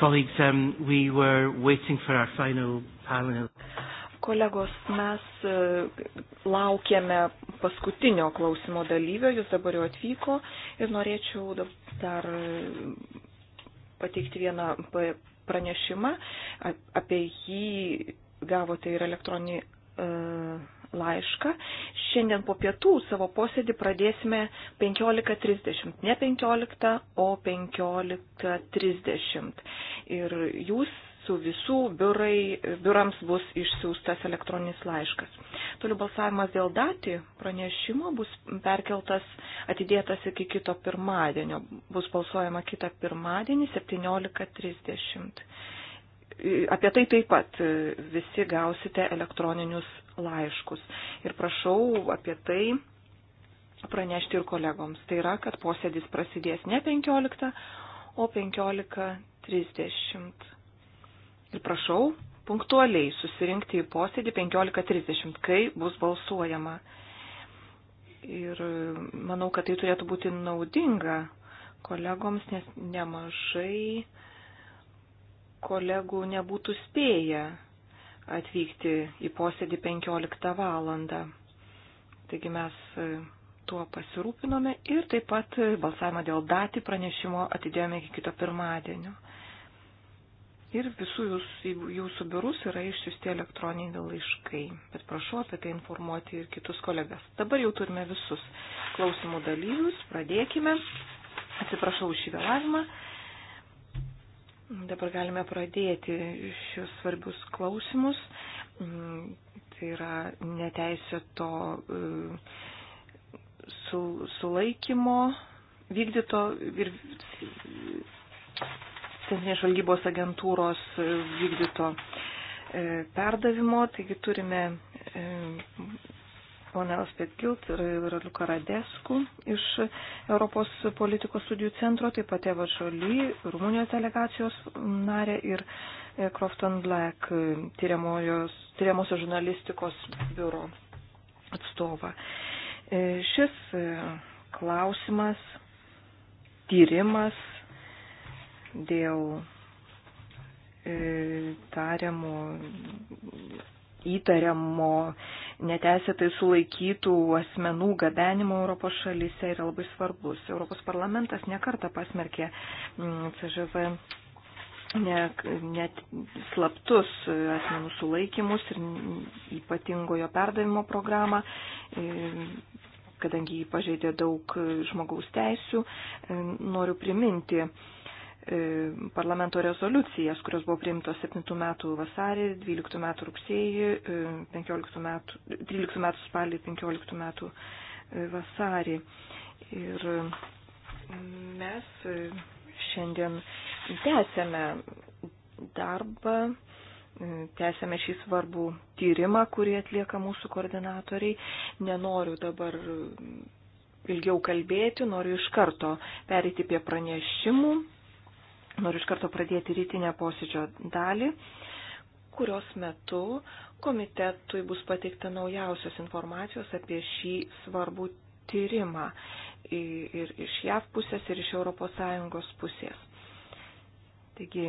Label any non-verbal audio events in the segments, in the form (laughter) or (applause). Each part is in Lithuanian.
Colleagues, um, we were waiting for our final panel. Kolegos, mes e, laukėme paskutinio klausimo dalyvio, jis dabar jau atvyko ir norėčiau dar e, pateikti vieną pranešimą. Apie jį gavote tai ir elektroninį e, laišką. Šiandien po pietų savo posėdį pradėsime 15.30, ne 15, o 15.30. Ir jūs su visų biurai, biurams bus išsiųstas elektroninis laiškas. Toliau balsavimas dėl datį pranešimo bus perkeltas, atidėtas iki kito pirmadienio. Bus balsuojama kitą pirmadienį 17.30. Apie tai taip pat e, visi gausite elektroninius laiškus. Ir prašau apie tai pranešti ir kolegoms. Tai yra, kad posėdis prasidės ne 15, o 15.30. Ir prašau punktualiai susirinkti į posėdį 15.30, kai bus balsuojama. Ir e, manau, kad tai turėtų būti naudinga kolegoms, nes nemažai kolegų nebūtų spėję atvykti į posėdį 15 valandą. Taigi mes e, tuo pasirūpinome ir taip pat balsavimą dėl datį pranešimo atidėjome iki kito pirmadienio. Ir visų jūsų, jūsų biurus yra išsiusti elektroniniai laiškai, bet prašau apie tai informuoti ir kitus kolegas. Dabar jau turime visus klausimų dalyvius, pradėkime. Atsiprašau už šį vėlavimą. Dabar galime pradėti šios svarbius klausimus. Mm, tai yra neteisėto e, sulaikymo vykdyto ir Centrinės žvalgybos agentūros e, vykdyto e, perdavimo. Taigi turime ponę Ospetkilt ir, ir Liuką Radesku iš Europos politikos studijų centro, taip pat Eva Žoly, Rumunijos delegacijos narė ir Crofton e, Black tyriamosios žurnalistikos biuro atstovą. E, šis e, klausimas, tyrimas dėl tariamų įtariamo neteisėtai sulaikytų asmenų gabenimo Europos šalyse yra labai svarbus. Europos parlamentas nekarta pasmerkė mm, CŽV net, net slaptus asmenų sulaikymus ir ypatingojo perdavimo programą kadangi jį pažeidė daug žmogaus teisių, noriu priminti E, parlamento rezoliucijas, kurios buvo priimtos 7 metų vasarį, 12 metų rugsėjį, 15 e, metų, 13 metų spalį, 15 metų e, vasarį. Ir mes šiandien tęsėme darbą, tęsėme šį svarbų tyrimą, kurį atlieka mūsų koordinatoriai. Nenoriu dabar ilgiau kalbėti, noriu iš karto perėti prie pranešimų Noriu iš karto pradėti rytinę posėdžio dalį, kurios metu komitetui bus pateikta naujausios informacijos apie šį svarbų tyrimą ir iš JAV pusės, ir iš ES pusės. Taigi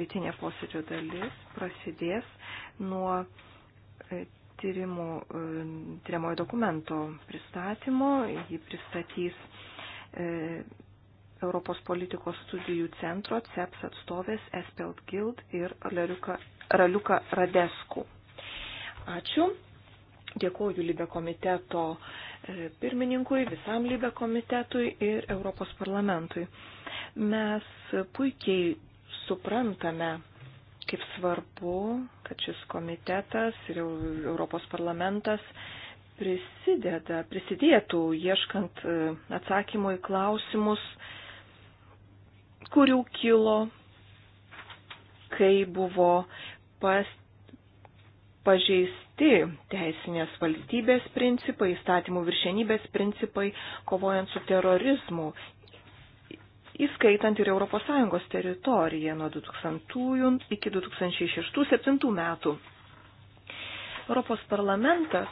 rytinė posėdžio dalis prasidės nuo e, tyrimų, e, tyrimojo dokumento pristatymo. Jį pristatys e, Europos politikos studijų centro CEPS atstovės Espelt Gild ir Raliuka Radesku. Ačiū. Dėkuoju Libe komiteto e, pirmininkui, visam Libe komitetui ir Europos parlamentui. Mes puikiai suprantame, kaip svarbu, kad šis komitetas ir Europos parlamentas prisideda, prisidėtų ieškant e, atsakymų į klausimus, kurių kilo, kai buvo pas, pažeisti teisinės valstybės principai, įstatymų viršenybės principai, kovojant su terorizmu, įskaitant ir ES teritoriją nuo 2000 iki 2006-2007 metų. Europos parlamentas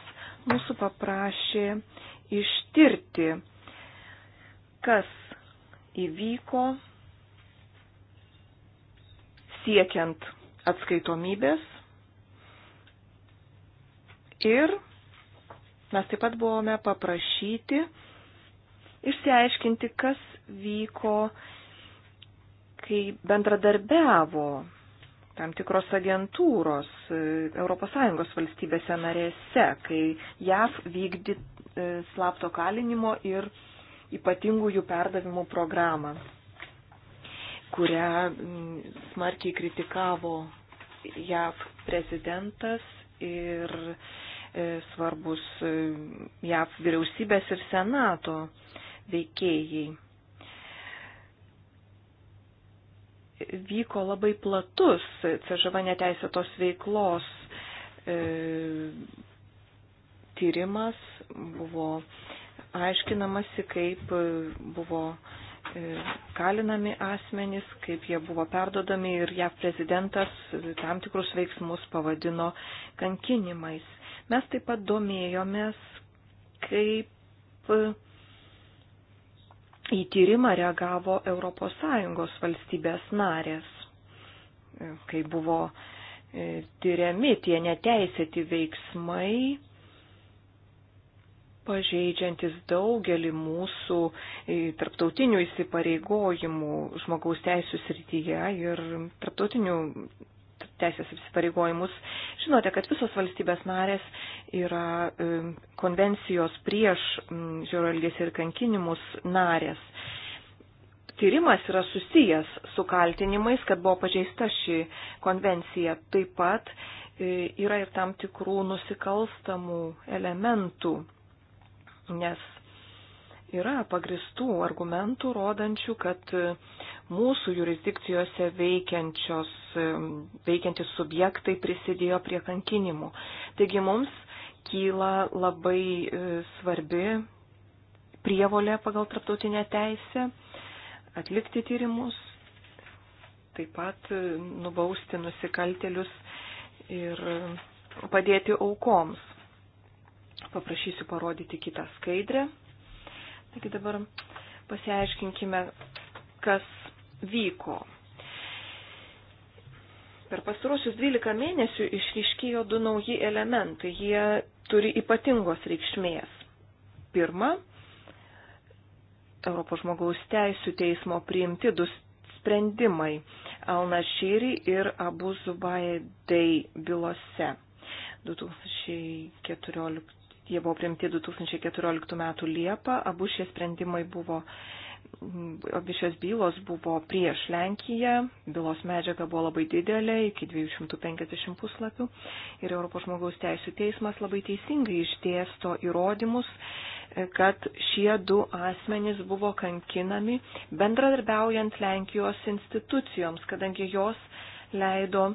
mūsų paprašė ištirti, kas įvyko siekiant atskaitomybės. Ir mes taip pat buvome paprašyti išsiaiškinti, kas vyko, kai bendradarbiavo tam tikros agentūros ES valstybėse narėse, kai JAV vykdyt e, slapto kalinimo ir ypatingųjų perdavimų programą kurią mm, smarkiai kritikavo JAV prezidentas ir e, svarbus e, JAV vyriausybės ir senato veikėjai. Vyko labai platus CŽV neteisėtos veiklos e, tyrimas, buvo aiškinamasi, kaip e, buvo e, E, kalinami asmenys, kaip jie buvo perdodami ir JAV prezidentas tam tikrus veiksmus pavadino kankinimais. Mes taip pat domėjomės, kaip į tyrimą reagavo ES valstybės narės, e, kai buvo e, tyriami tie neteisėti veiksmai pažeidžiantis daugelį mūsų e, tarptautinių įsipareigojimų žmogaus teisų srityje ir tarptautinių teisės įsipareigojimus. Žinote, kad visos valstybės narės yra e, konvencijos prieš žiaurų elgesį ir kankinimus narės. Tyrimas yra susijęs su kaltinimais, kad buvo pažeista ši konvencija. Taip pat e, yra ir tam tikrų nusikalstamų elementų nes yra pagristų argumentų rodančių, kad mūsų jurisdikcijose veikiantys subjektai prisidėjo prie kankinimų. Taigi mums kyla labai e, svarbi prievolė pagal traptautinę teisę atlikti tyrimus, taip pat e, nubausti nusikaltelius ir padėti aukoms. Paprašysiu parodyti kitą skaidrę. Taigi dabar pasiaiškinkime, kas vyko. Per pastarosius 12 mėnesių išryškėjo du nauji elementai. Jie turi ypatingos reikšmės. Pirma, Europos žmogaus teisų teismo priimti du sprendimai Alnašyri ir Abu Zubaidai bylose. 2014 Jie buvo priimti 2014 m. Liepą. Abu šie sprendimai buvo, abi šios bylos buvo prieš Lenkiją. Bylos medžiaga buvo labai didelė, iki 250 puslapių. Ir Europos žmogaus teisų teismas labai teisingai išdėsto įrodymus kad šie du asmenys buvo kankinami bendradarbiaujant Lenkijos institucijoms, kadangi jos leido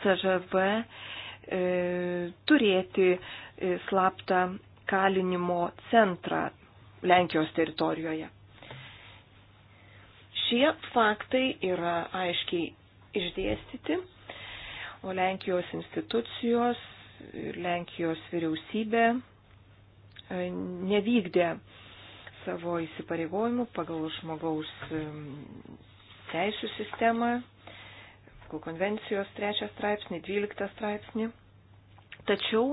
CŽV e, turėti slaptą kalinimo centrą Lenkijos teritorijoje. Šie faktai yra aiškiai išdėstyti, o Lenkijos institucijos ir Lenkijos vyriausybė e, nevykdė savo įsipareigojimų pagal žmogaus teisų sistemą, konvencijos 3 straipsnį, 12 straipsnį. Tačiau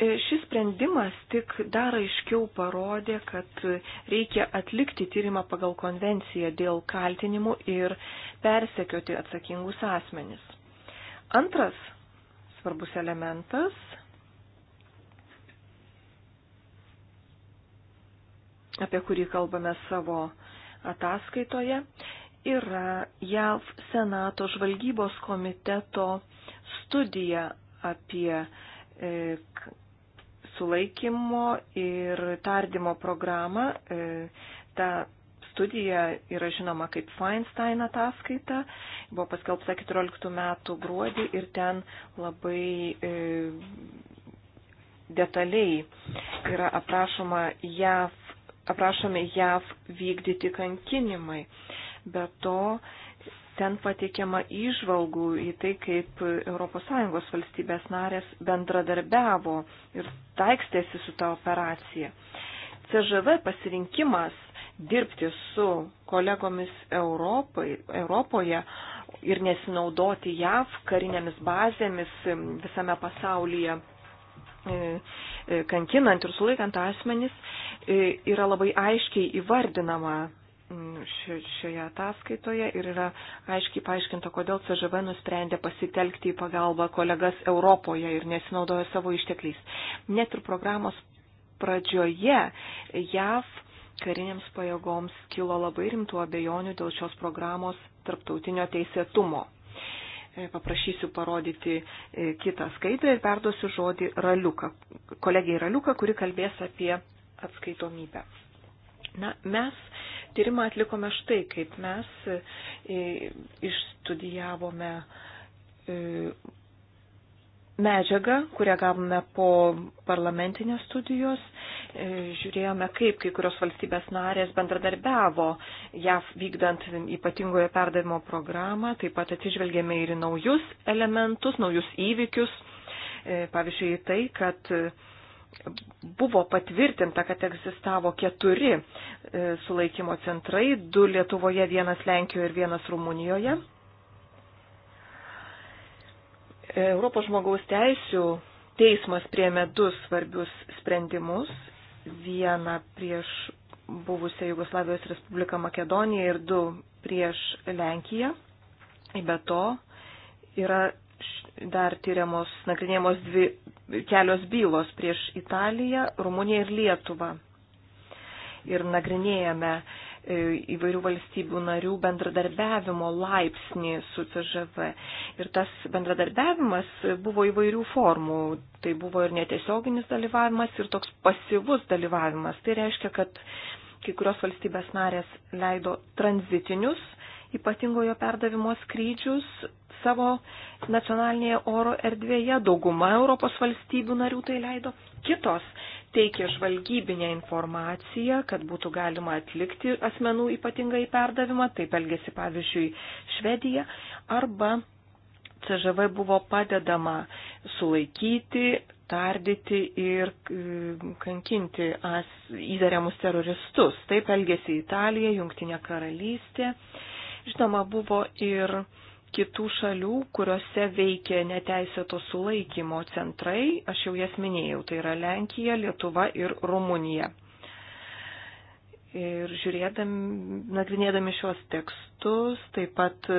E, šis sprendimas tik dar aiškiau parodė, kad reikia atlikti tyrimą pagal konvenciją dėl kaltinimų ir persekioti atsakingus asmenis. Antras svarbus elementas apie kurį kalbame savo ataskaitoje, yra JAV Senato žvalgybos komiteto studija apie e, sulaikymo ir tardymo programą. E, ta studija yra žinoma kaip Feinstein ataskaita, buvo paskelbta 14 metų gruodį ir ten labai e, detaliai yra aprašoma JAV, aprašomi JAV vykdyti kankinimai. Be to, e, ten pateikiama įžvalgų į tai, kaip ES valstybės narės bendradarbiavo ir taikstėsi su ta operacija. CŽV pasirinkimas dirbti su kolegomis Europai, Europoje ir nesinaudoti JAV karinėmis bazėmis visame pasaulyje e, e, kankinant ir sulaikant asmenis e, yra labai aiškiai įvardinama šioje ataskaitoje ir yra aiškiai paaiškinta, kodėl CŽV nusprendė pasitelkti į pagalbą kolegas Europoje ir nesinaudojo savo ištekliais. Net ir programos pradžioje JAV karinėms pajėgoms kilo labai rimtų abejonių dėl šios programos tarptautinio teisėtumo. E, paprašysiu parodyti e, kitą skaitą ir perduosiu žodį Raliuką, kolegijai Raliuką, kuri kalbės apie atskaitomybę. Na, mes Tyrimą atlikome štai, kaip mes e, e, išstudijavome e, medžiagą, kurią gavome po parlamentinės studijos. Žiūrėjome, kaip kai kurios valstybės narės bendradarbiavo JAV vykdant ypatingoje perdavimo programą. Taip pat atsižvelgėme ir į naujus elementus, naujus įvykius. Pavyzdžiui, tai, kad buvo patvirtinta, kad egzistavo keturi e, sulaikymo centrai, du Lietuvoje, vienas Lenkijoje ir vienas Rumunijoje. E, Europos žmogaus teisų teismas priemė du svarbius sprendimus. Vieną prieš buvusią Jugoslavijos Respubliką Makedoniją ir du prieš Lenkiją. Be to yra dar tyriamos, nagrinėjamos dvi, kelios bylos prieš Italiją, Rumuniją ir Lietuvą. Ir nagrinėjame e, įvairių valstybių narių bendradarbiavimo laipsnį su CŽV. Ir tas bendradarbiavimas buvo įvairių formų. Tai buvo ir netiesioginis dalyvavimas, ir toks pasyvus dalyvavimas. Tai reiškia, kad kai kurios valstybės narės leido tranzitinius ypatingojo perdavimo skrydžius savo nacionalinėje oro erdvėje. Dauguma Europos valstybių narių tai leido. Kitos teikė žvalgybinę informaciją, kad būtų galima atlikti asmenų ypatingai perdavimą, taip elgėsi pavyzdžiui Švedija, arba CŽV buvo padedama sulaikyti, tardyti ir e, kankinti as, įtariamus teroristus. Taip elgėsi Italija, Junktinė karalystė. Uh, Žinoma, buvo ir kitų šalių, kuriuose veikė neteisėto sulaikymo centrai, aš jau jas minėjau, tai yra Lenkija, Lietuva ir Rumunija. Ir žiūrėdami, nagrinėdami šios tekstus, taip pat e,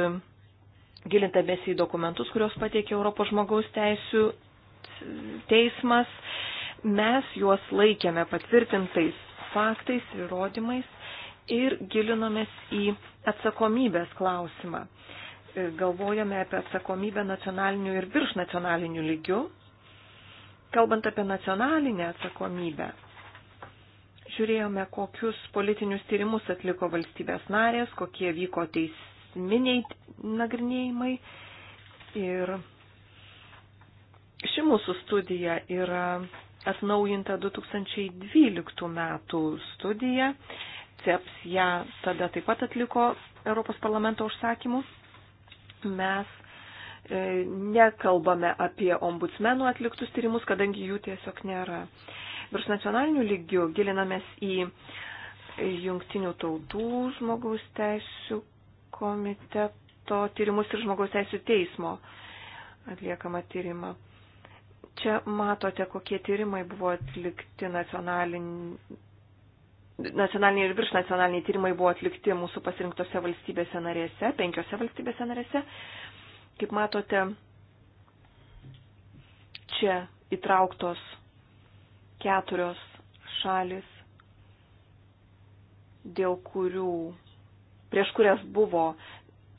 gilindamėsi į dokumentus, kuriuos pateikė Europos žmogaus teisų teismas, mes juos laikėme patvirtintais faktais ir įrodymais ir gilinomės į atsakomybės klausimą. E, Galvojame apie atsakomybę nacionaliniu ir virš nacionaliniu lygiu. Kalbant apie nacionalinę atsakomybę, žiūrėjome, kokius politinius tyrimus atliko valstybės narės, kokie vyko teisminiai nagrinėjimai. Ir ši mūsų studija yra atnaujinta 2012 metų studija CEPS ją tada taip pat atliko Europos parlamento užsakymu. Mes e, nekalbame apie ombudsmenų atliktus tyrimus, kadangi jų tiesiog nėra. Virš nacionalinių lygių gilinamės į jungtinių tautų žmogaus teisų komiteto tyrimus ir žmogaus teisų teismo atliekamą tyrimą. Čia matote, kokie tyrimai buvo atlikti nacionalinių nacionaliniai ir viršnacionaliniai tyrimai buvo atlikti mūsų pasirinktose valstybėse narėse, penkiose valstybėse narėse. Kaip matote, čia įtrauktos keturios šalis, dėl kurių, prieš kurias buvo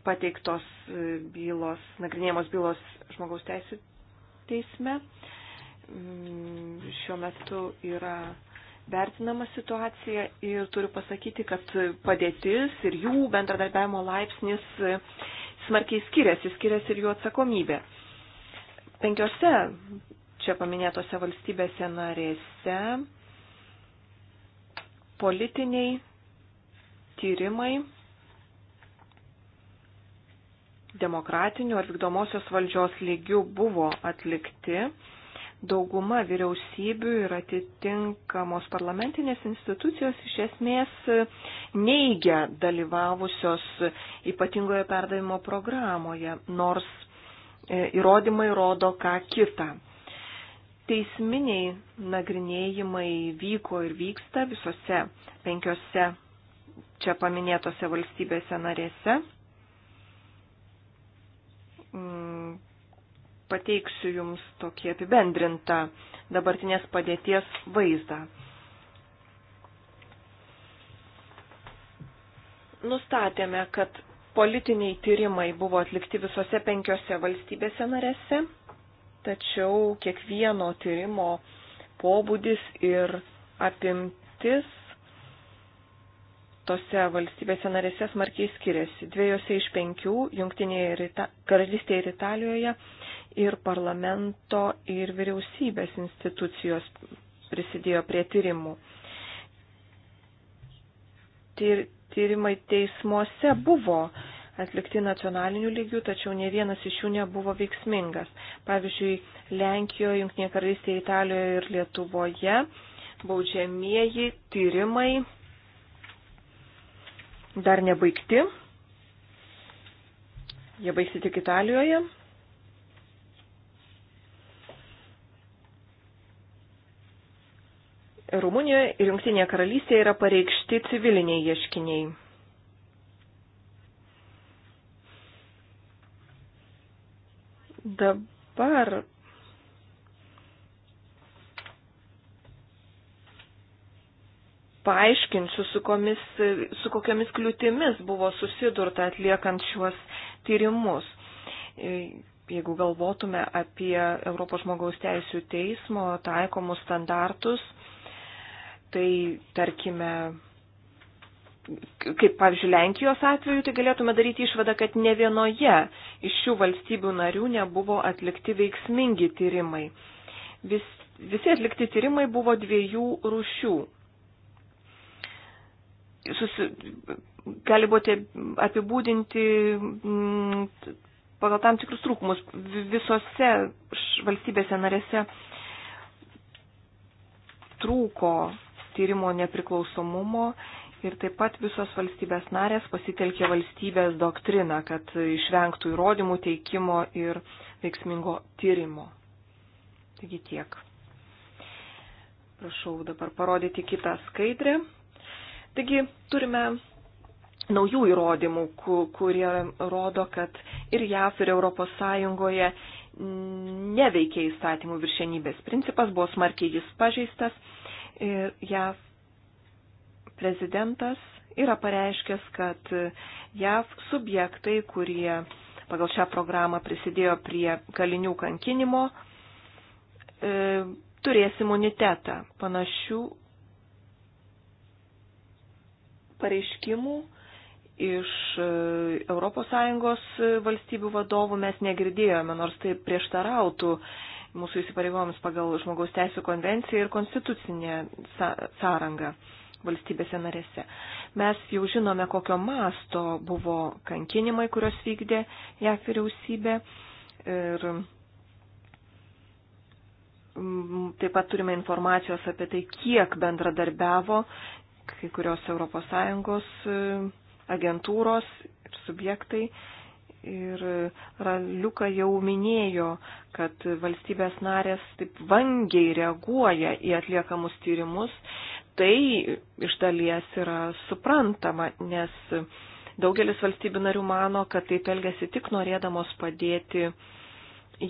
pateiktos bylos, nagrinėjamos bylos žmogaus teisų teisme. Mm, šiuo metu yra vertinama situacija ir turiu pasakyti, kad padėtis ir jų bendradarbiavimo laipsnis smarkiai skiriasi, skiriasi ir jų atsakomybė. Penkiose čia paminėtose valstybėse narėse politiniai tyrimai demokratinių ar vykdomosios valdžios lygių buvo atlikti dauguma vyriausybių ir atitinkamos parlamentinės institucijos iš esmės neigia dalyvavusios ypatingoje perdavimo programoje, nors e, įrodymai rodo ką kitą. Teisminiai nagrinėjimai vyko ir vyksta visose penkiose čia paminėtose valstybėse narėse mm, pateiksiu Jums tokį apibendrintą dabartinės padėties vaizdą. Nustatėme, kad politiniai tyrimai buvo atlikti visose penkiose valstybėse narėse, tačiau kiekvieno tyrimo pobūdis ir apimtis tose valstybėse narėse smarkiai skiriasi. Dviejose iš penkių, Junktinėje ir Ita karalystėje ir Italijoje, ir parlamento, ir vyriausybės institucijos prisidėjo prie tyrimų. Tyr, tyrimai teismuose buvo atlikti nacionaliniu lygiu, tačiau ne vienas iš jų nebuvo veiksmingas. Pavyzdžiui, Lenkijoje, Junktinėje karalystėje, Italijoje ir Lietuvoje baudžiamieji tyrimai dar nebaigti. Jie baigsi tik Italijoje, Rumunijoje ir Junktinėje karalystėje yra pareikšti civiliniai ieškiniai. Dabar paaiškinsiu, su, komis, su kokiamis kliūtimis buvo susidurta atliekant šiuos tyrimus. Jeigu galvotume apie Europos žmogaus teisų teismo taikomus standartus, tai tarkime, kaip pavyzdžiui Lenkijos atveju, tai galėtume daryti išvadą, kad ne vienoje iš šių valstybių narių nebuvo atlikti veiksmingi tyrimai. Vis, visi atlikti tyrimai buvo dviejų rušių. Susi, gali būti apibūdinti m, mm, pagal tam tikrus trūkumus visose valstybėse narėse trūko tyrimo nepriklausomumo ir taip pat visos valstybės narės pasitelkė valstybės doktriną, kad išvengtų įrodymų teikimo ir veiksmingo tyrimo. Taigi tiek. Prašau dabar parodyti kitą skaidrę. Taigi turime naujų įrodymų, kurie rodo, kad ir JAF, ir ES neveikia įstatymų viršenybės principas, buvo smarkiai jis pažeistas Ir JAV prezidentas yra pareiškęs, kad JAV subjektai, kurie pagal šią programą prisidėjo prie kalinių kankinimo, e, turės imunitetą. Panašių pareiškimų iš ES valstybių vadovų mes negirdėjome, nors tai prieštarautų mūsų įsipareigojimus pagal žmogaus teisų konvenciją ir konstitucinę sąrangą valstybėse narėse. Mes jau žinome, kokio masto buvo kankinimai, kurios vykdė JAF vyriausybė. Ir mm, taip pat turime informacijos apie tai, kiek bendradarbiavo kai kurios ES e, agentūros ir subjektai Ir e, Raliuka jau minėjo, kad valstybės narės taip vangiai reaguoja į atliekamus tyrimus. Tai iš dalies yra suprantama, nes daugelis valstybių narių mano, kad taip elgesi tik norėdamos padėti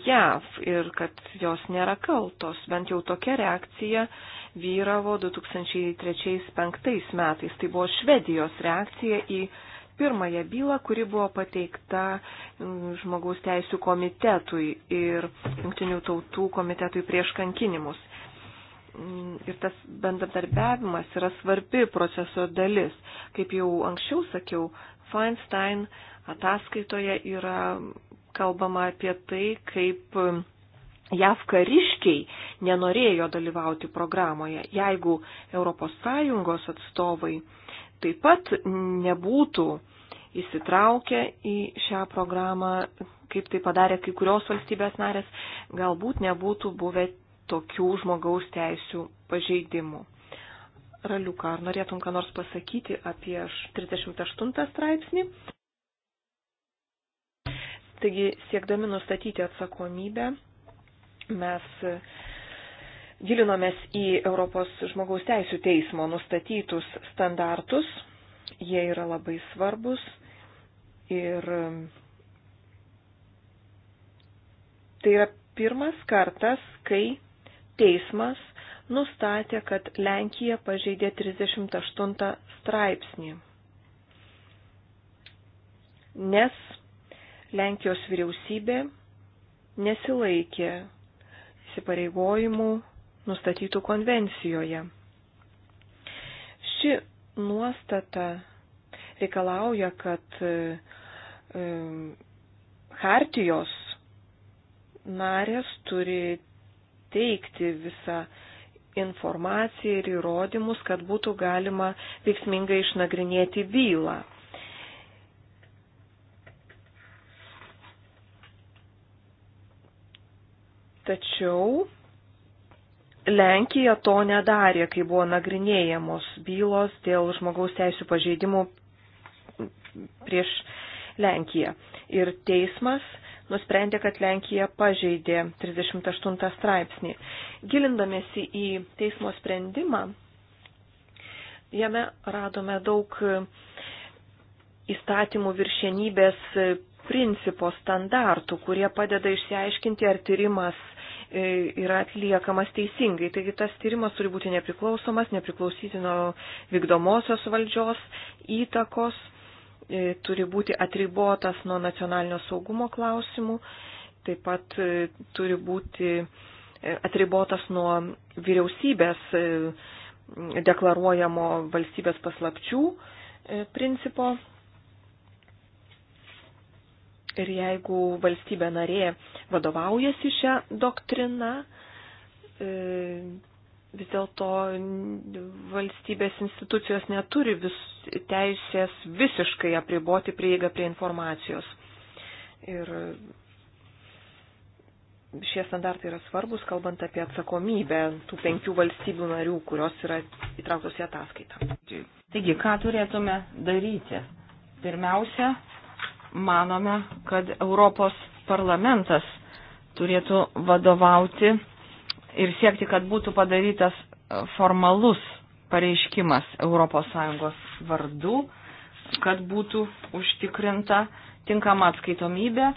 JAV ir kad jos nėra kaltos. Bent jau tokia reakcija vyravo 2003-2005 metais. Tai buvo Švedijos reakcija į pirmąją bylą, kuri buvo pateikta mm, žmogaus teisų komitetui ir jungtinių tautų komitetui prieš kankinimus. Mm, ir tas bendradarbiavimas yra svarbi proceso dalis. Kaip jau anksčiau sakiau, Feinstein ataskaitoje yra kalbama apie tai, kaip mm, JAV kariškiai nenorėjo dalyvauti programoje. Jeigu ES atstovai taip pat nebūtų įsitraukę į šią programą, kaip tai padarė kai kurios valstybės narės, galbūt nebūtų buvę tokių žmogaus teisų pažeidimų. Raliuka, ar norėtum ką nors pasakyti apie 38 straipsnį? Taigi, siekdami nustatyti atsakomybę, mes Gilinomės į Europos žmogaus teisų teismo nustatytus standartus. Jie yra labai svarbus ir um, tai yra pirmas kartas, kai teismas nustatė, kad Lenkija pažeidė 38 straipsnį. Nes Lenkijos vyriausybė nesilaikė įsipareigojimų nustatytų konvencijoje. Ši nuostata reikalauja, kad e, hartijos narės turi teikti visą informaciją ir įrodymus, kad būtų galima veiksmingai išnagrinėti bylą. Tačiau Lenkija to nedarė, kai buvo nagrinėjamos bylos dėl žmogaus teisų pažeidimų prieš Lenkiją. Ir teismas nusprendė, kad Lenkija pažeidė 38 straipsnį. Gilindamėsi į teismo sprendimą, jame radome daug įstatymų viršienybės principo standartų, kurie padeda išsiaiškinti, ar tyrimas E, yra atliekamas teisingai. Taigi tas tyrimas turi būti nepriklausomas, nepriklausyti nuo vykdomosios valdžios įtakos, e, turi būti atribotas nuo nacionalinio saugumo klausimų, taip pat e, turi būti atribotas nuo vyriausybės deklaruojamo valstybės paslapčių principo Ir jeigu valstybė narė vadovaujasi šią doktriną, e, vis dėlto valstybės institucijos neturi vis, teisės visiškai apriboti prieigą prie informacijos. Ir šie standartai yra svarbus, kalbant apie atsakomybę tų penkių valstybių narių, kurios yra įtrauktos į ataskaitą. Taigi, ką turėtume daryti? Pirmiausia, manome, kad Europos parlamentas turėtų vadovauti ir siekti, kad būtų padarytas e, formalus pareiškimas ES vardu, kad būtų užtikrinta tinkama atskaitomybė,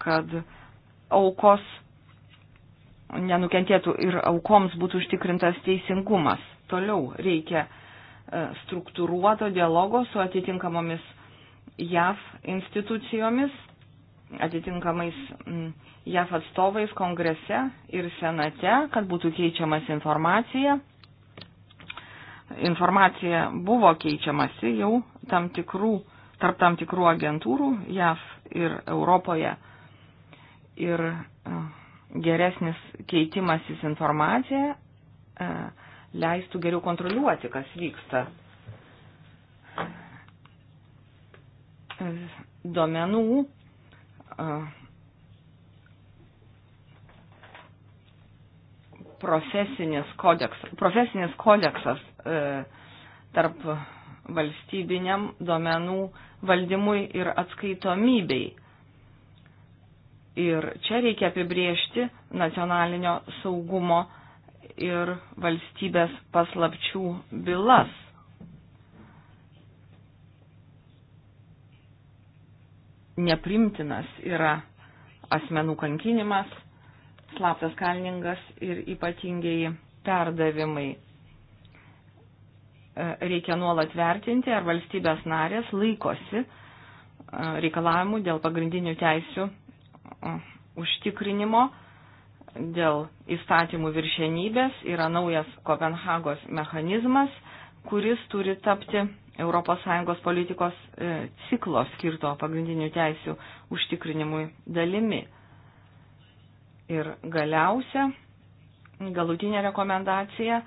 kad aukos nenukentėtų ir aukoms būtų užtikrintas teisingumas. Toliau reikia e, struktūruoto dialogo su atitinkamomis JAV institucijomis, atitinkamais mm, JAV atstovais kongrese ir senate, kad būtų keičiamas informacija. Informacija buvo keičiamasi jau tam tikrų, tarp tam tikrų agentūrų JAV ir Europoje. Ir e, geresnis keitimasis informacija e, leistų geriau kontroliuoti, kas vyksta duomenų profesinis kodeksas, profesinis kodeksas tarp valstybiniam duomenų valdymui ir atskaitomybei. Ir čia reikia apibriežti nacionalinio saugumo ir valstybės paslapčių bylas. neprimtinas yra asmenų kankinimas, slaptas kalningas ir ypatingiai perdavimai. E, reikia nuolat vertinti, ar valstybės narės laikosi e, reikalavimų dėl pagrindinių teisių e, užtikrinimo, dėl įstatymų viršenybės. Yra naujas Kopenhagos mechanizmas, kuris turi tapti ES politikos e, ciklo skirto pagrindinių teisių užtikrinimui dalimi. Ir galiausia, galutinė rekomendacija,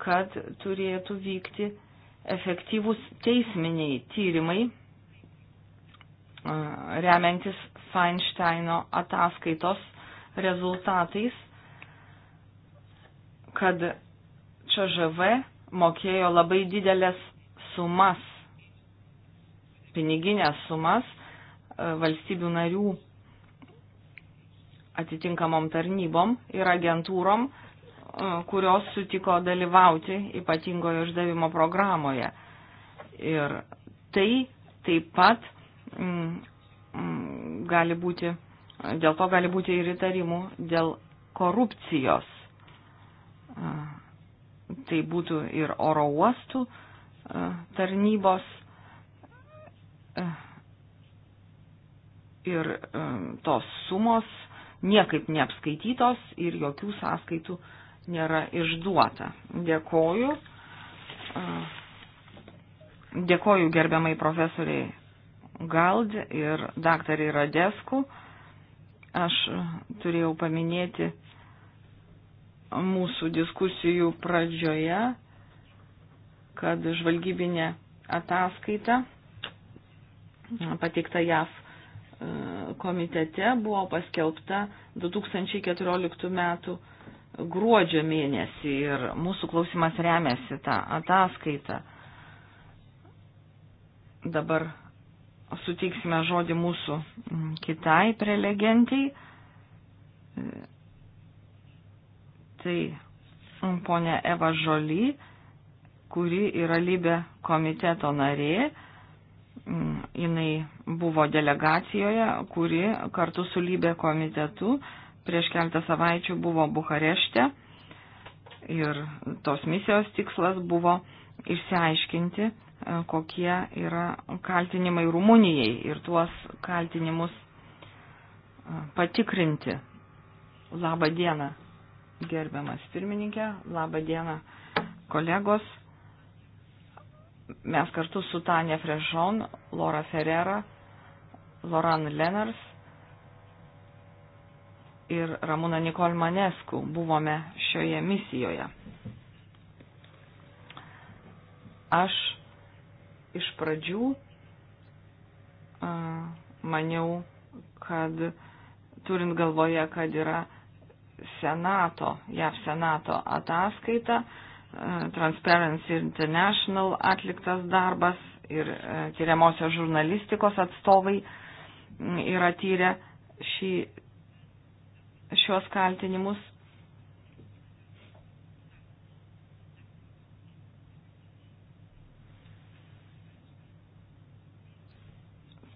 kad turėtų vykti efektyvūs teisminiai tyrimai, e, remiantis Feinsteino ataskaitos rezultatais, kad ČŽV mokėjo labai didelės sumas, piniginės sumas e, valstybių narių atitinkamom tarnybom ir agentūrom, e, kurios sutiko dalyvauti ypatingojo išdavimo programoje. Ir tai taip pat mm, mm gali būti, dėl to gali būti ir įtarimų dėl korupcijos. E, tai būtų ir oro uostų tarnybos e, ir e, tos sumos niekaip neapskaitytos ir jokių sąskaitų nėra išduota. Dėkoju. E, dėkoju gerbiamai profesoriai Gald ir daktariai Radesku. Aš turėjau paminėti mūsų diskusijų pradžioje kad žvalgybinė ataskaita pateikta JAF e, komitete buvo paskelbta 2014 m. gruodžio mėnesį ir mūsų klausimas remiasi tą ataskaitą. Dabar suteiksime žodį mūsų kitai prelegentiai. E, tai ponė Eva Žoly kuri yra Libė komiteto narė. Mm, jinai buvo delegacijoje, kuri kartu su Libė komitetu prieš keltą savaičių buvo Bukarešte. Ir tos misijos tikslas buvo išsiaiškinti, e, kokie yra kaltinimai Rumunijai ir tuos kaltinimus e, patikrinti. Labą dieną, gerbiamas pirmininkė, labą dieną, kolegos mes kartu su Tanja Frežon, Laura Ferrera, Loran Lenars ir Ramūna Nikol Manesku buvome šioje misijoje. Aš iš pradžių a, maniau, kad turint galvoje, kad yra Senato, JAV Senato ataskaita, a, Transparency International atliktas darbas ir e, tyriamosios žurnalistikos atstovai yra tyrę šį, šios kaltinimus.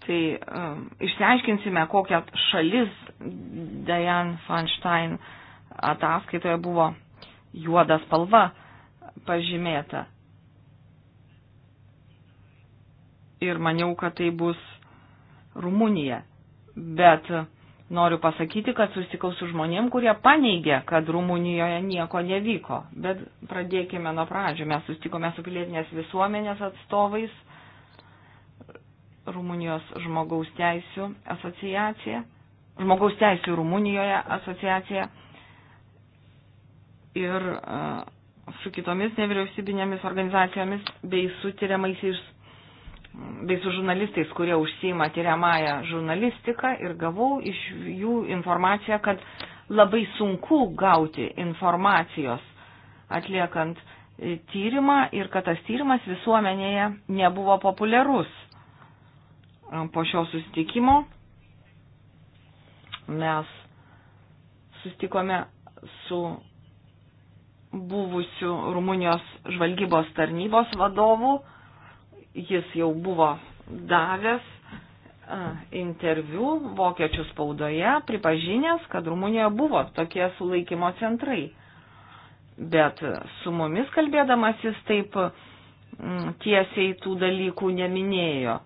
Tai um, išsiaiškinsime, kokia šalis Diane Feinstein ataskaitoje buvo juoda spalva. Uh, pažymėta. Ir maniau, kad tai bus Rumunija. Bet noriu pasakyti, kad susitikau su žmonėm, kurie paneigė, kad Rumunijoje nieko nevyko. Bet pradėkime nuo pradžių. Mes susitikome su pilietinės visuomenės atstovais, Rumunijos žmogaus teisų asociacija, žmogaus teisų Rumunijoje asociacija ir uh, su kitomis nevyriausybinėmis organizacijomis bei su tyriamaisiais bei su žurnalistais, kurie užsima tyriamąją žurnalistiką ir gavau iš jų informaciją, kad labai sunku gauti informacijos atliekant e, tyrimą ir kad tas tyrimas visuomenėje nebuvo populiarus. E, po šio susitikimo mes susitikome su buvusių Rumunijos žvalgybos tarnybos vadovų. Jis jau buvo davęs interviu vokiečių spaudoje, pripažinęs, kad Rumunijoje buvo tokie sulaikymo centrai. Bet su mumis kalbėdamas jis taip tiesiai tų dalykų neminėjo.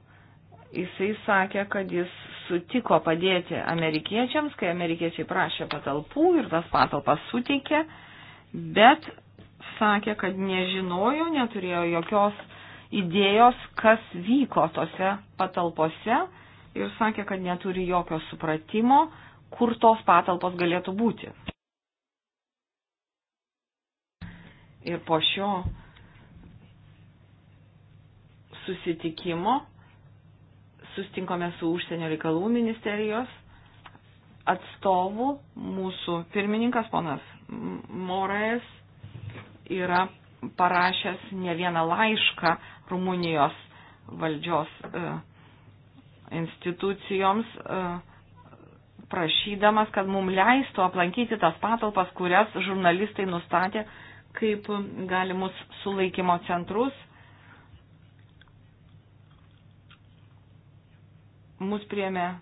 Jisai sakė, kad jis sutiko padėti amerikiečiams, kai amerikiečiai prašė patalpų ir tas patalpas suteikė bet sakė, kad nežinojo, neturėjo jokios idėjos, kas vyko tose patalpose ir sakė, kad neturi jokio supratimo, kur tos patalpos galėtų būti. Ir po šio susitikimo sustinkome su užsienio reikalų ministerijos atstovu, mūsų pirmininkas ponas Moraes yra parašęs ne vieną laišką Rumunijos valdžios e, institucijoms, e, prašydamas, kad mums leistų aplankyti tas patalpas, kurias žurnalistai nustatė kaip galimus sulaikymo centrus. Mus priemė e,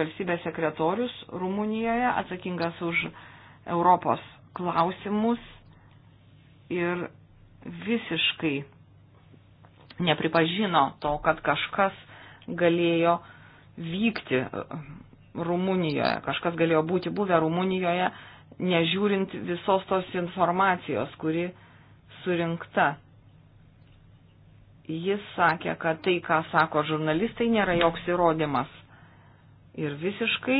valstybės sekretorius Rumunijoje, atsakingas už uh, Europos klausimus ir visiškai nepripažino to, kad kažkas galėjo vykti e, Rumunijoje, kažkas galėjo būti buvę Rumunijoje, nežiūrint visos tos informacijos, kuri surinkta. Jis sakė, kad tai, ką sako žurnalistai, nėra joks įrodymas. Ir visiškai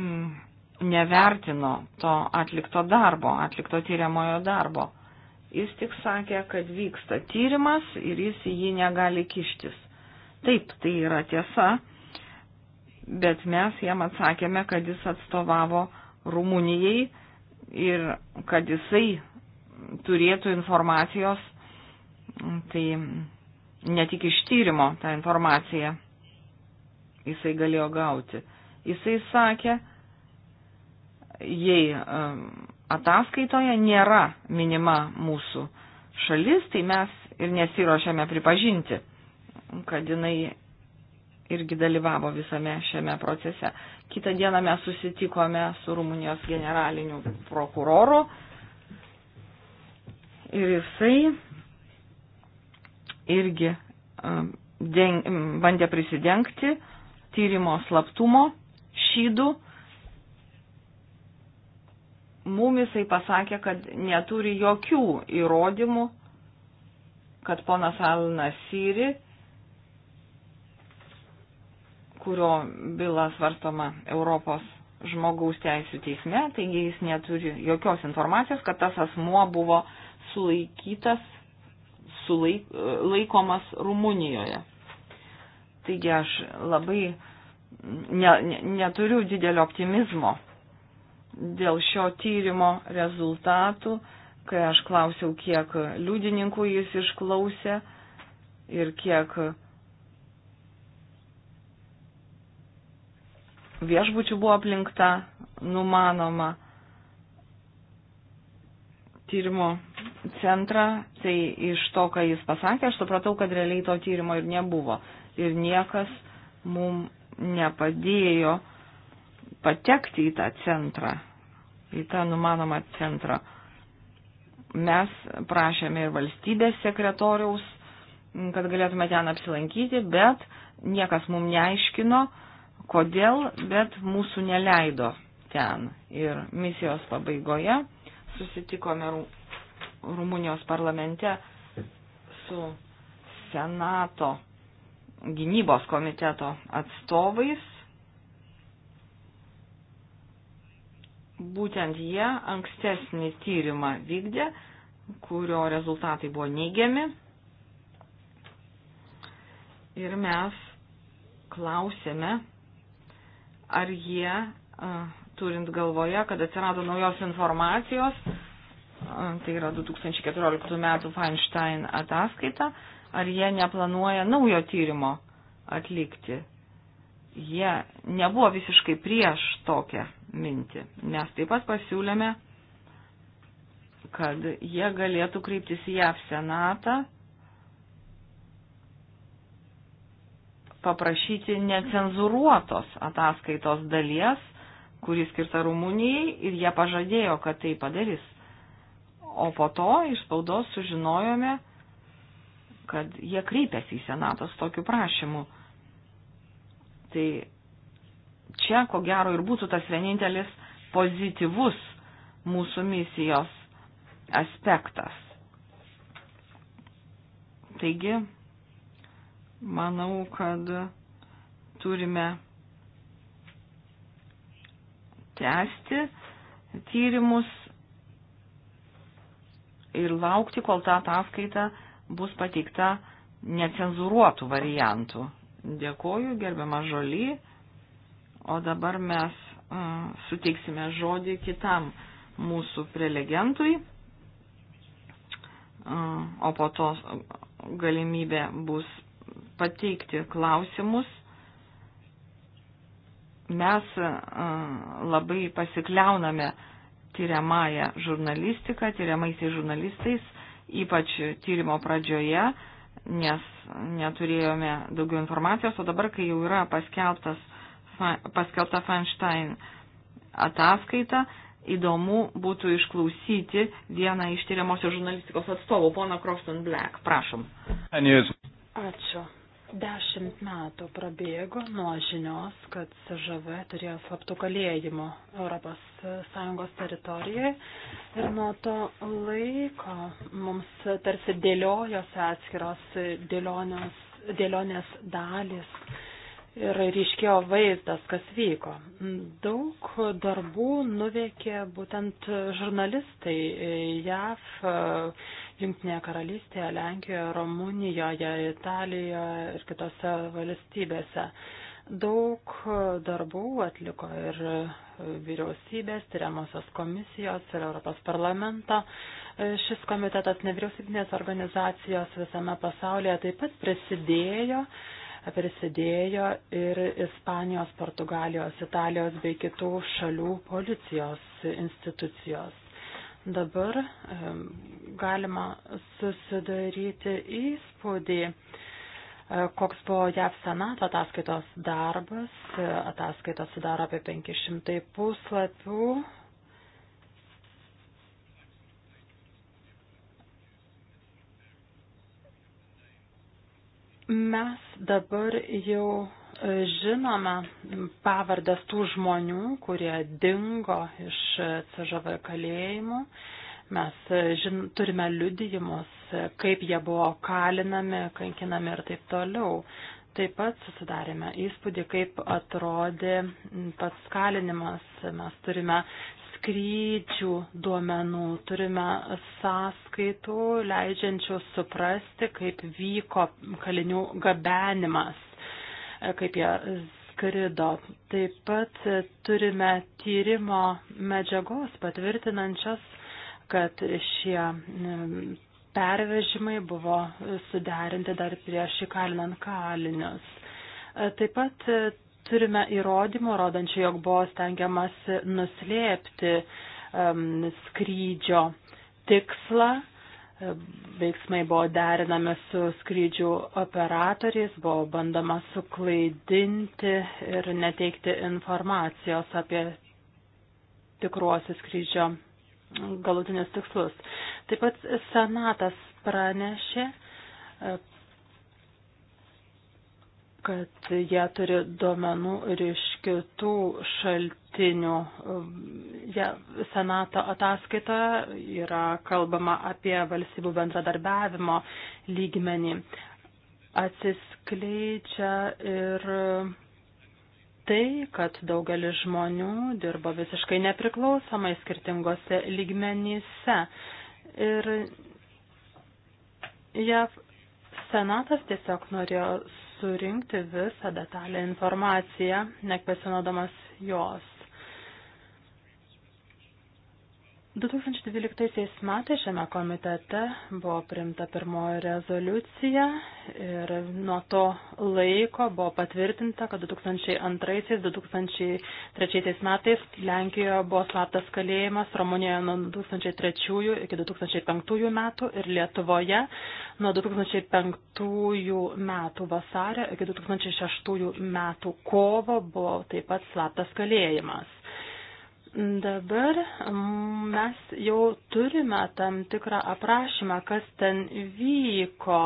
mm, nevertino to atlikto darbo, atlikto tyriamojo darbo. Jis tik sakė, kad vyksta tyrimas ir jis į jį negali kištis. Taip, tai yra tiesa, bet mes jam atsakėme, kad jis atstovavo Rumunijai ir kad jisai turėtų informacijos, tai ne tik iš tyrimo tą informaciją jisai galėjo gauti. Jisai sakė, jei ataskaitoje nėra minima mūsų šalis, tai mes ir nesirošiame pripažinti, kad jinai irgi dalyvavo visame šiame procese. Kitą dieną mes susitikome su Rumunijos generaliniu prokuroru ir jisai irgi deng, bandė prisidengti tyrimo slaptumo šydų mum jisai pasakė, kad neturi jokių įrodymų, kad ponas Alinas Syri, kurio byla svarstoma Europos žmogaus teisų teisme, taigi jis neturi jokios informacijos, kad tas asmuo buvo sulaikytas, sulaik, laikomas Rumunijoje. Taigi aš labai ne, ne, neturiu didelio optimizmo dėl šio tyrimo rezultatų, kai aš klausiau, kiek liudininkų jis išklausė ir kiek viešbučių buvo aplinkta numanoma tyrimo centrą, tai iš to, ką jis pasakė, aš supratau, kad realiai to tyrimo ir nebuvo. Ir niekas mum nepadėjo patekti į tą centrą, į tą numanomą centrą. Mes prašėme ir valstybės sekretoriaus, kad galėtume ten apsilankyti, bet niekas mums neaiškino, kodėl, bet mūsų neleido ten. Ir misijos pabaigoje susitikome Rumunijos parlamente su Senato gynybos komiteto atstovais būtent jie ankstesnį tyrimą vykdė, kurio rezultatai buvo neigiami. Ir mes klausėme, ar jie, turint galvoje, kad atsirado naujos informacijos, tai yra 2014 metų Feinstein ataskaita, ar jie neplanuoja naujo tyrimo atlikti. Jie nebuvo visiškai prieš tokią mintį. Mes taip pat pasiūlėme, kad jie galėtų kryptis į JAV senatą, paprašyti necenzuruotos ataskaitos dalies, kuri skirta Rumunijai ir jie pažadėjo, kad tai padarys. O po to iš spaudos sužinojome, kad jie kreipėsi į senatos tokiu prašymu. Tai čia, ko gero, ir būtų tas vienintelis pozityvus mūsų misijos aspektas. Taigi, manau, kad turime tęsti tyrimus ir laukti, kol ta ataskaita bus pateikta necenzuruotų variantų. Dėkoju, gerbiamas Žoly. O dabar mes mm, suteiksime žodį kitam mūsų prelegentui, mm, o po to galimybė bus pateikti klausimus. Mes mm, labai pasikliauname tyriamąją žurnalistiką, tyriamaisiais žurnalistais, ypač tyrimo pradžioje, nes neturėjome daugiau informacijos, o dabar, kai jau yra paskelbtas paskelbta Feinstein ataskaita. Įdomu būtų išklausyti vieną iš tyriamosios žurnalistikos atstovų, poną Crofton Black. Prašom. Ačiū. Dešimt metų prabėgo nuo žinios, kad SŽV turėjo slaptų kalėjimų ES teritorijoje ir nuo to laiko mums tarsi dėliojosi atskiros dėlionės, dėlionės dalis ir ryškėjo vaizdas, kas vyko. Daug darbų nuveikė būtent žurnalistai JAV, Junktinėje karalystėje, Lenkijoje, Rumunijoje, Italijoje ir kitose valstybėse. Daug darbų atliko ir vyriausybės, tyriamosios komisijos ir Europos parlamento. Šis komitetas nevyriausybinės organizacijos visame pasaulyje taip pat prisidėjo uh, prisidėjo ir Ispanijos, Portugalijos, Italijos bei kitų šalių policijos institucijos. Dabar galima susidaryti įspūdį, e, koks buvo JAV Senato ataskaitos darbas. E, Ataskaita sudaro apie 500 puslapių, Mes dabar jau e, žinome pavardas tų žmonių, kurie dingo iš e, CŽV kalėjimų. Mes e, žin, turime liudijimus, kaip jie buvo kalinami, kankinami ir taip toliau. Taip pat susidarėme įspūdį, kaip atrodė pats kalinimas. Mes turime skrydžių duomenų, turime sąskaitų, leidžiančių suprasti, kaip vyko kalinių gabenimas, kaip jie skrido. Taip pat turime tyrimo medžiagos patvirtinančias, kad šie mm, pervežimai buvo suderinti dar prieš įkalinant kalinius. Taip pat turime įrodymų, rodančių, jog buvo stengiamasi nuslėpti um, skrydžio tikslą. Veiksmai buvo derinami su skrydžių operatoriais, buvo bandama suklaidinti ir neteikti informacijos apie tikruosius skrydžio galutinius tikslus. Taip pat senatas pranešė kad jie turi duomenų ir iš kitų šaltinių. Ja, senato ataskaita yra kalbama apie valstybių bendradarbiavimo lygmenį. Atsiskleidžia ir tai, kad daugelis žmonių dirbo visiškai nepriklausomai skirtingose lygmenyse. Ir JAV senatas tiesiog norėjo surinkti visą detalę informaciją, nekvesionodamas jos. 2012 metais šiame komitete buvo primta pirmoji rezoliucija ir nuo to laiko buvo patvirtinta, kad 2002-2003 metais Lenkijoje buvo slaptas kalėjimas, Romunijoje nuo 2003 iki 2005 metų ir Lietuvoje nuo 2005 metų vasario iki 2006 metų kovo buvo taip pat slaptas kalėjimas. Dabar mes jau turime tam tikrą aprašymą, kas ten vyko.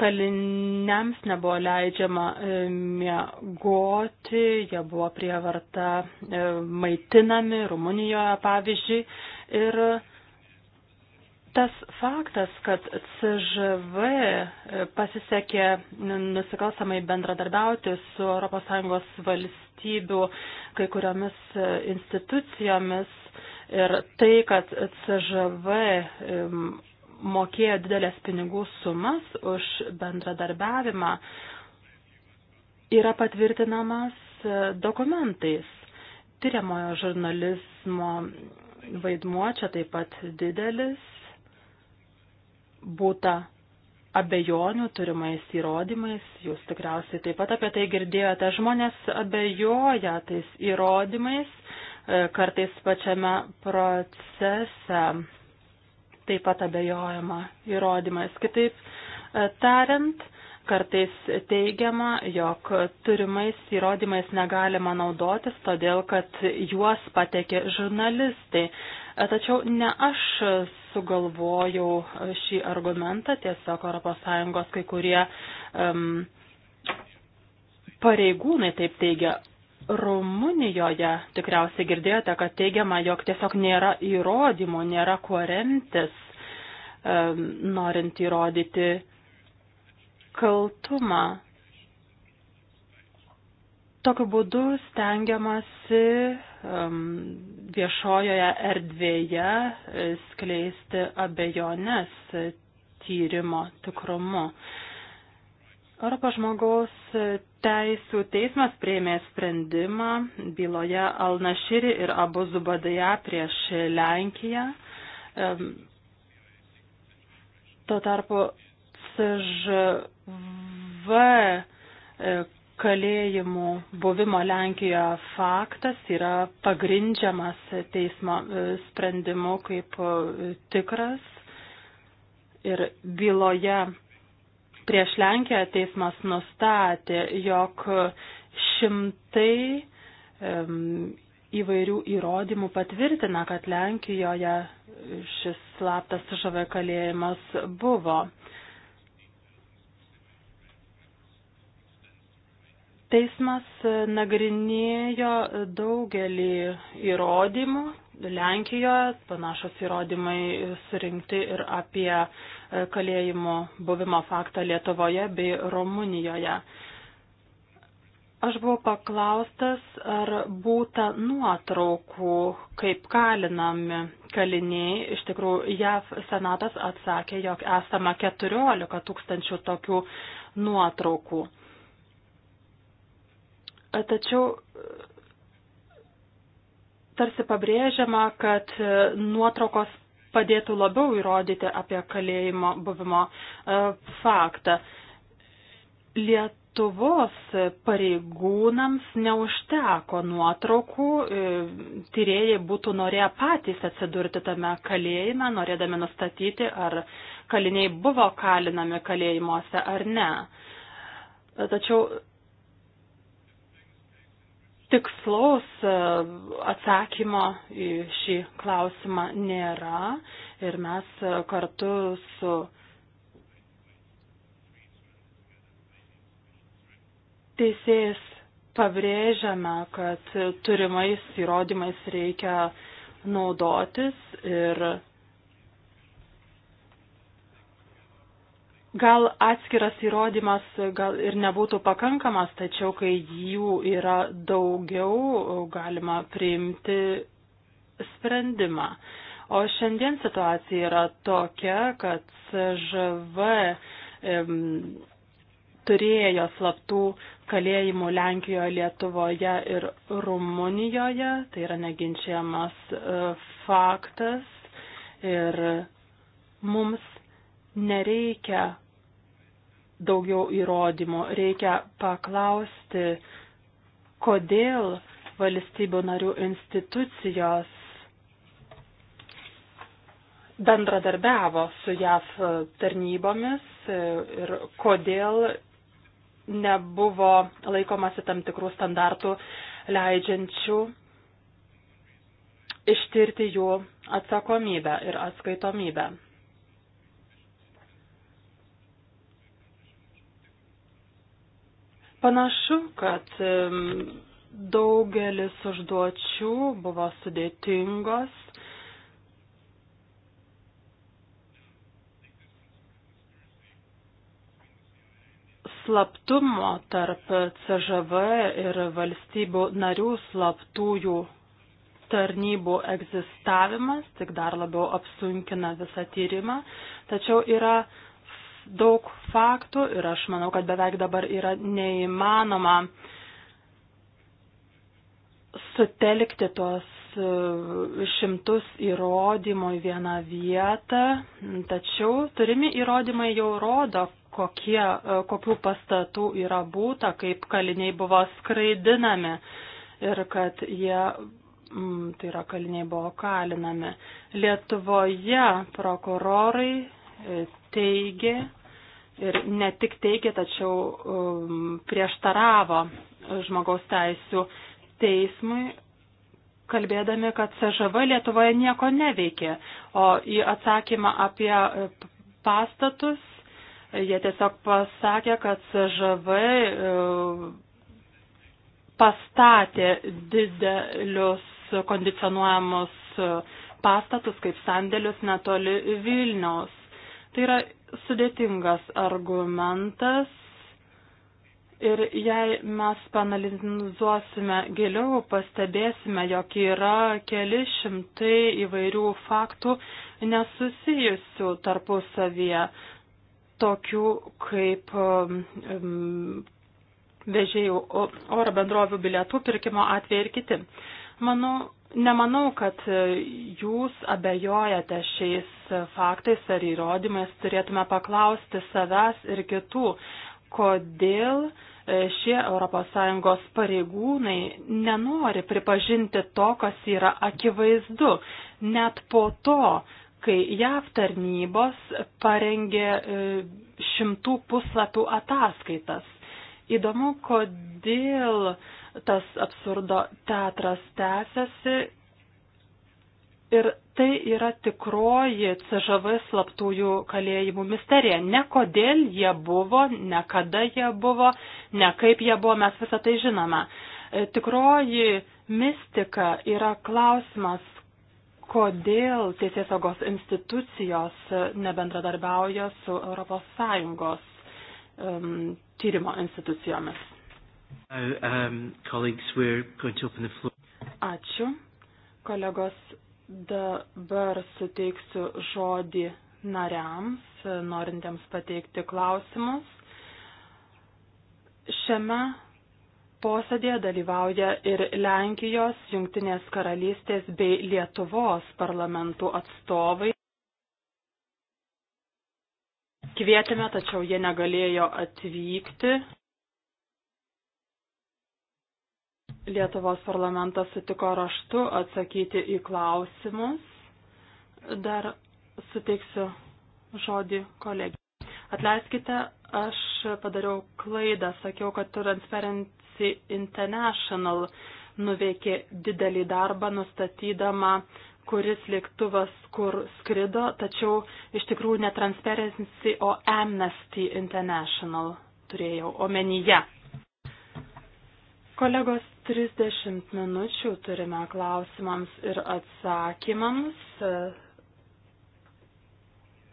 Kaliniams nebuvo leidžiama e, miegoti, jie buvo prievarta e, maitinami Rumunijoje, pavyzdžiui. Ir Tas faktas, kad CŽV e, pasisekė nusikalsamai bendradarbiauti su ES valstybių kai kuriomis e, institucijomis ir tai, kad CŽV e, mokėjo didelės pinigų sumas už bendradarbiavimą, yra patvirtinamas dokumentais. Tyriamojo žurnalizmo vaidmuo čia taip pat didelis būta abejonių turimais įrodymais, jūs tikriausiai taip pat apie tai girdėjote, žmonės abejoja tais įrodymais, e, kartais pačiame procese taip pat abejojama įrodymais. Kitaip e, tariant, Kartais teigiama, jog turimais įrodymais negalima naudotis, todėl kad juos patekė žurnalistai. Tačiau ne aš sugalvojau šį argumentą, tiesiog ES kai kurie um, pareigūnai taip teigia. Rumunijoje tikriausiai girdėjote, kad teigiama, jog tiesiog nėra įrodymų, nėra kuo remtis, um, norint įrodyti kaltumą. Tokiu būdu stengiamasi um, viešojoje erdvėje e, skleisti abejonės tyrimo tikrumu. Europos žmogaus teisų teismas prieimė sprendimą byloje Alnaširi ir Abu Zubadaja prieš Lenkiją. Tuo tarpu CŽV V e, kalėjimų buvimo Lenkijoje faktas yra pagrindžiamas teismo e, sprendimu kaip e, tikras ir byloje prieš Lenkiją teismas nustatė, jog šimtai įvairių įrodymų patvirtina, kad Lenkijoje šis slaptas žavė kalėjimas buvo. Teismas nagrinėjo daugelį įrodymų. Lenkijoje panašus įrodymai surinkti ir apie e, kalėjimo buvimo faktą Lietuvoje bei Rumunijoje. Aš buvau paklaustas, ar būta nuotraukų, kaip kalinami kaliniai. Iš tikrųjų, JAV senatas atsakė, jog esama 14 tūkstančių tokių nuotraukų. Tačiau e, tarsi pabrėžiama, kad e, nuotraukos padėtų labiau įrodyti apie kalėjimo buvimo e, faktą. Lietuvos pareigūnams neužteko nuotraukų, tyrėjai būtų norėję patys atsidurti tame kalėjime, norėdami nustatyti, ar kaliniai buvo kalinami kalėjimuose ar ne. Tačiau tikslaus e, atsakymo į šį klausimą nėra ir mes e, kartu su teisėjais pabrėžiame, kad turimais įrodymais reikia naudotis ir Gal atskiras įrodymas gal ir nebūtų pakankamas, tačiau kai jų yra daugiau, galima priimti sprendimą. O šiandien situacija yra tokia, kad CŽV im, turėjo slaptų kalėjimų Lenkijoje, Lietuvoje ir Rumunijoje, tai yra neginčiamas e, faktas ir mums nereikia daugiau įrodymų, reikia paklausti, kodėl valstybių narių institucijos bendradarbiavo su JAF tarnybomis ir kodėl nebuvo laikomasi tam tikrų standartų leidžiančių ištirti jų atsakomybę ir atskaitomybę. Panašu, kad daugelis užduočių buvo sudėtingos. Slaptumo tarp CŽV ir valstybių narių slaptųjų tarnybų egzistavimas tik dar labiau apsunkina visą tyrimą, tačiau yra daug faktų ir aš manau, kad beveik dabar yra neįmanoma sutelkti tuos e, šimtus įrodymų į vieną vietą, tačiau turimi įrodymai jau rodo, kokie, e, kokių pastatų yra būta, kaip kaliniai buvo skraidinami ir kad jie, tai yra kaliniai buvo kalinami. Lietuvoje prokurorai e, teigė, ir ne tik teikė, tačiau um, prieštaravo žmogaus teisų teismui, kalbėdami, kad CŽV Lietuvoje nieko neveikė. O į atsakymą apie e, pastatus jie tiesiog pasakė, kad CŽV um, e, pastatė didelius kondicionuojamus e, pastatus kaip sandėlius netoli Vilniaus. Tai yra sudėtingas argumentas ir jei mes panalizuosime giliau, pastebėsime, jog yra keli šimtai įvairių faktų nesusijusių tarpusavyje, tokių kaip um, um vežėjų oro bendrovių bilietų pirkimo atvejai ir kiti. Manau, nemanau, kad jūs abejojate šiais faktais ar įrodymais. Turėtume paklausti savęs ir kitų, kodėl e, šie ES pareigūnai nenori pripažinti to, kas yra akivaizdu, net po to, kai JAV tarnybos parengė e, šimtų puslapių ataskaitas. Įdomu, kodėl uh, tas absurdo teatras tęsiasi ir tai yra tikroji CŽV slaptųjų kalėjimų misterija. Ne kodėl jie buvo, ne kada jie buvo, ne kaip jie buvo, mes visą tai žinome. E, tikroji mistika yra klausimas, kodėl teisėsaugos institucijos nebendradarbiauja su ES um, tyrimo institucijomis. Um, Ačiū. Kolegos, dabar suteiksiu žodį nariams, norintiems pateikti klausimus. Šiame posėdėje dalyvauja ir Lenkijos, Junktinės karalystės bei Lietuvos parlamentų atstovai. Kvietėme, tačiau jie negalėjo atvykti. Lietuvos parlamentas sutiko raštu atsakyti į klausimus. Dar suteiksiu žodį kolegijai. Atleiskite, aš padariau klaidą, sakiau, kad Transparency International nuveikė didelį darbą nustatydama, kuris lėktuvas kur skrido, tačiau iš tikrųjų ne Transparency, o Amnesty International turėjau omenyje. Kolegos, 30 minučių turime klausimams ir atsakymams. E,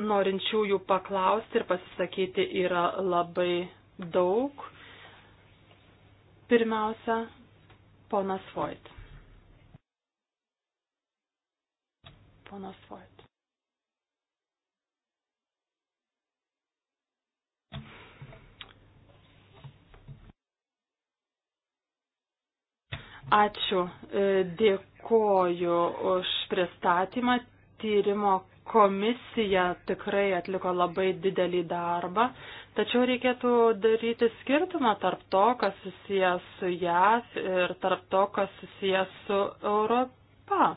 norinčiųjų paklausti ir pasisakyti yra labai daug. Pirmiausia, ponas Voit. Ponas Voit. Ačiū. E, dėkoju už pristatymą. Tyrimo komisija tikrai atliko labai didelį darbą, tačiau reikėtų daryti skirtumą tarp to, kas susijęs su JAV ir tarp to, kas susijęs su Europa.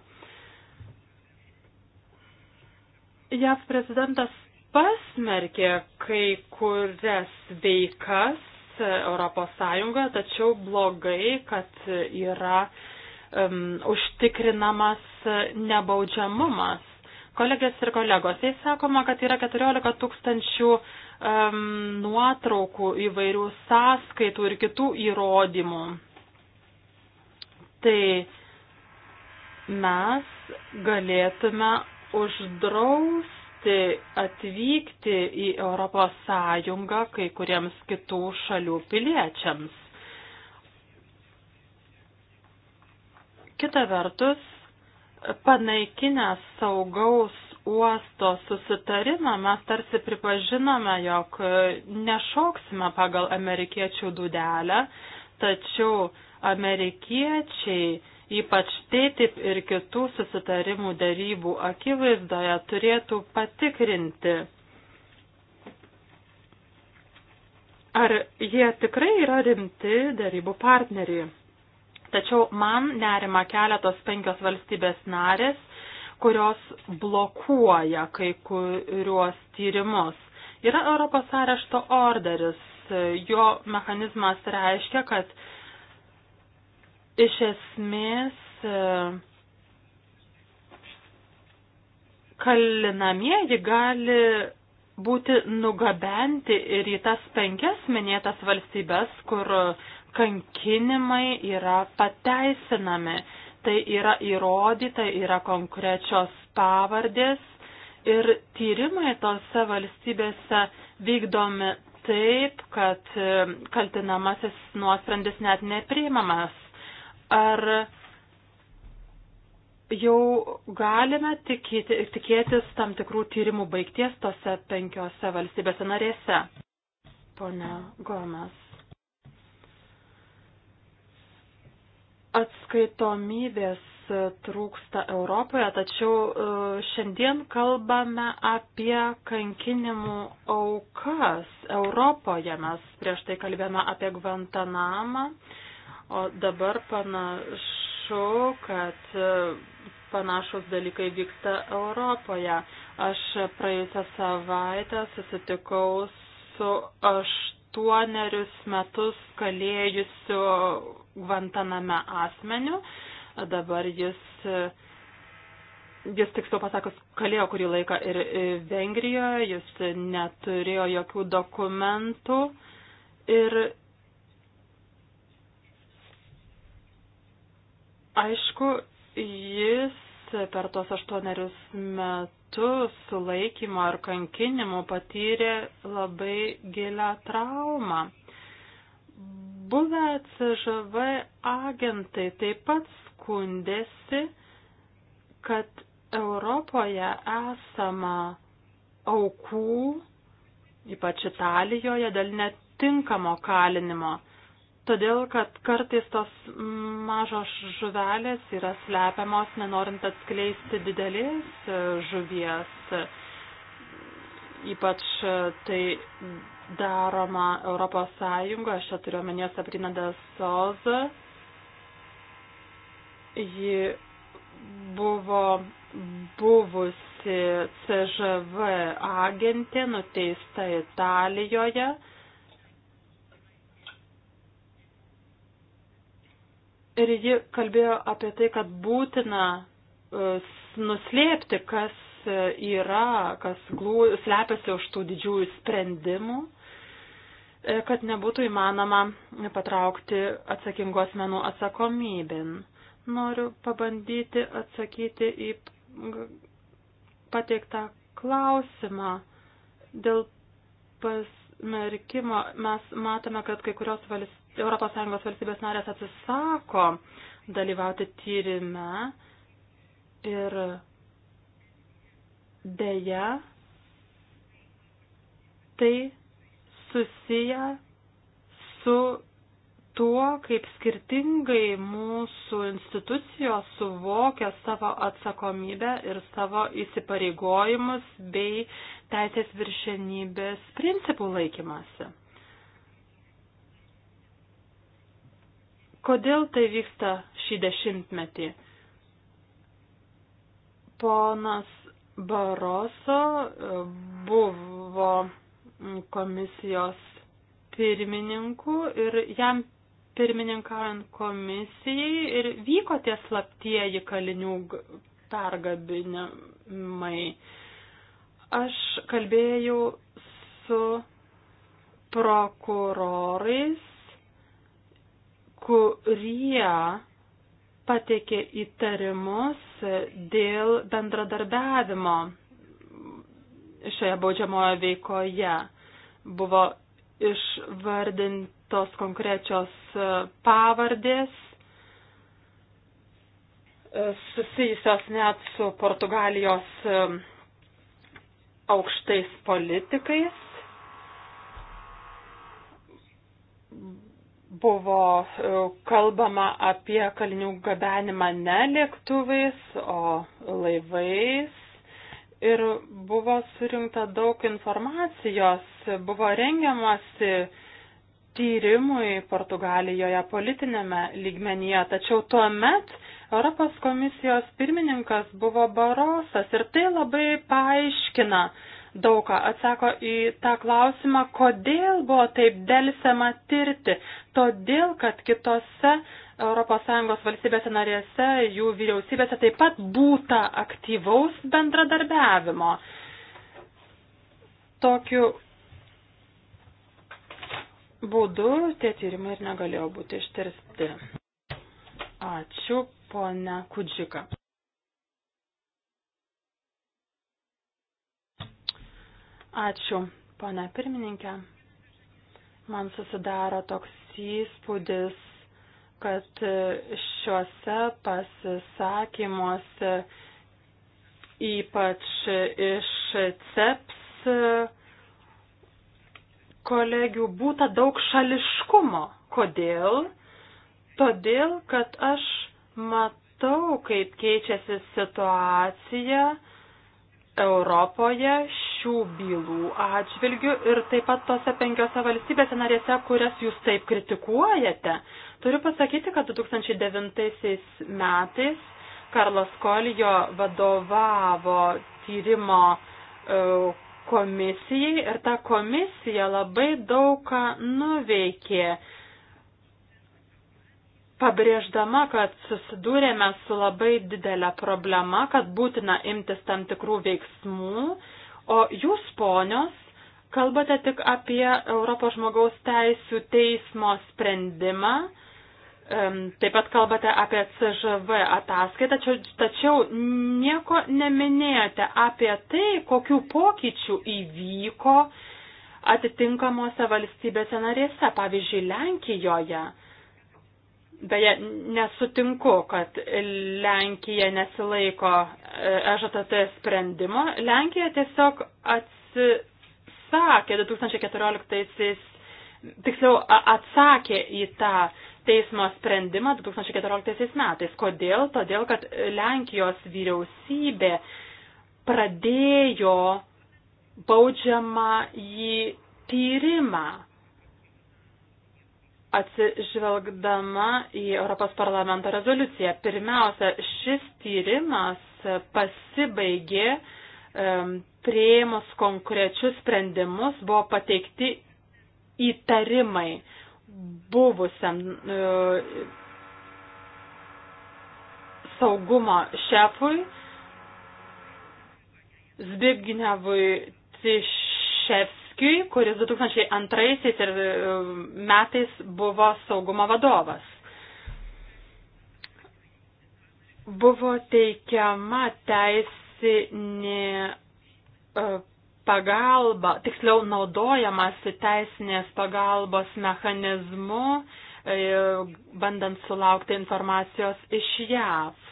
JAV prezidentas pasmerkė kai kurias veikas ES, tačiau blogai, kad yra um, užtikrinamas nebaudžiamumas. Kolegės ir kolegos, jais sakoma, kad yra 14 tūkstančių um, nuotraukų įvairių sąskaitų ir kitų įrodymų. Tai mes galėtume uždraus atvykti į Europos Sąjungą kai kuriems kitų šalių piliečiams. Kita vertus, panaikinę saugaus uosto susitarimą mes tarsi pripažinome, jog nešauksime pagal amerikiečių dudelę, tačiau amerikiečiai ypač TTIP ir kitų susitarimų darybų akivaizdoje, turėtų patikrinti, ar jie tikrai yra rimti darybų partneriai. Tačiau man nerima keletos penkios valstybės narės, kurios blokuoja kai kuriuos tyrimus. Yra Europos arešto orderis, jo mechanizmas reiškia, kad Iš esmės, kalinamieji gali būti nugabenti ir į tas penkias minėtas valstybės, kur kankinimai yra pateisinami. Tai yra įrodyta, yra konkrečios pavardės ir tyrimai tose valstybėse vykdomi taip, kad kaltinamasis nuosprendis net nepriimamas. Ar jau galime tikėti, tikėtis tam tikrų tyrimų baigties tose penkiose valstybėse narėse? Pone Gomes. Atskaitomybės trūksta Europoje, tačiau e, šiandien kalbame apie kankinimų aukas Europoje. Mes prieš tai kalbėjome apie Guantanamą. O dabar panašu, kad e, panašus dalykai vyksta Europoje. Aš praėjusią savaitę susitikau su aštuonerius metus kalėjusiu Guantaname asmeniu. Dabar jis, e, jis tiksliau pasakus, kalėjo kurį laiką ir e, Vengrijoje, jis neturėjo jokių dokumentų. Ir Aišku, jis per tuos aštuonerius metus sulaikymo ar kankinimo patyrė labai gilę traumą. Buvę CŽV agentai taip pat skundėsi, kad Europoje esama aukų, ypač Italijoje, dėl netinkamo kalinimo todėl kad kartais tos mažos žuvelės yra slepiamos, nenorint atskleisti didelės e, žuvies. Ypač e, tai daroma Europos Sąjungoje, aš čia turiu omenyje Sabrina Desozą. Ji buvo buvusi CŽV agentė, nuteista Italijoje. Ir ji kalbėjo apie tai, kad būtina e, nuslėpti, kas e, yra, kas glū, slepiasi už tų didžiųjų sprendimų, e, kad nebūtų įmanoma patraukti atsakingos menų atsakomybin. Noriu pabandyti atsakyti į pateiktą klausimą dėl pasmerkimo. Mes matome, kad kai kurios valstybės ES valstybės narės atsisako dalyvauti tyrime ir dėja tai susiję su tuo, kaip skirtingai mūsų institucijos suvokia savo atsakomybę ir savo įsipareigojimus bei teisės viršenybės principų laikymasi. Kodėl tai vyksta šį dešimtmetį? Ponas Baroso e, buvo komisijos pirmininku ir jam pirmininkaujant komisijai ir vyko tie slaptieji kalinių pergabinimai. Aš kalbėjau su prokurorais kurie pateikė įtarimus dėl bendradarbiavimo šioje baudžiamojo veikoje. Buvo išvardintos konkrečios pavardės, susijusios net su Portugalijos aukštais politikais. buvo e, kalbama apie kalinių gabenimą ne lėktuvais, o laivais. Ir buvo surinkta daug informacijos, buvo rengiamasi tyrimui Portugalijoje politinėme lygmenyje, tačiau tuo met Europos komisijos pirmininkas buvo Barosas ir tai labai paaiškina, uh, daugą atsako į tą klausimą, kodėl buvo taip dėlsiama tirti. Todėl, kad kitose ES valstybėse narėse, jų vyriausybėse taip pat būta aktyvaus bendradarbiavimo. Tokiu būdu tie tyrimai ir negalėjo būti ištirsti. Ačiū, ponia Kudžika. Ačiū, pana pirmininkė. Man susidaro toks įspūdis, kad šiuose pasisakymuose, ypač iš CEPS kolegių, būta daug šališkumo. Kodėl? Todėl, kad aš matau, kaip keičiasi situacija Europoje šių bylų atžvilgių ir taip pat tose penkiose valstybėse narėse, kurias jūs taip kritikuojate. Turiu pasakyti, kad 2009 metais Karlos Kolijo vadovavo tyrimo e, komisijai ir ta komisija labai daugą nuveikė pabrėždama, kad susidūrėme su labai didelė problema, kad būtina imtis tam tikrų veiksmų O jūs, ponios, kalbate tik apie Europos žmogaus teisų teismo sprendimą, taip pat kalbate apie CŽV ataskaitą, tačiau, tačiau nieko neminėjote apie tai, kokių pokyčių įvyko atitinkamuose valstybėse narėse, pavyzdžiui, Lenkijoje. Beje, nesutinku, kad Lenkija nesilaiko e, EŽTT sprendimo. Lenkija tiesiog atsisakė 2014-aisiais, tiksliau atsakė į tą teismo sprendimą 2014 metais. Kodėl? Todėl, kad Lenkijos vyriausybė pradėjo baudžiamą į tyrimą atsižvelgdama į Europos parlamento rezoliuciją. Pirmiausia, šis tyrimas pasibaigė prieimus konkrečius sprendimus, buvo pateikti įtarimai buvusiam e, saugumo šefui Zbignevui Tišev Kurskiui, kuris 2002 ir e, metais buvo saugumo vadovas. Buvo teikiama teisinė e, pagalba, tiksliau naudojamas teisinės pagalbos mechanizmu, e, bandant sulaukti informacijos iš JAV.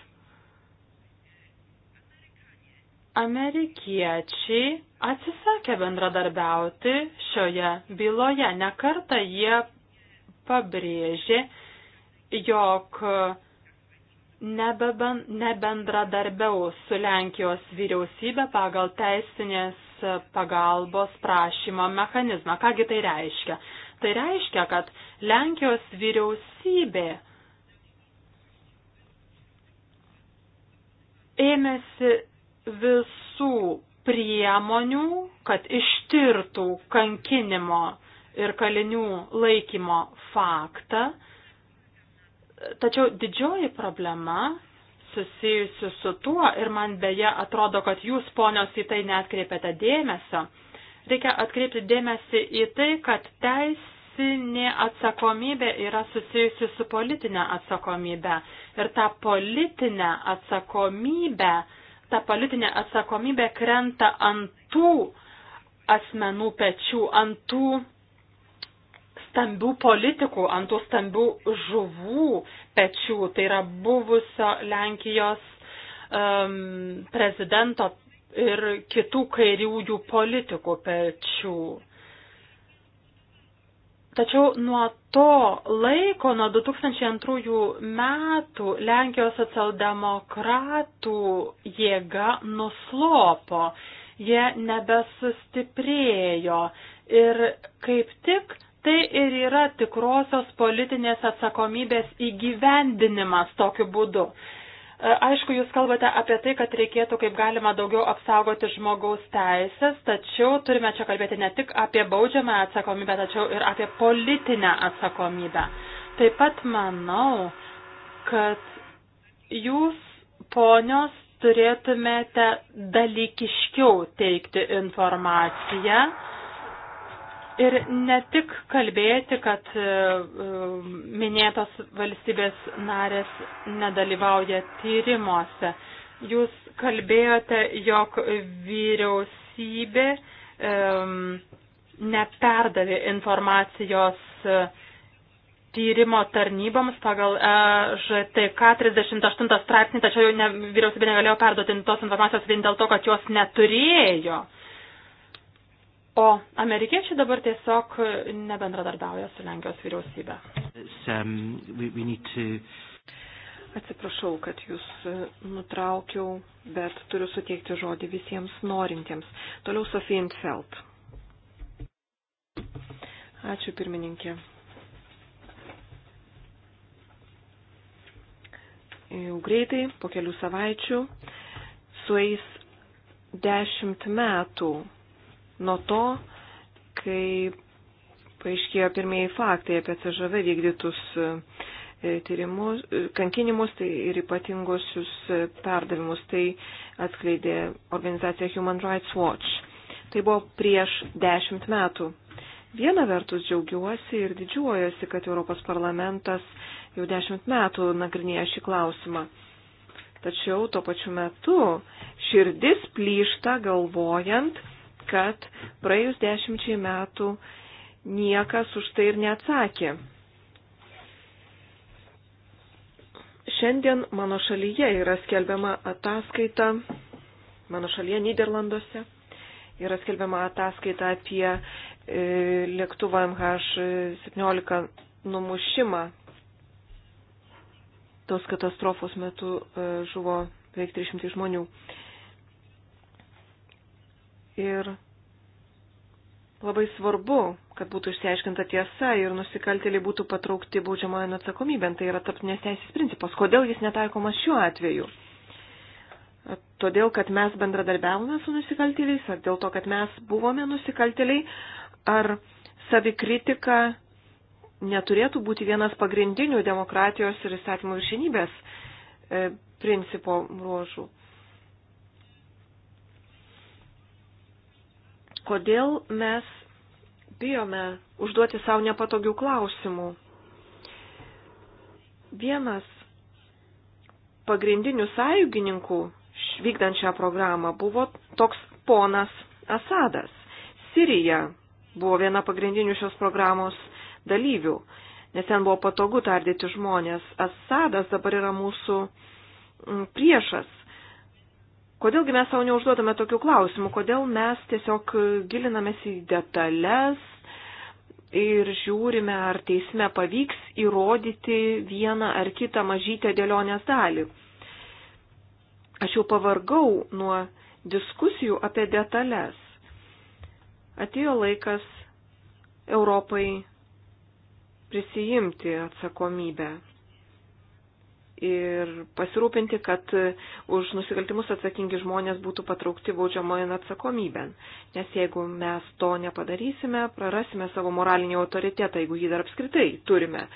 Amerikiečiai atsisakė bendradarbiauti šioje byloje. Nekartą jie pabrėžė, jog nebendradarbiaus su Lenkijos vyriausybė pagal teisinės pagalbos prašymo mechanizmą. Kągi tai reiškia? Tai reiškia, kad Lenkijos vyriausybė ėmėsi visų priemonių, kad ištirtų kankinimo ir kalinių laikymo faktą. Tačiau didžioji problema susijusi su tuo, ir man beje atrodo, kad jūs, ponios, į tai netkreipiate dėmesio, reikia atkreipti dėmesį į tai, kad teisinė atsakomybė yra susijusi su politinė atsakomybė. Ir tą politinę atsakomybę ta politinė atsakomybė krenta ant tų asmenų pečių, ant tų stambių politikų, ant tų stambių žuvų pečių. Tai yra buvusio Lenkijos um, prezidento ir kitų kairiųjų politikų pečių. Tačiau nuo to laiko, nuo 2002 metų, Lenkijos socialdemokratų jėga nuslopo, jie nebesustiprėjo ir kaip tik tai ir yra tikrosios politinės atsakomybės įgyvendinimas tokiu būdu. E, aišku, jūs kalbate apie tai, kad reikėtų kaip galima daugiau apsaugoti žmogaus teisės, tačiau turime čia kalbėti ne tik apie baudžiamą atsakomybę, tačiau ir apie politinę atsakomybę. Taip pat manau, kad jūs, ponios, turėtumėte dalykiškiau teikti informaciją Ir ne tik kalbėti, kad e, e, minėtos valstybės narės nedalyvauja tyrimuose. Jūs kalbėjote, jog vyriausybė e, neperdavė informacijos tyrimo tarnyboms pagal ŽTK 38 straipsnį, tačiau ne, vyriausybė negalėjo perduoti tos informacijos vien dėl to, kad jos neturėjo. O amerikiečiai dabar tiesiog nebendradarbiauja su Lenkijos vyriausybė. Um, we, we to... Atsiprašau, kad jūs e, nutraukiau, bet turiu suteikti žodį visiems norintiems. Toliau Sofija Intfeld. Ačiū pirmininkė. Jau greitai, po kelių savaičių, sueis dešimt metų nuo to, kai paaiškėjo pirmieji faktai apie CŽV vykdytus e, tyrimus, e, kankinimus tai ir ypatingosius e, perdavimus. Tai atskleidė organizacija Human Rights Watch. Tai buvo prieš dešimt metų. Viena vertus džiaugiuosi ir didžiuojasi, kad Europos parlamentas jau dešimt metų nagrinėja šį klausimą. Tačiau tuo pačiu metu širdis plyšta galvojant, kad praėjus dešimčiai metų niekas už tai ir neatsakė. Šiandien mano šalyje yra skelbiama ataskaita, mano šalyje Niderlanduose yra skelbiama ataskaita apie e, lėktuvą MH17 numušimą. Tos katastrofos metu e, žuvo beveik 300 žmonių. E, Ir labai svarbu, kad būtų išsiaiškinta tiesa ir nusikaltėliai būtų patraukti baudžiamojo atsakomybėn. Tai yra tarptinės teisės principas. Kodėl jis netaikomas šiuo atveju? Todėl, kad mes bendradarbiavome su nusikaltėliais, ar dėl to, kad mes buvome nusikaltėliai, ar savikritika neturėtų būti vienas pagrindinių demokratijos ir įstatymų viršinybės e, principo ruožų. kodėl mes bijome užduoti savo nepatogių klausimų. Vienas pagrindinių sąjungininkų vykdant šią programą buvo toks ponas Asadas. Sirija buvo viena pagrindinių šios programos dalyvių, nes ten buvo patogu tardyti žmonės. Asadas dabar yra mūsų mm, priešas. Kodėlgi mes savo neužduodame tokių klausimų, kodėl mes tiesiog gilinamės į detalės ir žiūrime, ar teisme pavyks įrodyti vieną ar kitą mažytę dėlionės dalį. Aš jau pavargau nuo diskusijų apie detalės. Atėjo laikas Europai prisijimti atsakomybę ir pasirūpinti, kad už nusikaltimus atsakingi žmonės būtų patraukti baudžiamojan atsakomybėn. Nes jeigu mes to nepadarysime, prarasime savo moralinį autoritetą, jeigu jį dar apskritai turime,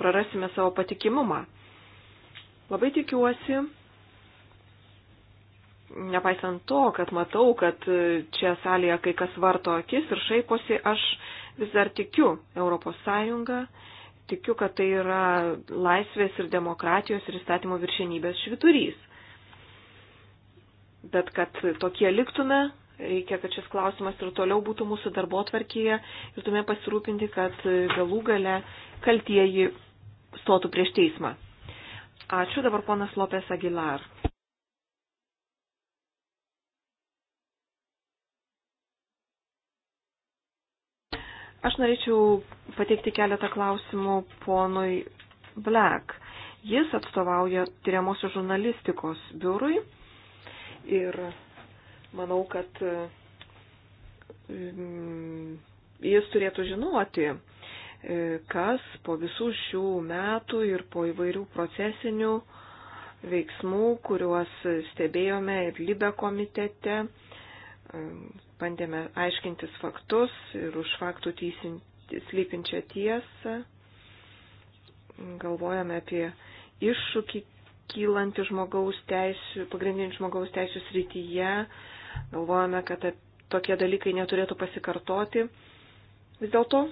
prarasime savo patikimumą. Labai tikiuosi, nepaisant to, kad matau, kad čia salėje kai kas varto akis ir šaiposi, aš vis dar tikiu Europos Sąjungą tikiu, kad tai yra laisvės ir demokratijos ir įstatymo viršenybės šviturys. Bet kad tokie liktume, reikia, kad šis klausimas ir toliau būtų mūsų darbo tvarkyje ir turime pasirūpinti, kad galų gale kaltieji stotų prieš teismą. Ačiū dabar ponas Lopes Aguilar. Aš norėčiau pateikti keletą klausimų ponui Black. Jis atstovauja tyriamosios žurnalistikos biurui ir manau, kad mm, jis turėtų žinoti, e, kas po visų šių metų ir po įvairių procesinių veiksmų, kuriuos stebėjome ir Libe komitete, e, bandėme aiškintis faktus ir už faktų slypinčią tiesą, galvojame apie iššūkį kylanti žmogaus teisų, pagrindinių žmogaus teisų srityje, galvojame, kad tokie dalykai neturėtų pasikartoti. Vis dėlto,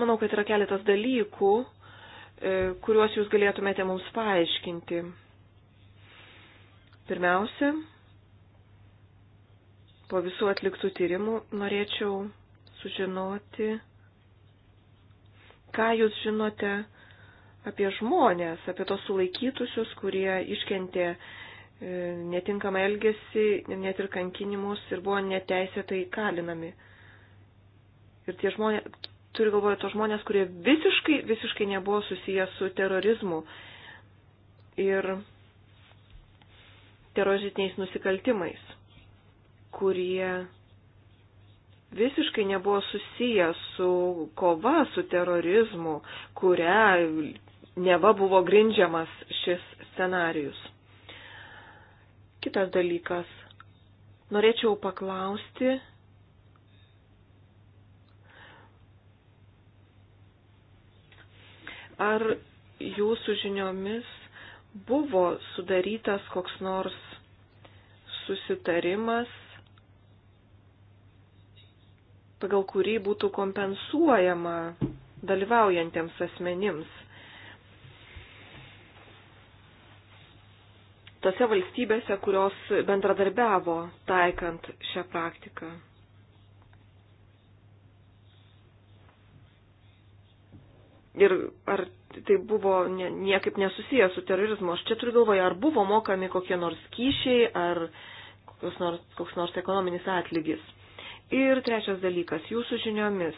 manau, kad yra keletas dalykų, e, kuriuos jūs galėtumėte mums paaiškinti. Pirmiausia, po visų atliktų tyrimų norėčiau sužinoti, ką jūs žinote apie žmonės, apie tos sulaikytusius, kurie iškentė e, netinkamą elgesį, net ir kankinimus ir buvo neteisėtai kalinami. Ir tie žmonės, turiu galvoje, tos žmonės, kurie visiškai, visiškai nebuvo susiję su terorizmu ir teroristiniais nusikaltimais kurie visiškai nebuvo susiję su kova su terorizmu, kuria neva buvo grindžiamas šis scenarius. Kitas dalykas. Norėčiau paklausti. Ar jūsų žiniomis buvo sudarytas koks nors susitarimas pagal kurį būtų kompensuojama dalyvaujantiems asmenims. Tose valstybėse, kurios bendradarbiavo taikant šią praktiką. Ir ar tai buvo niekaip nesusijęs su terorizmu. Aš čia turiu galvoje, ar buvo mokami kokie nors kyšiai, ar koks nors, koks nors ekonominis atlygis. Ir trečias dalykas, jūsų žiniomis.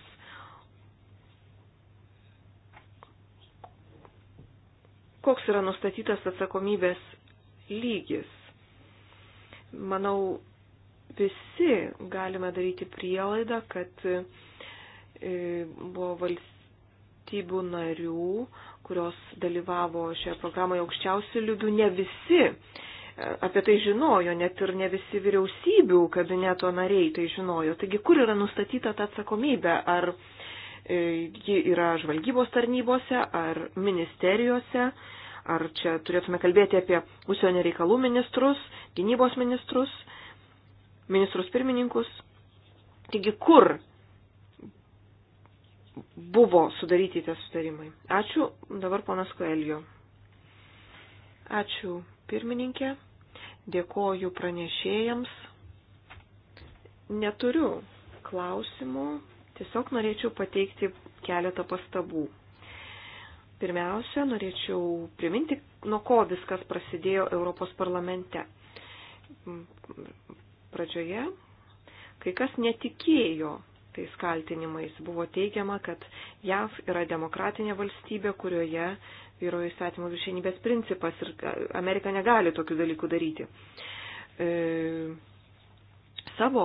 Koks yra nustatytas atsakomybės lygis? Manau, visi galime daryti prielaidą, kad e, buvo valstybių narių, kurios dalyvavo šioje programoje aukščiausių lygių, ne visi apie tai žinojo, net ir ne visi vyriausybių kabineto nariai tai žinojo. Taigi, kur yra nustatyta ta atsakomybė? Ar e, ji yra žvalgybos tarnybose, ar ministerijose, ar čia turėtume kalbėti apie užsienio reikalų ministrus, gynybos ministrus, ministrus pirmininkus? Taigi, kur buvo sudaryti tie sutarimai? Ačiū, dabar ponas Koelio. Ačiū, pirmininkė. Dėkoju pranešėjams. Neturiu klausimų, tiesiog norėčiau pateikti keletą pastabų. Pirmiausia, norėčiau priminti, nuo ko viskas prasidėjo Europos parlamente. Pradžioje kai kas netikėjo tais kaltinimais. Buvo teigiama, kad JAV yra demokratinė valstybė, kurioje yra įstatymų viršienybės principas ir Amerika negali tokių dalykų daryti. E, savo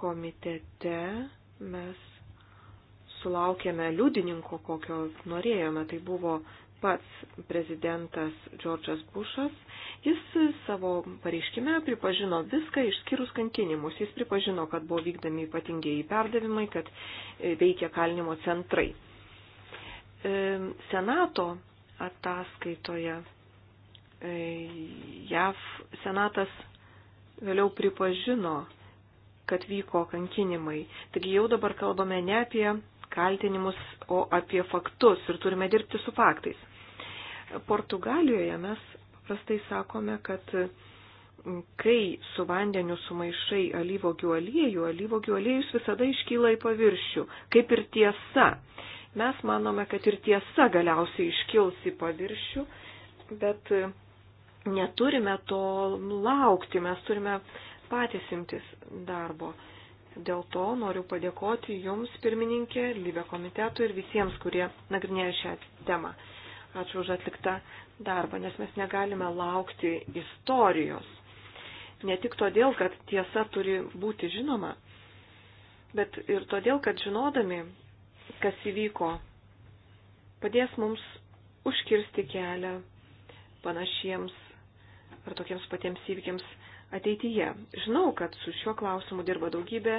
komitete mes sulaukėme liudininko, kokio norėjome. Tai buvo pats prezidentas Džordžas Bušas. Jis savo pareiškime pripažino viską išskyrus kankinimus. Jis pripažino, kad buvo vykdami ypatingieji perdavimai, kad veikia kalinimo centrai. E, senato ataskaitoje e, JAV Senatas vėliau pripažino, kad vyko kankinimai. Taigi jau dabar kalbame ne apie kaltinimus, o apie faktus ir turime dirbti su faktais. Portugalijoje mes paprastai sakome, kad kai su vandeniu sumaišai alyvogių aliejų, alyvogių aliejus visada iškyla į paviršių, kaip ir tiesa. Mes manome, kad ir tiesa galiausiai iškils į paviršių, bet neturime to laukti, mes turime patys imtis darbo. Dėl to noriu padėkoti Jums, pirmininkė, Lyve komitetui ir visiems, kurie nagrinėjo šią temą. Ačiū už atliktą darbą, nes mes negalime laukti istorijos. Ne tik todėl, kad tiesa turi būti žinoma, bet ir todėl, kad žinodami kas įvyko, padės mums užkirsti kelią panašiems ar tokiems patiems įvykiams ateityje. Žinau, kad su šiuo klausimu dirba daugybė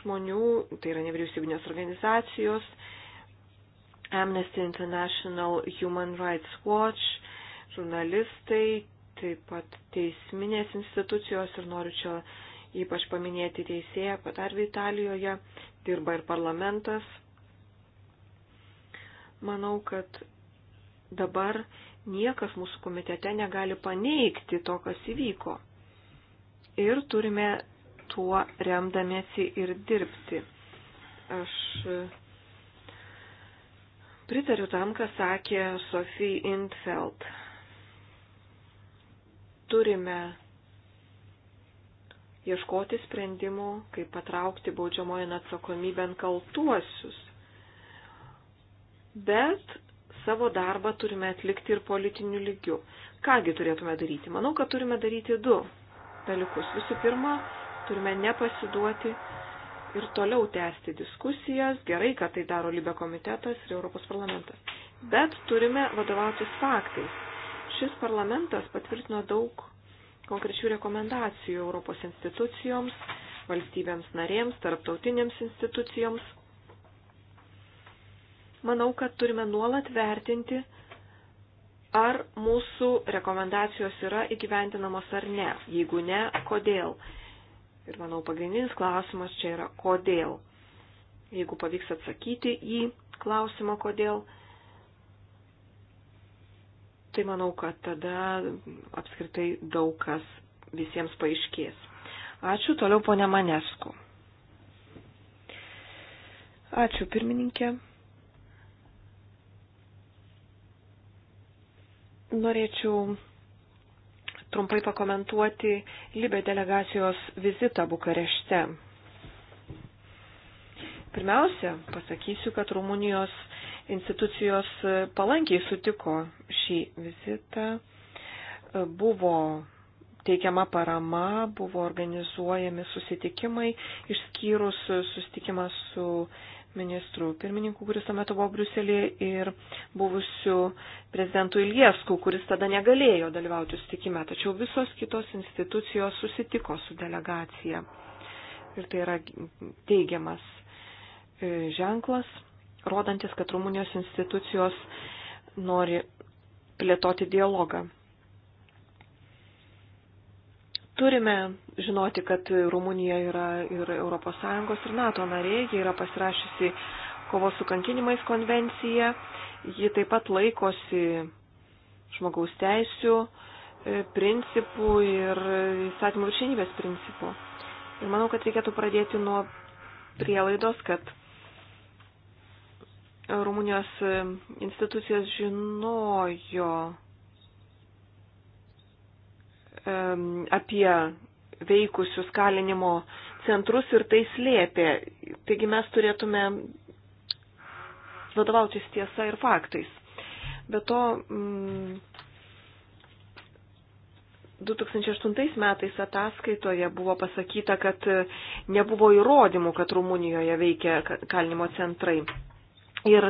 žmonių, tai yra nevyriausybinės organizacijos, Amnesty International, Human Rights Watch, žurnalistai, taip pat teisminės institucijos ir noriu čia ypač paminėti teisėją patarvį Italijoje, dirba ir parlamentas. Manau, kad dabar niekas mūsų komitete negali paneigti to, kas įvyko. Ir turime tuo remdamiesi ir dirbti. Aš e, pritariu tam, ką sakė Sofija Intfeld. Turime ieškoti sprendimų, kaip patraukti baudžiamojo atsakomybę kaltuosius bet savo darbą turime atlikti ir politiniu lygiu. Kągi turėtume daryti? Manau, kad turime daryti du dalykus. Visų pirma, turime nepasiduoti ir toliau tęsti diskusijas. Gerai, kad tai daro Libė komitetas ir Europos parlamentas. Bet turime vadovautis faktais. Šis parlamentas patvirtino daug konkrečių rekomendacijų Europos institucijoms, valstybėms narėms, tarptautinėms institucijoms manau, kad turime nuolat vertinti, ar mūsų rekomendacijos yra įgyventinamos ar ne. Jeigu ne, kodėl? Ir manau, pagrindinis klausimas čia yra kodėl. Jeigu pavyks atsakyti į klausimą kodėl, tai manau, kad tada apskritai daug kas visiems paaiškės. Ačiū toliau ponė Manesku. Ačiū pirmininkė. Norėčiau trumpai pakomentuoti Libė delegacijos vizitą Bukarešte. Pirmiausia, pasakysiu, kad Rumunijos institucijos palankiai sutiko šį vizitą. Buvo teikiama parama, buvo organizuojami susitikimai, išskyrus susitikimą su ministrų pirmininkų, kuris tuo metu buvo Bruselėje, ir buvusių prezidentų Ilieskų, kuris tada negalėjo dalyvauti susitikime, tačiau visos kitos institucijos susitiko su delegacija. Ir tai yra teigiamas e, ženklas, rodantis, kad Rumunijos institucijos nori plėtoti dialogą Turime žinoti, kad Rumunija yra ir ES ir NATO narė, ji yra pasirašysi kovos su kankinimais konvenciją, ji taip pat laikosi žmogaus teisių e, principų ir įstatymų viršinybės principų. Ir manau, kad reikėtų pradėti nuo prielaidos, kad Rumunijos institucijos žinojo apie veikusius kalinimo centrus ir tai slėpė. Taigi mes turėtume vadovautis tiesa ir faktais. Be to, 2008 mm, metais ataskaitoje buvo pasakyta, kad nebuvo įrodymų, kad Rumunijoje veikia kalinimo centrai. Ir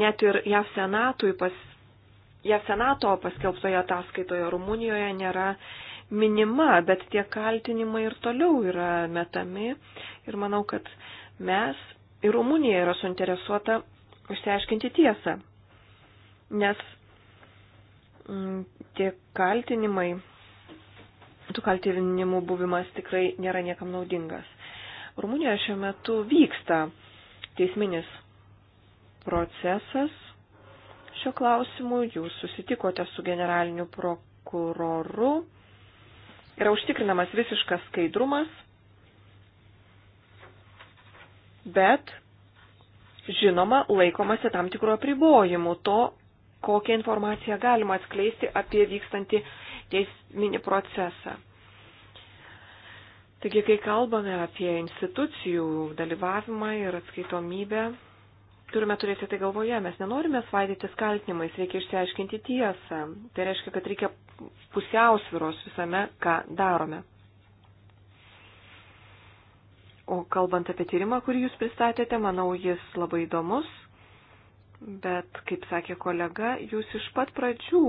net ir JAV Senatui pas, JAV Senato paskelbtoje ataskaitoje Rumunijoje nėra minima, bet tie kaltinimai ir toliau yra metami. Ir manau, kad mes ir Rumunija yra suinteresuota išsiaiškinti tiesą. Nes m, mm, tie kaltinimai, tų kaltinimų buvimas tikrai nėra niekam naudingas. Rumunijoje šiuo metu vyksta teisminis procesas šio klausimu. Jūs susitikote su generaliniu prokuroru yra užtikrinamas visiškas skaidrumas, bet žinoma laikomasi tam tikro apribojimų to, kokią informaciją galima atskleisti apie vykstantį teisminį procesą. Taigi, kai kalbame apie institucijų dalyvavimą ir atskaitomybę, turime turėti tai galvoje, mes nenorime svaidytis kaltinimais, reikia išsiaiškinti tiesą. Tai reiškia, kad reikia pusiausviros visame, ką darome. O kalbant apie tyrimą, kurį jūs pristatėte, manau, jis labai įdomus, bet, kaip sakė kolega, jūs iš pat pradžių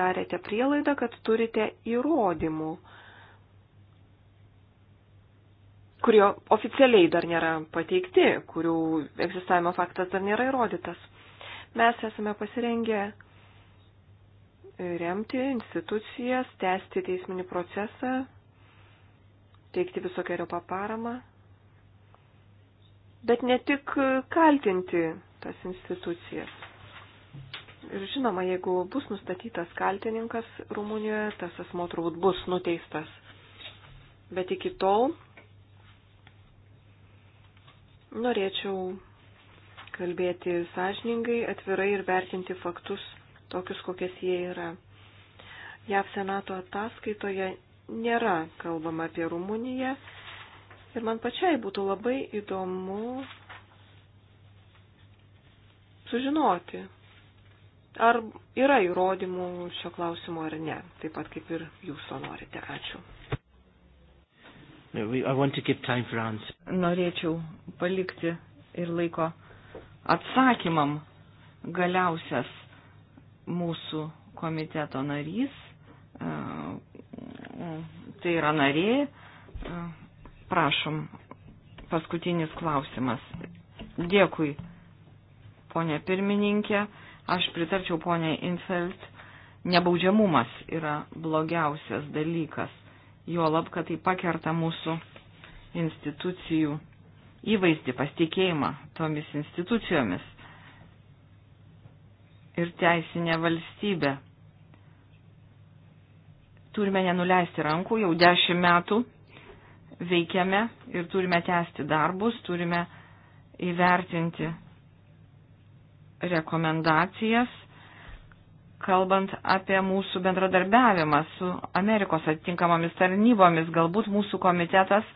darėte prielaidą, kad turite įrodymų kurio oficialiai dar nėra pateikti, kurių egzistavimo faktas dar nėra įrodytas. Mes esame pasirengę remti institucijas, tęsti teisminį procesą, teikti visokiojo paparamą, bet ne tik kaltinti tas institucijas. Ir žinoma, jeigu bus nustatytas kaltininkas Rumunijoje, tas asmo turbūt bus nuteistas. Bet iki tol Norėčiau kalbėti sąžiningai, atvirai ir vertinti faktus tokius, kokias jie yra. JAV Senato ataskaitoje nėra kalbama apie Rumuniją ir man pačiai būtų labai įdomu sužinoti, ar yra įrodymų šio klausimo ar ne, taip pat kaip ir jūs to norite. Ačiū. Norėčiau palikti ir laiko atsakymam galiausias mūsų komiteto narys, e, tai yra narė, e, prašom, paskutinis klausimas. Dėkui, ponė pirmininkė, aš pritarčiau ponė Infeld, nebaudžiamumas yra blogiausias dalykas juolab, kad tai pakerta mūsų institucijų įvaizdį, pasitikėjimą tomis institucijomis ir teisinę valstybę. Turime nenuleisti rankų, jau dešimt metų veikiame ir turime tęsti darbus, turime įvertinti rekomendacijas kalbant apie mūsų bendradarbiavimą su Amerikos atitinkamomis tarnybomis, galbūt mūsų komitetas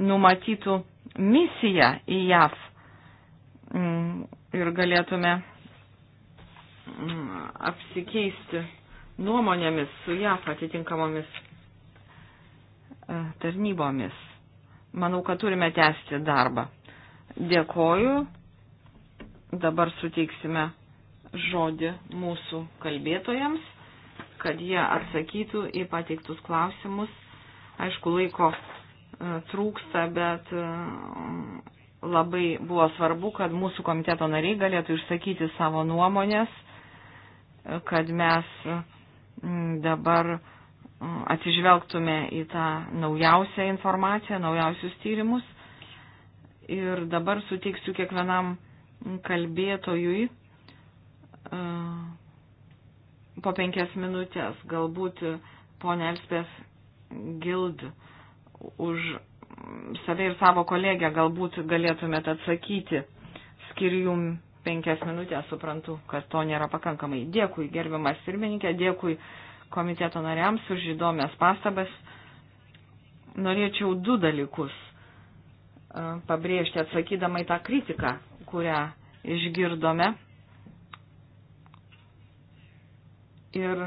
numatytų misiją į JAV mm, ir galėtume mm, apsikeisti nuomonėmis su JAF atitinkamomis e, tarnybomis. Manau, kad turime tęsti darbą. Dėkoju. Dabar suteiksime žodį mūsų kalbėtojams, kad jie atsakytų į pateiktus klausimus. Aišku, laiko e, trūksta, bet e, labai buvo svarbu, kad mūsų komiteto nariai galėtų išsakyti savo nuomonės, e, kad mes dabar atsižvelgtume į tą naujausią informaciją, naujausius tyrimus. Ir dabar suteiksiu kiekvienam kalbėtojui po penkias minutės. Galbūt ponė Elspės Gild už save ir savo kolegę galbūt galėtumėt atsakyti. Skiriu jum penkias minutės, suprantu, kad to nėra pakankamai. Dėkui, gerbiamas pirmininkė, dėkui komiteto nariams už įdomias pastabas. Norėčiau du dalykus pabrėžti atsakydama į tą kritiką, kurią išgirdome Ir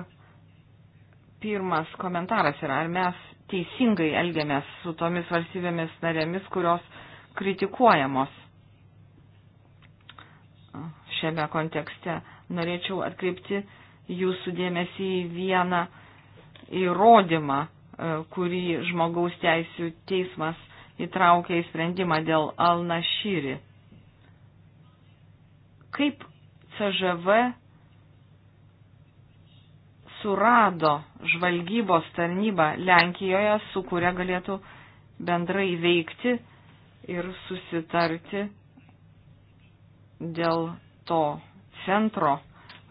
pirmas komentaras yra, ar mes teisingai elgiamės su tomis valstybėmis narėmis, kurios kritikuojamos šiame kontekste. Norėčiau atkreipti jūsų dėmesį į vieną įrodymą, e, kurį žmogaus teisų teismas įtraukė į sprendimą dėl Alnašyri. Kaip CŽV surado žvalgybos tarnybą Lenkijoje, su kuria galėtų bendrai veikti ir susitarti dėl to centro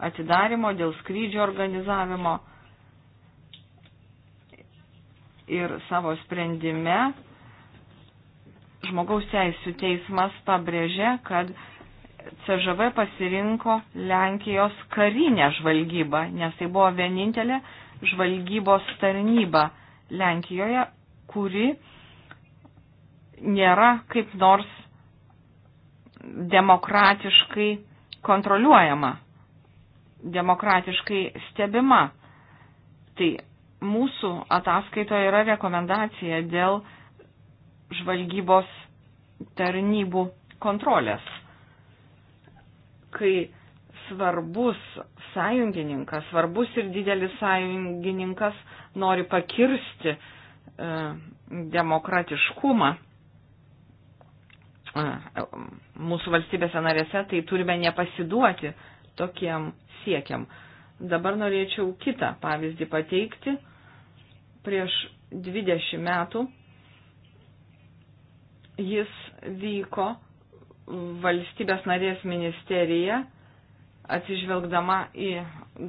atidarimo, dėl skrydžio organizavimo. Ir savo sprendime žmogaus teisų teismas pabrėžė, kad CŽV pasirinko Lenkijos karinę žvalgybą, nes tai buvo vienintelė žvalgybos tarnyba Lenkijoje, kuri nėra kaip nors demokratiškai kontroliuojama, demokratiškai stebima. Tai mūsų ataskaitoje yra rekomendacija dėl žvalgybos tarnybų kontrolės kai svarbus sąjungininkas, svarbus ir didelis sąjungininkas nori pakirsti e, demokratiškumą e, mūsų valstybėse narėse, tai turime nepasiduoti tokiem siekiam. Dabar norėčiau kitą pavyzdį pateikti. Prieš 20 metų jis vyko valstybės narės ministerija, atsižvelgdama į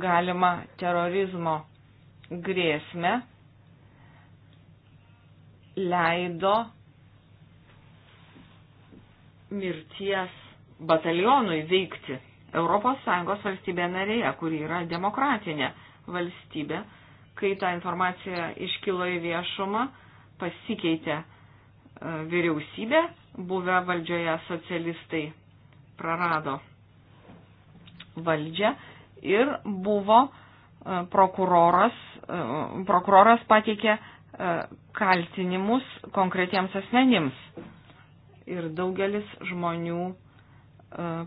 galimą terorizmo grėsmę, leido mirties batalionui veikti ES valstybė narėje, kuri yra demokratinė valstybė. Kai ta informacija iškilo į viešumą, pasikeitė E, vyriausybė, buvę valdžioje socialistai prarado valdžią ir buvo e, prokuroras, e, prokuroras pateikė kaltinimus konkretiems asmenims. Ir daugelis žmonių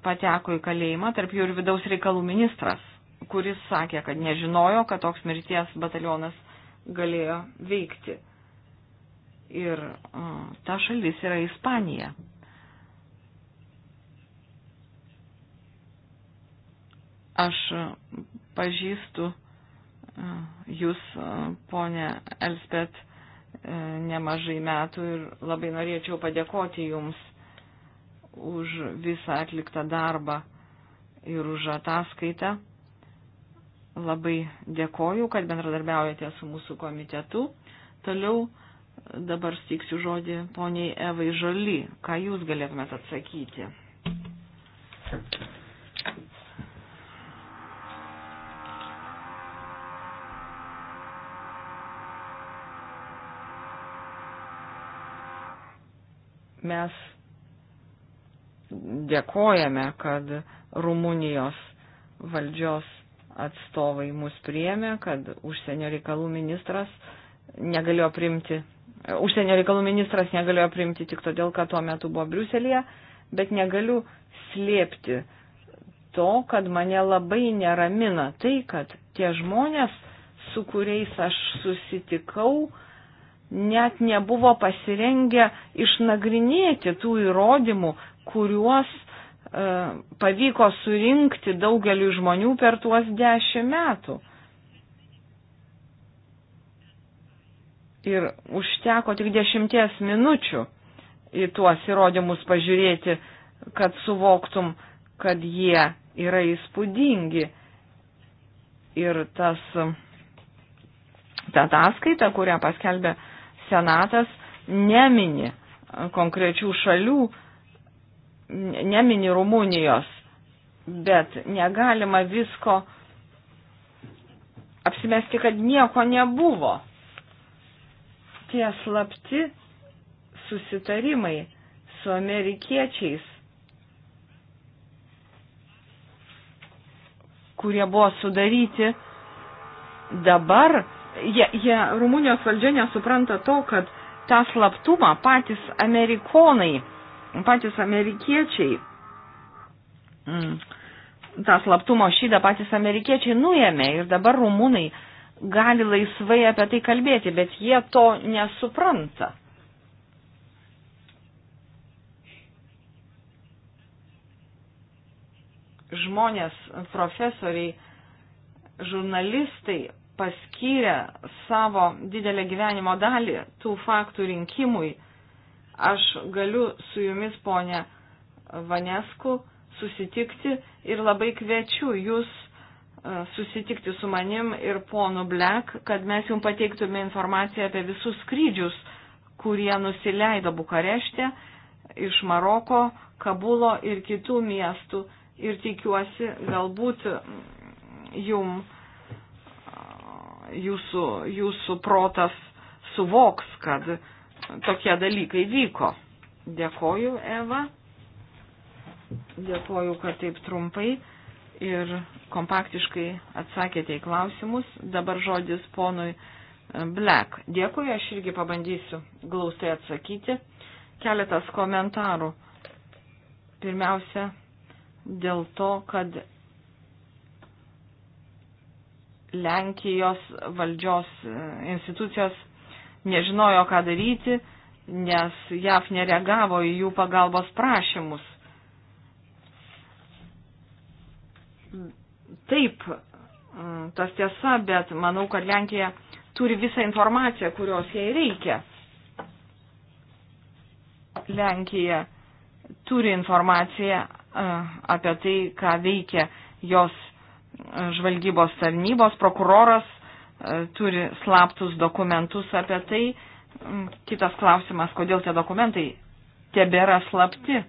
pateko į kalėjimą, tarp jų ir vidaus reikalų ministras, kuris sakė, kad nežinojo, kad toks mirties batalionas galėjo veikti. Ir ta šalis yra Ispanija. Aš pažįstu jūs, ponė Elspet, e, nemažai metų ir labai norėčiau padėkoti jums už visą atliktą darbą ir už ataskaitą. Labai dėkoju, kad bendradarbiaujate su mūsų komitetu. Toliau Dabar stiksiu žodį poniai Evai Žoly. Ką jūs galėtumėt atsakyti? Mes dėkojame, kad Rumunijos valdžios atstovai mus priėmė, kad užsienio reikalų ministras negalėjo primti užsienio reikalų ministras negalėjo priimti tik todėl, kad tuo metu buvo Briuselėje, bet negaliu slėpti to, kad mane labai neramina tai, kad tie žmonės, su kuriais aš susitikau, net nebuvo pasirengę išnagrinėti tų įrodymų, kuriuos e, pavyko surinkti daugeliu žmonių per tuos dešimt metų. ir užteko tik dešimties minučių į tuos įrodymus pažiūrėti, kad suvoktum, kad jie yra įspūdingi. Ir tas, ta ataskaita, kurią paskelbė Senatas, nemini konkrečių šalių, nemini Rumunijos, bet negalima visko apsimesti, kad nieko nebuvo tie slapti susitarimai su amerikiečiais, kurie buvo sudaryti dabar, jie, jie Rumunijos valdžia nesupranta to, kad tą slaptumą patys amerikonai, patys amerikiečiai, mm, tą slaptumo šydą patys amerikiečiai nuėmė ir dabar rumūnai gali laisvai apie tai kalbėti, bet jie to nesupranta. Žmonės, profesoriai, žurnalistai paskyrė savo didelę gyvenimo dalį tų faktų rinkimui. Aš galiu su jumis, ponė Vanesku, susitikti ir labai kviečiu jūs susitikti su manim ir ponu Black, kad mes jums pateiktume informaciją apie visus skrydžius, kurie nusileido Bukarešte iš Maroko, Kabulo ir kitų miestų. Ir tikiuosi, galbūt mm, jum, jūsų, jūsų protas suvoks, kad tokie dalykai vyko. Dėkoju, Eva. Dėkoju, kad taip trumpai ir kompaktiškai atsakėte į klausimus. Dabar žodis ponui e, Black. Dėkui, aš irgi pabandysiu glaustai atsakyti. Keletas komentarų. Pirmiausia, dėl to, kad Lenkijos valdžios e, institucijos nežinojo, ką daryti, nes JAF nereagavo į jų pagalbos prašymus. Taip, tas tiesa, bet manau, kad Lenkija turi visą informaciją, kurios jai reikia. Lenkija turi informaciją apie tai, ką veikia jos žvalgybos tarnybos, prokuroras turi slaptus dokumentus apie tai. Kitas klausimas, kodėl tie dokumentai tebėra slapti.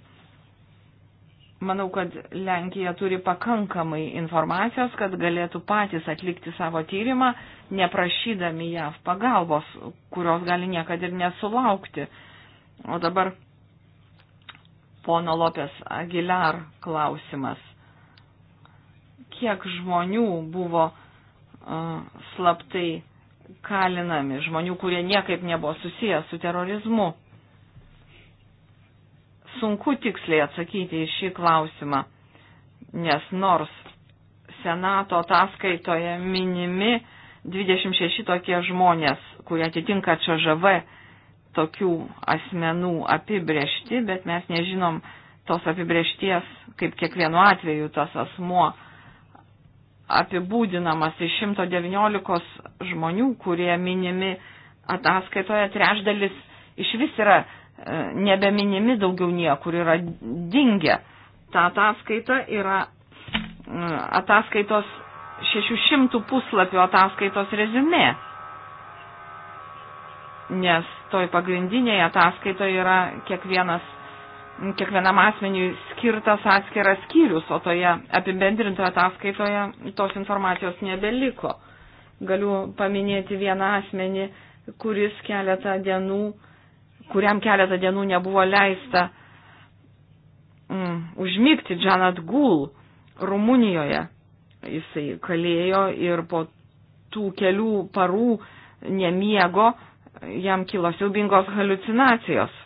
Manau, kad Lenkija turi pakankamai informacijos, kad galėtų patys atlikti savo tyrimą, neprašydami JAV pagalbos, kurios gali niekada ir nesulaukti. O dabar pono Lopės Aguilar klausimas. Kiek žmonių buvo uh, slaptai kalinami, žmonių, kurie niekaip nebuvo susijęs su terorizmu? sunku tiksliai atsakyti į šį klausimą, nes nors Senato ataskaitoje minimi 26 tokie žmonės, kurie atitinka ČŽV tokių asmenų apibriešti, bet mes nežinom tos apibriešties, kaip kiekvienu atveju tas asmuo apibūdinamas iš 119 žmonių, kurie minimi ataskaitoje trešdalis iš vis yra E, nebeminimi daugiau niekur, yra dingę. Ta ataskaita yra e, ataskaitos 600 puslapio ataskaitos rezumė. Nes toj pagrindinėje ataskaitoje yra kiekvienas, kiekvienam asmeniui skirtas atskiras skyrius, o toje apibendrintoje ataskaitoje tos informacijos nebeliko. Galiu paminėti vieną asmenį, kuris keletą dienų uh, kuriam keletą dienų nebuvo leista mm, užmygti Džanat Gul Rumunijoje. Jisai kalėjo ir po tų kelių parų nemiego jam kilo siaubingos halucinacijos.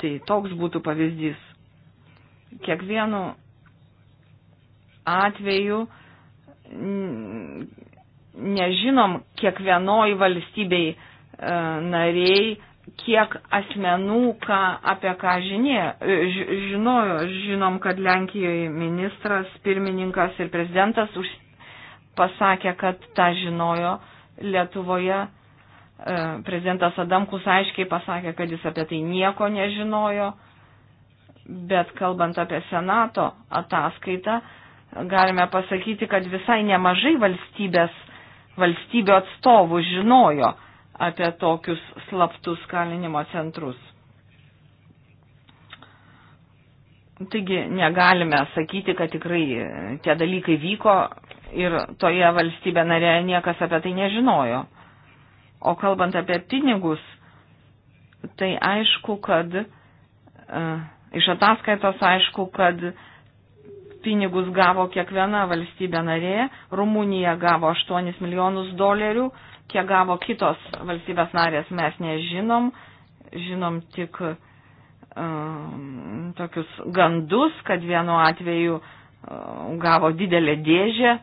Tai toks būtų pavyzdys. Kiekvienu atveju nežinom kiekvienoj valstybei e, nariai, kiek asmenų, ką, apie ką žinė, e, žinojo. Žinom, kad Lenkijoje ministras, pirmininkas ir prezidentas už, pasakė, kad tą žinojo Lietuvoje. E, prezidentas Adamkus aiškiai pasakė, kad jis apie tai nieko nežinojo, bet kalbant apie Senato ataskaitą, galime pasakyti, kad visai nemažai valstybės valstybių atstovų žinojo apie tokius slaptus kalinimo centrus. Taigi negalime sakyti, kad tikrai tie dalykai vyko ir toje valstybė narėje niekas apie tai nežinojo. O kalbant apie pinigus, tai aišku, kad e, iš ataskaitos aišku, kad e, pinigus gavo kiekviena valstybė narė, Rumunija gavo 8 milijonus dolerių, kiek gavo kitos valstybės narės mes nežinom, žinom tik um, tokius gandus, kad vienu atveju um, gavo didelę dėžę um,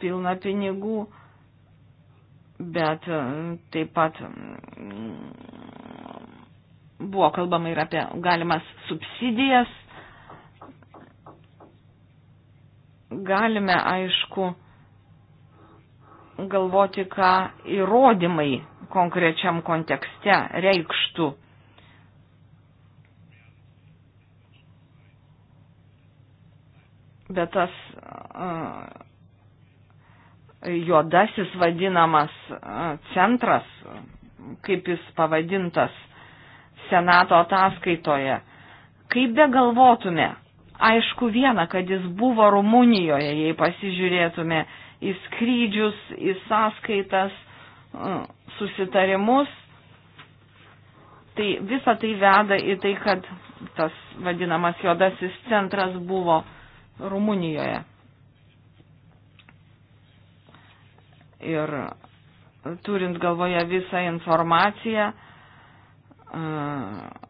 pilną pinigų, bet um, taip pat um, buvo kalbama ir apie galimas subsidijas Galime, aišku, galvoti, ką įrodymai konkrečiam kontekste reikštų. Bet tas uh, juodasis vadinamas uh, centras, kaip jis pavadintas Senato ataskaitoje, kaip be galvotume, aišku viena, kad jis buvo Rumunijoje, jei pasižiūrėtume į skrydžius, į sąskaitas, mm, susitarimus. Tai visa tai veda į tai, kad tas vadinamas juodasis centras buvo Rumunijoje. Ir turint galvoje visą informaciją, mm,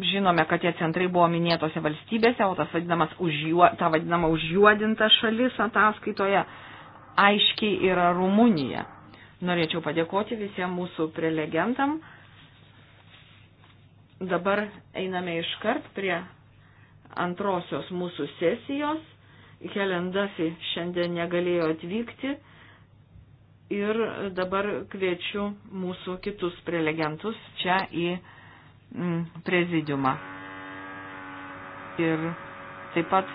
Žinome, kad tie centrai buvo minėtose valstybėse, o tas vadinamas užjuo, ta vadinama užjuodinta šalis ataskaitoje aiškiai yra Rumunija. Norėčiau padėkoti visiems mūsų prelegentam. Dabar einame iškart prie antrosios mūsų sesijos. Helen Duffy šiandien negalėjo atvykti ir dabar kviečiu mūsų kitus prelegentus čia į Mm, prezidiumą. Ir taip pat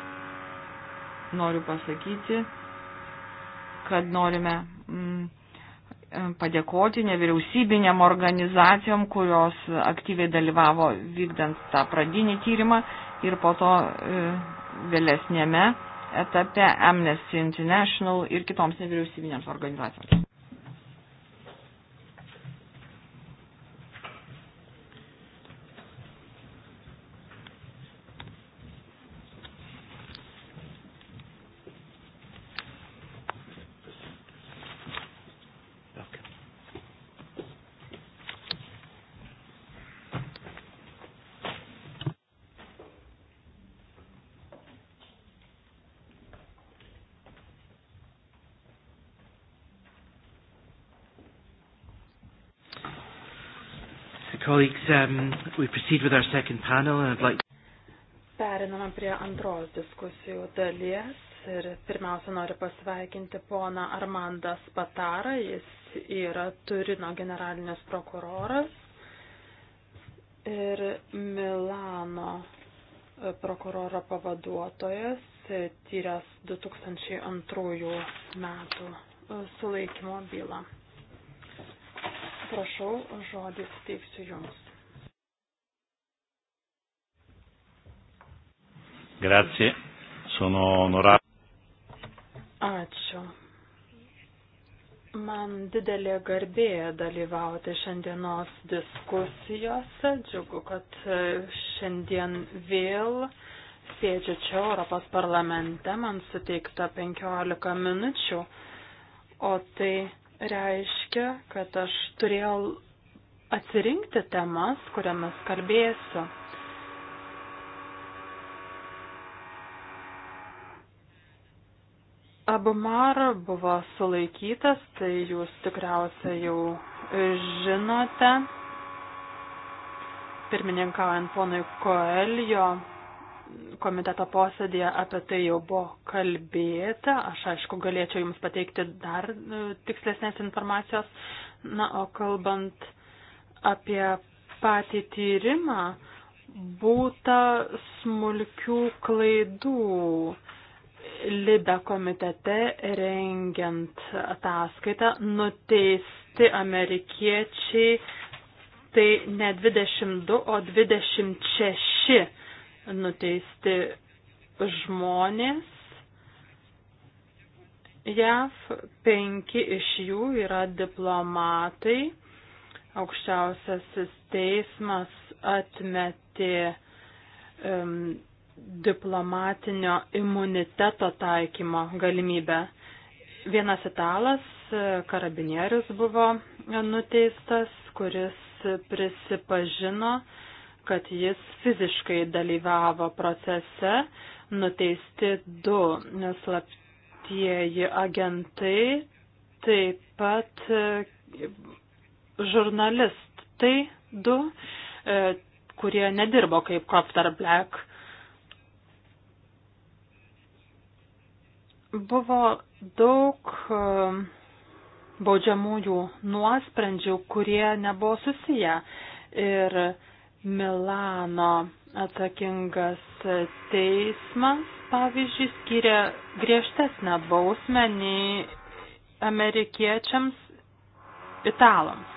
noriu pasakyti, kad norime mm, padėkoti nevyriausybinėm organizacijom, kurios aktyviai dalyvavo vykdant tą pradinį tyrimą ir po to e, vėlesnėme etape Amnesty International ir kitoms nevyriausybinėms organizacijoms. um, we proceed with our second panel, and I'd like. Periname prie antros diskusijų dalies ir pirmiausia noriu pasveikinti poną Armandą Spatarą, jis yra Turino generalinės prokuroras ir Milano e, prokuroro pavaduotojas, e, tyręs 2002 metų e, sulaikymo bylą. Prašau, žodį suteiksiu Jums. Grazie, sono onorato. Ačiū. Man didelė garbė dalyvauti šiandienos diskusijose. Džiugu, kad šiandien vėl sėdžiu čia Europos parlamente. Man suteikta 15 minučių, o tai reiškia, kad aš turėjau atsirinkti temas, kuriamis kalbėsiu. Abumar buvo sulaikytas, tai jūs tikriausiai jau žinote. Pirmininkaujant ponui Koelio komiteto posėdėje apie tai jau buvo kalbėta. Aš aišku galėčiau jums pateikti dar e, tikslesnės informacijos. Na, o kalbant apie patį tyrimą, būta smulkių klaidų Libe komitete rengiant ataskaitą nuteisti amerikiečiai tai ne 22, o 26 nuteisti žmonės. JAV penki iš jų yra diplomatai. Aukščiausiasis teismas atmetė um, diplomatinio imuniteto taikymo galimybę. Vienas italas, e, karabinierius buvo nuteistas, kuris prisipažino, kad jis fiziškai dalyvavo procese, nuteisti du slaptieji agentai, taip pat e, žurnalistai du, e, kurie nedirbo kaip Copter Black Buvo daug um, baudžiamųjų nuosprendžių, kurie nebuvo susiję. Ir Milano atsakingas teismas, pavyzdžiui, skiria griežtesnę bausmę nei amerikiečiams italams.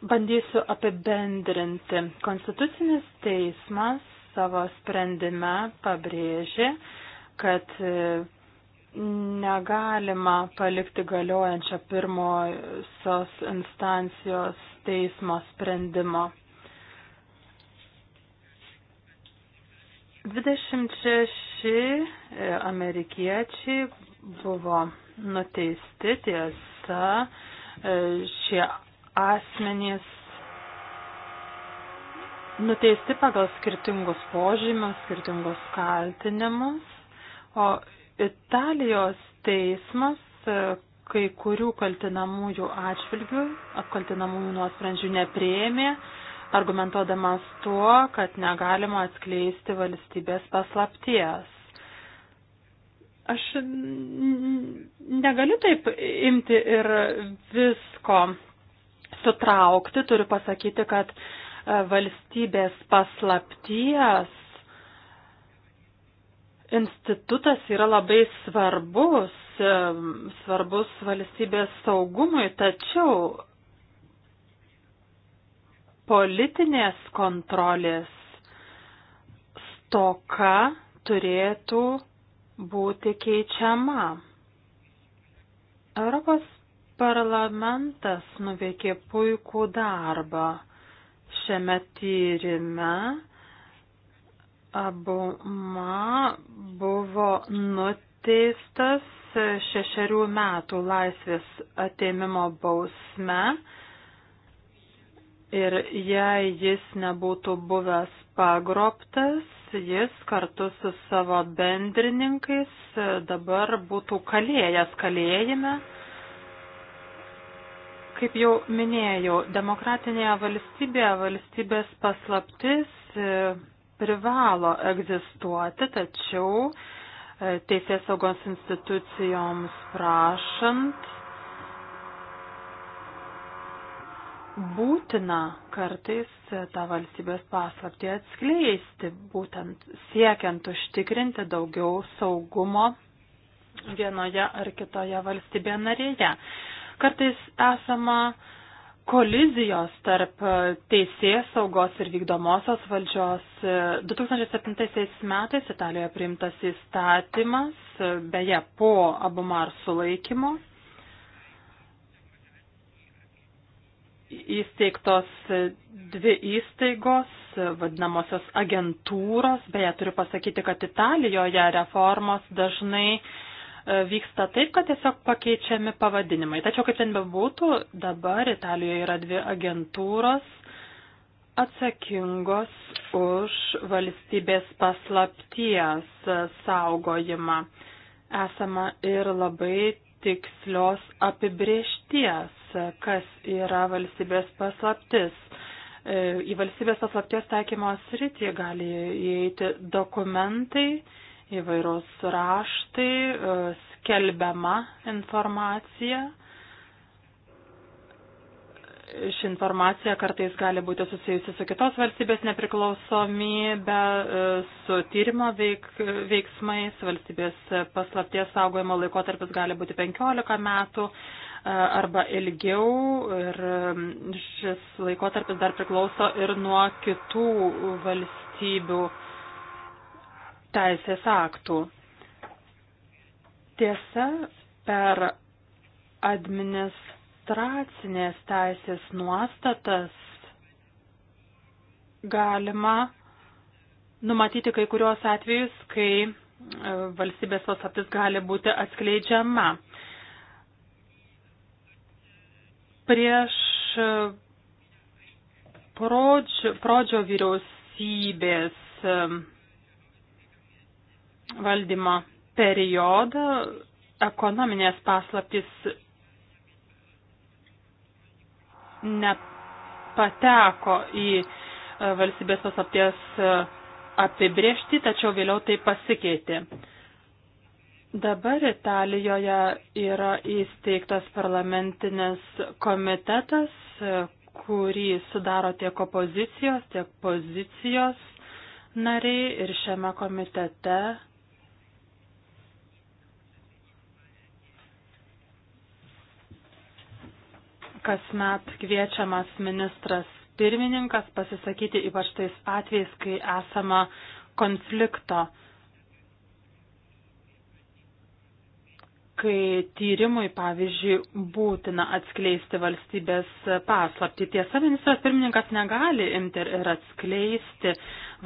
Bandysiu apibendrinti. Konstitucinis teismas savo sprendime pabrėžė, kad e, negalima palikti galiojančią pirmosios instancijos teismo sprendimo. 26 e, amerikiečiai buvo nuteisti tiesa, e, šie asmenys nuteisti pagal skirtingus požymius, skirtingus kaltinimus, o Italijos teismas e, kai kurių kaltinamųjų atžvilgių, apkaltinamųjų nuosprendžių neprieėmė, argumentuodamas tuo, kad negalima atskleisti valstybės paslapties aš negaliu taip imti ir visko apsitraukti, turiu pasakyti, kad e, valstybės paslapties institutas yra labai svarbus, e, svarbus valstybės saugumui, tačiau politinės kontrolės stoka turėtų būti keičiama. Europos Parlamentas nuveikė puikų darbą šiame tyrime. Abuma buvo nuteistas šešerių metų laisvės atėmimo bausme ir jei jis nebūtų buvęs pagroptas, jis kartu su savo bendrininkais dabar būtų kalėjęs kalėjime Kaip jau minėjau, demokratinėje valstybėje valstybės paslaptis e, privalo egzistuoti, tačiau e, teisės saugos institucijoms prašant būtina kartais e, tą valstybės paslaptį atskleisti, būtent siekiant užtikrinti daugiau saugumo vienoje ar kitoje valstybėje narėje. Kartais esama kolizijos tarp teisės saugos ir vykdomosios valdžios. 2007 metais Italijoje priimtas įstatymas, beje, po Abumar sulaikymo. Įsteigtos dvi įstaigos, vadinamosios agentūros, beje, turiu pasakyti, kad Italijoje reformos dažnai uh, E, vyksta taip, kad tiesiog pakeičiami pavadinimai. Tačiau kaip ten bebūtų, dabar Italijoje yra dvi agentūros atsakingos už valstybės paslapties saugojimą. Esama ir labai tikslios apibriešties, kas yra valstybės paslaptis. E, į valstybės paslapties taikymo sritį gali įeiti dokumentai, įvairūs raštai, e, skelbiama informacija. Ši informacija kartais gali būti susijusi su kitos valstybės nepriklausomybė, e, su tyrimo veik, veiksmais, valstybės paslapties saugojimo laikotarpis gali būti 15 metų e, arba ilgiau ir šis laikotarpis dar priklauso ir nuo kitų valstybių teisės aktų. Tiesa, per administracinės teisės nuostatas galima numatyti kai kurios atvejus, kai e, valstybės paslaptis gali būti atskleidžiama. Prieš e, prodžio, prodžio vyriausybės e, valdymo periodą ekonominės paslaptys nepateko į e, valstybės paslapties e, apibriežti, tačiau vėliau tai pasikeitė. Dabar Italijoje yra įsteigtas parlamentinis komitetas, e, kurį sudaro tiek opozicijos, tiek pozicijos nariai ir šiame komitete kasmet kviečiamas ministras pirmininkas pasisakyti ypač tais atvejais, kai esama konflikto, kai tyrimui, pavyzdžiui, būtina atskleisti valstybės paslapti. Tiesa, ministras pirmininkas negali imti ir atskleisti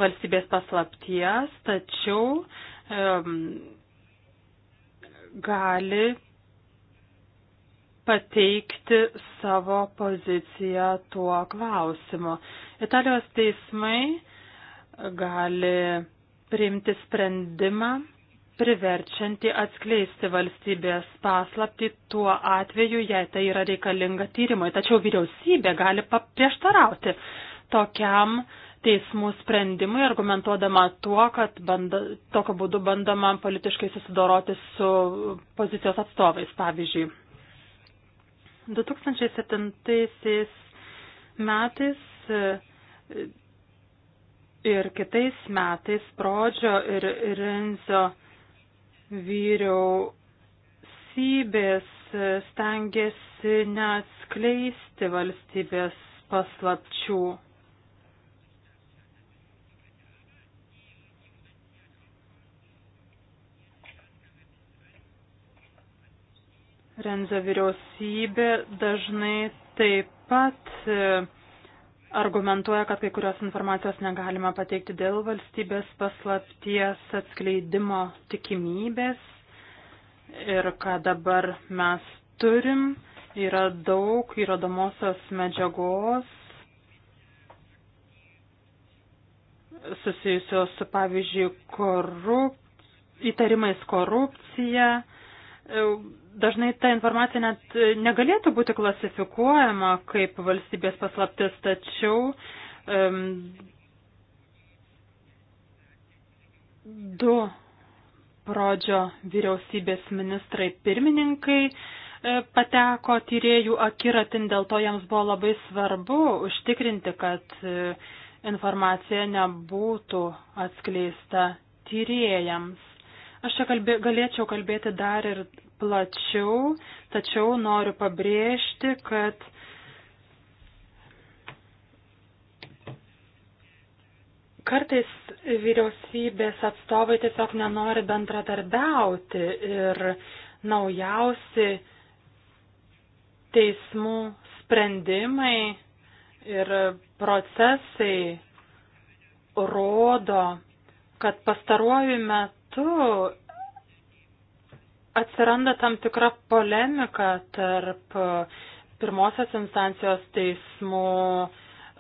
valstybės paslapties, tačiau um, gali pateikti savo poziciją tuo klausimu. Italijos teismai gali priimti sprendimą priverčianti atskleisti valstybės paslapti tuo atveju, jei tai yra reikalinga tyrimui. Tačiau vyriausybė gali paprieštarauti tokiam teismų sprendimui, argumentuodama tuo, kad banda, tokio būdu bandoma politiškai susidoroti su pozicijos atstovais, pavyzdžiui. 2007 metais e, ir kitais metais Prodžio ir Renzo vyriausybės e, stengiasi neatskleisti valstybės paslapčių. Renzo vyriausybė dažnai taip pat e, argumentuoja, kad kai kurios informacijos negalima pateikti dėl valstybės paslapties atskleidimo tikimybės. Ir ką dabar mes turim, yra daug įrodomosios medžiagos susijusios su, pavyzdžiui, korup... įtarimais korupcija, E, dažnai ta informacija net negalėtų būti klasifikuojama kaip valstybės paslaptis, tačiau um, du pradžio vyriausybės ministrai pirmininkai e, pateko tyriejų akiratin, dėl to jiems buvo labai svarbu užtikrinti, kad e, informacija nebūtų atskleista tyriejams. Aš čia kalbė, galėčiau kalbėti dar ir plačiau, tačiau noriu pabrėžti, kad kartais vyriausybės atstovai tiesiog nenori bendradarbiauti ir naujausi teismų sprendimai ir procesai rodo, kad pastaruoju metu metu atsiranda tam tikra polemika tarp pirmosios instancijos teismų,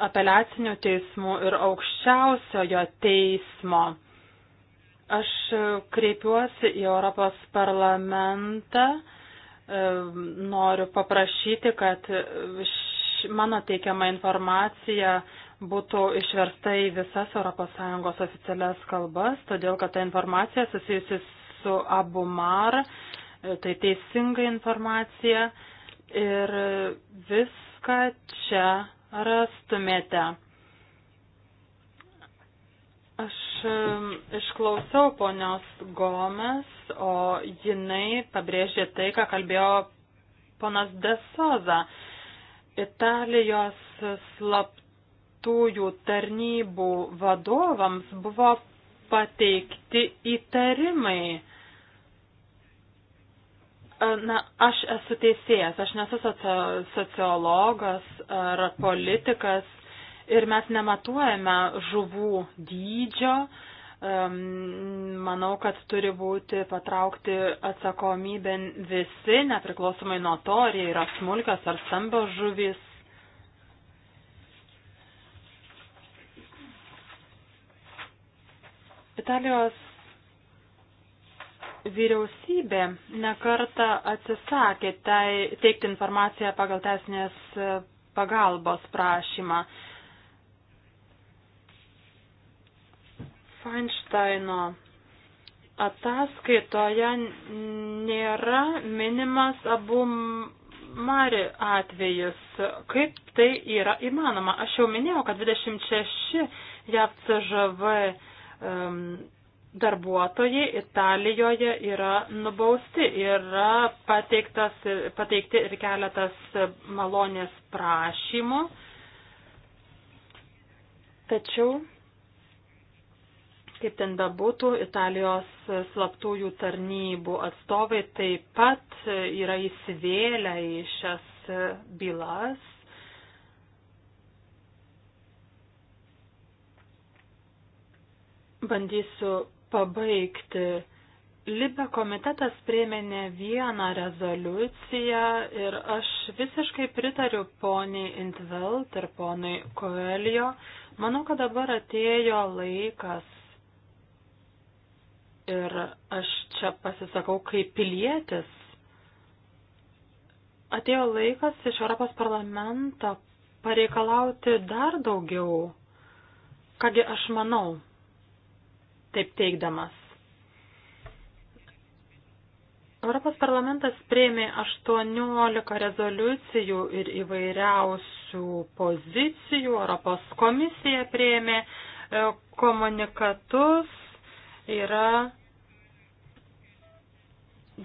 apeliacinių teismų ir aukščiausiojo teismo. Aš kreipiuosi į Europos parlamentą, e, noriu paprašyti, kad mano teikiama informacija būtų išversta į visas ES oficialias kalbas, todėl kad ta informacija susijusi su Abumar, tai teisinga informacija ir viską čia rastumėte. Aš išklausiau ponios Gomes, o jinai pabrėžė tai, ką kalbėjo ponas Desoza. Italijos slapta slaptųjų tarnybų vadovams buvo pateikti įtarimai. E, na, aš esu teisėjas, aš nesu sociologas ar politikas ir mes nematuojame žuvų dydžio. Manau, kad turi būti patraukti atsakomybė visi, nepriklausomai nuo to, ar jie yra smulkios ar stambios žuvis. Italijos vyriausybė nekarta atsisakė tai, teikti informaciją pagal teisinės pagalbos prašymą. Feinsteino ataskaitoje nėra minimas abu Mari atvejis. Kaip tai yra įmanoma? Aš jau minėjau, kad 26 JAV CŽV darbuotojai Italijoje yra nubausti. Yra pateiktas, pateikti ir keletas malonės prašymų. Tačiau, kaip ten bebūtų, Italijos slaptųjų tarnybų atstovai taip pat yra įsivėlę į šias bylas Bandysiu pabaigti. Libe komitetas prieimė ne vieną rezoliuciją ir aš visiškai pritariu poniai Intvelt ir ponui Koelio. Manau, kad dabar atėjo laikas ir aš čia pasisakau kaip pilietis. Atėjo laikas iš Europos parlamento pareikalauti dar daugiau. Kągi aš manau, taip teikdamas. Europos parlamentas prieimė 18 rezoliucijų ir įvairiausių pozicijų, Europos komisija prieimė e, komunikatus, yra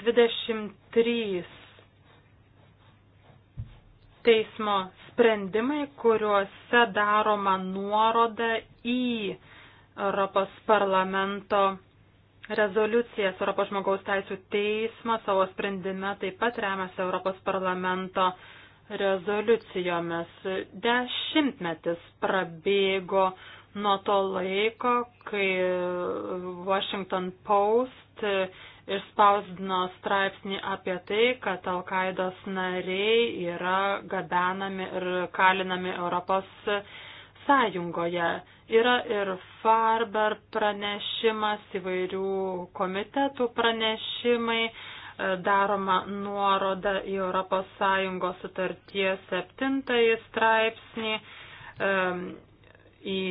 23 teismo sprendimai, kuriuose daroma nuoroda į Europos parlamento rezoliucijas. Europos žmogaus teisų teismas savo sprendime taip pat remiasi Europos parlamento rezoliucijomis. Dešimtmetis prabėgo nuo to laiko, kai Washington Post išspausdino straipsnį apie tai, kad Al-Qaidos nariai yra gabenami ir kalinami Europos Sąjungoje. Yra ir Farber pranešimas, įvairių komitetų pranešimai, e, daroma nuoroda į ES sutarties septintąjį straipsnį, į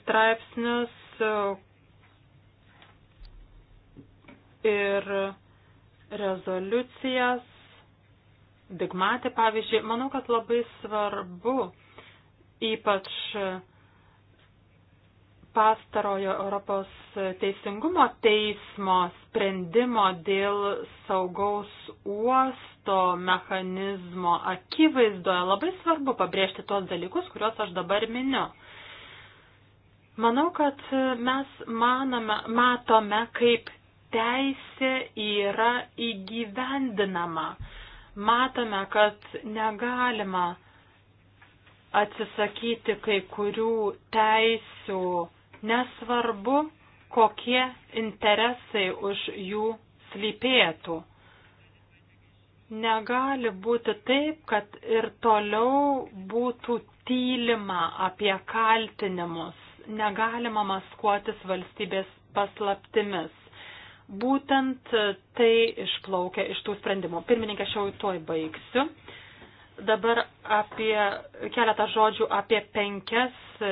straipsnius e, ir rezoliucijas, digmatį pavyzdžiui, manau, kad labai svarbu ypač pastarojo Europos teisingumo teismo sprendimo dėl saugaus uosto mechanizmo akivaizdoje labai svarbu pabrėžti tuos dalykus, kuriuos aš dabar miniu. Manau, kad mes manome, matome, kaip teisė yra įgyvendinama. Matome, kad negalima atsisakyti kai kurių teisių, nesvarbu, kokie interesai už jų slypėtų. Negali būti taip, kad ir toliau būtų tylima apie kaltinimus. Negalima maskuotis valstybės paslaptimis. Būtent tai išplaukia iš tų sprendimų. Pirmininkė, aš jau tuoj baigsiu. Dabar apie keletą žodžių apie penkias e,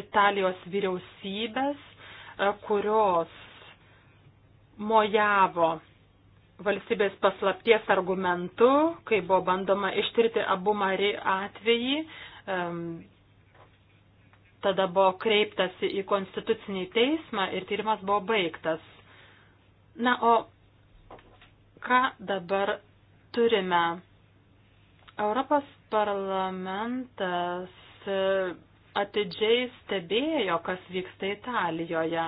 Italijos vyriausybės, e, kurios mojavo valstybės paslapties argumentu, kai buvo bandoma ištirti abu mari atvejį. Tada buvo kreiptasi į konstitucinį teismą ir tyrimas buvo baigtas. Na, o ką dabar turime? Europos parlamentas e, atidžiai stebėjo, kas vyksta Italijoje.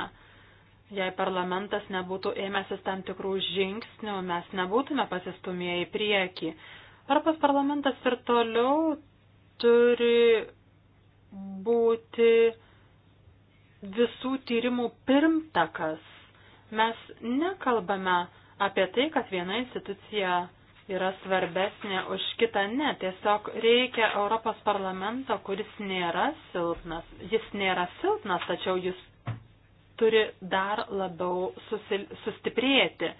Jei parlamentas nebūtų ėmęsis tam tikrų žingsnių, mes nebūtume pasistumėję į priekį. Europos parlamentas ir toliau turi būti visų tyrimų pirmtakas. Mes nekalbame apie tai, kad viena institucija yra svarbesnė už kitą. Ne, tiesiog reikia Europos parlamento, kuris nėra silpnas. Jis nėra silpnas, tačiau jis turi dar labiau susil, sustiprėti.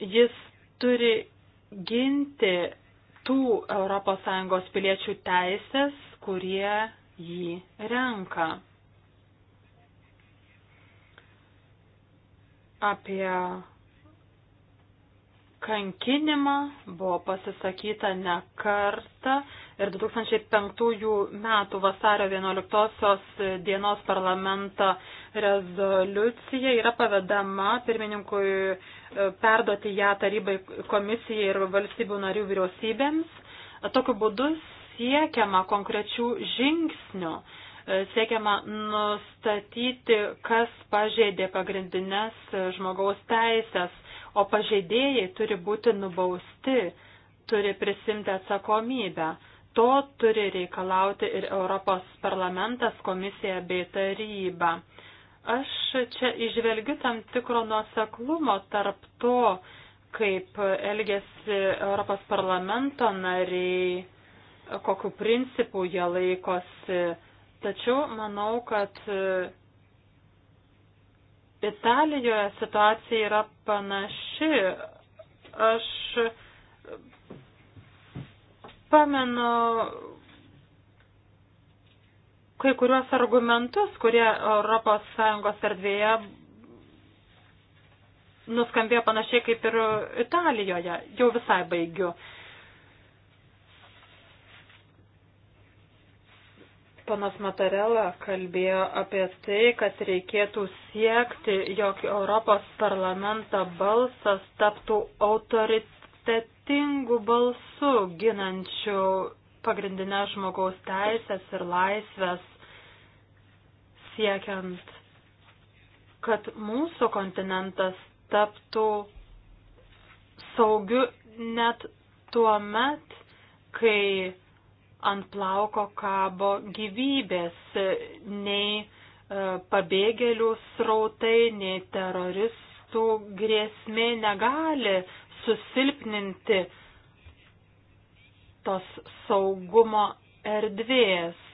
Jis turi ginti tų ES piliečių teisės, kurie jį renka. Apie kankinimą, buvo pasisakyta ne kartą ir 2005 metų vasario 11 dienos parlamento rezoliucija yra pavedama pirmininkui e, perduoti ją tarybai komisijai ir valstybių narių vyriausybėms. Tokiu būdu siekiama konkrečių žingsnių e, siekiama nustatyti, kas pažeidė pagrindinės žmogaus teisės, o pažeidėjai turi būti nubausti, turi prisimti atsakomybę. To turi reikalauti ir Europos parlamentas, komisija bei taryba. Aš čia išvelgiu tam tikro nuoseklumo tarp to, kaip elgesi Europos parlamento nariai, kokiu principu jie laikosi. Tačiau manau, kad Italijoje situacija yra panaši. Aš pamenu kai kuriuos argumentus, kurie ES erdvėje nuskambėjo panašiai kaip ir Italijoje. Jau visai baigiu. Uh, Panas Matarela kalbėjo apie tai, kad reikėtų siekti, jog Europos parlamento balsas taptų autoritetingu balsu, ginančiu pagrindinės žmogaus teisės ir laisvės, siekiant, kad mūsų kontinentas taptų saugiu net tuo met, kai ant plauko kabo gyvybės, nei e, pabėgėlių srautai, nei teroristų grėsmė negali susilpninti tos saugumo erdvės.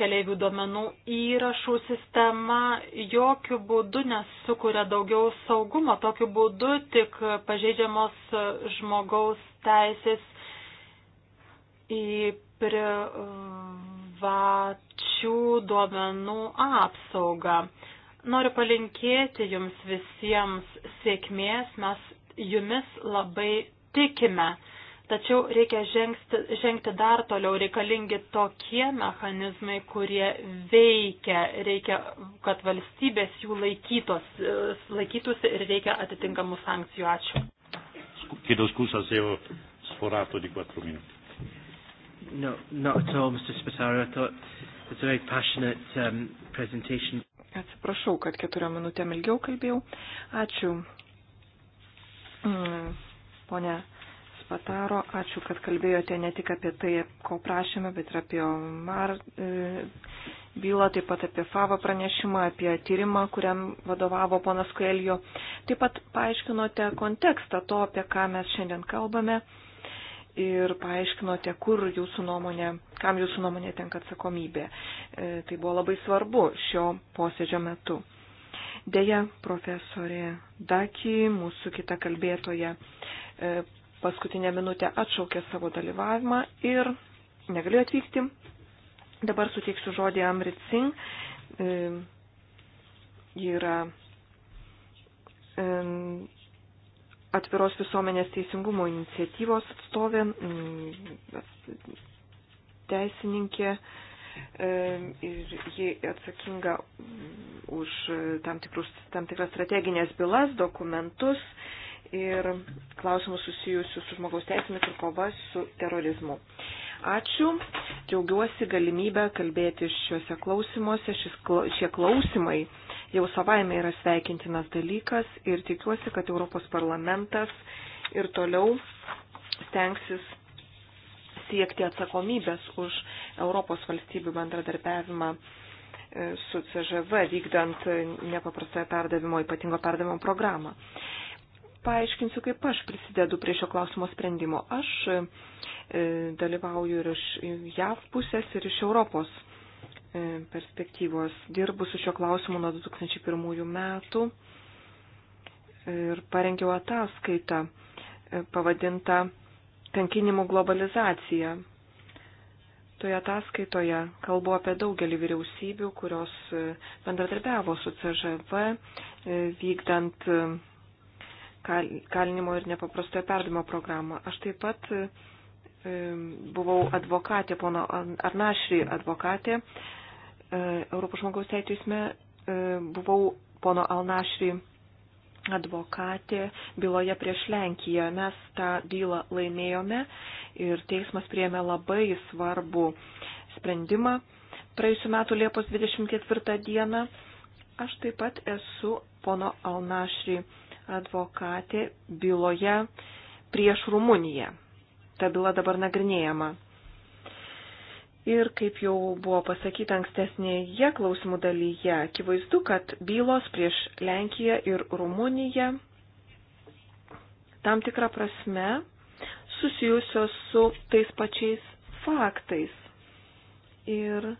Keleivių duomenų įrašų sistema jokių būdų nesukuria daugiau saugumo, tokiu būdu tik pažeidžiamos žmogaus teisės į privačių duomenų apsaugą. Noriu palinkėti jums visiems sėkmės, mes jumis labai tikime. Tačiau reikia žengti, žengti dar toliau, reikalingi tokie mechanizmai, kurie veikia, reikia, kad valstybės jų laikytos, laikytųsi ir reikia atitinkamų sankcijų. Ačiū. Chiedo scusa se ho sforato di 4 minuti. No, not at all, Mr. Spataro. I thought it was a very passionate um, presentation. Atsiprašau, kad keturiom minutėm ilgiau kalbėjau. Ačiū, mm, ponė Spataro, ačiū, kad kalbėjote ne tik apie tai, ko prašėme, bet ir apie Omar e, bylą, taip pat apie FAVą pranešimą, apie tyrimą, kuriam vadovavo ponas Koelio. Taip pat paaiškinote kontekstą to, apie ką mes šiandien kalbame. E, ir paaiškinote, kur jūsų nuomonė, kam jūsų nuomonė tenka atsakomybė. E, tai buvo labai svarbu šio posėdžio metu. Deja, profesorė Daki, mūsų kita kalbėtoja, e, paskutinę minutę atšaukė savo dalyvavimą ir negalėjo atvykti. Dabar suteiksiu žodį Amrit Singh. E, ji yra atviros visuomenės teisingumo iniciatyvos atstovė, mm, teisininkė e, ir ji atsakinga už tam, tikrus, tam tikras strateginės bylas, dokumentus ir klausimus susijusius su žmogaus teisėmis ir kova su terorizmu. Ačiū. Džiaugiuosi galimybę kalbėti šiuose klausimuose. Šis, šie klausimai jau savaime yra sveikintinas dalykas ir tikiuosi, kad Europos parlamentas ir toliau stengsis siekti atsakomybės už Europos valstybių bendradarbiavimą e, su CŽV vykdant nepaprastoje perdavimo, ypatingo perdavimo programą. Paaiškinsiu, kaip aš prisidedu prie šio klausimo sprendimo. Aš E, dalyvauju ir iš JAV pusės, ir iš Europos e, perspektyvos. Dirbu su šio klausimu nuo 2001 metų ir parengiau ataskaitą e, pavadintą Kankinimų globalizacija. Toje ataskaitoje kalbu apie daugelį vyriausybių, kurios bendradarbiavo su CŽV, vykdant kalinimo ir nepaprastojo perdimo programą. Aš taip pat E, buvau advokatė, pono Arnašry advokatė e, Europos žmogaus teisme, e, buvau pono Alnašry advokatė byloje prieš Lenkiją. Mes tą bylą laimėjome ir teismas priėmė labai svarbų sprendimą praėjusiu metu Liepos 24 dieną. Aš taip pat esu pono Alnašry advokatė byloje prieš Rumuniją ta byla dabar nagrinėjama. Ir kaip jau buvo pasakyta ankstesnėje klausimų dalyje, akivaizdu, kad bylos prieš Lenkiją ir Rumuniją tam tikrą prasme susijusios su tais pačiais faktais. Ir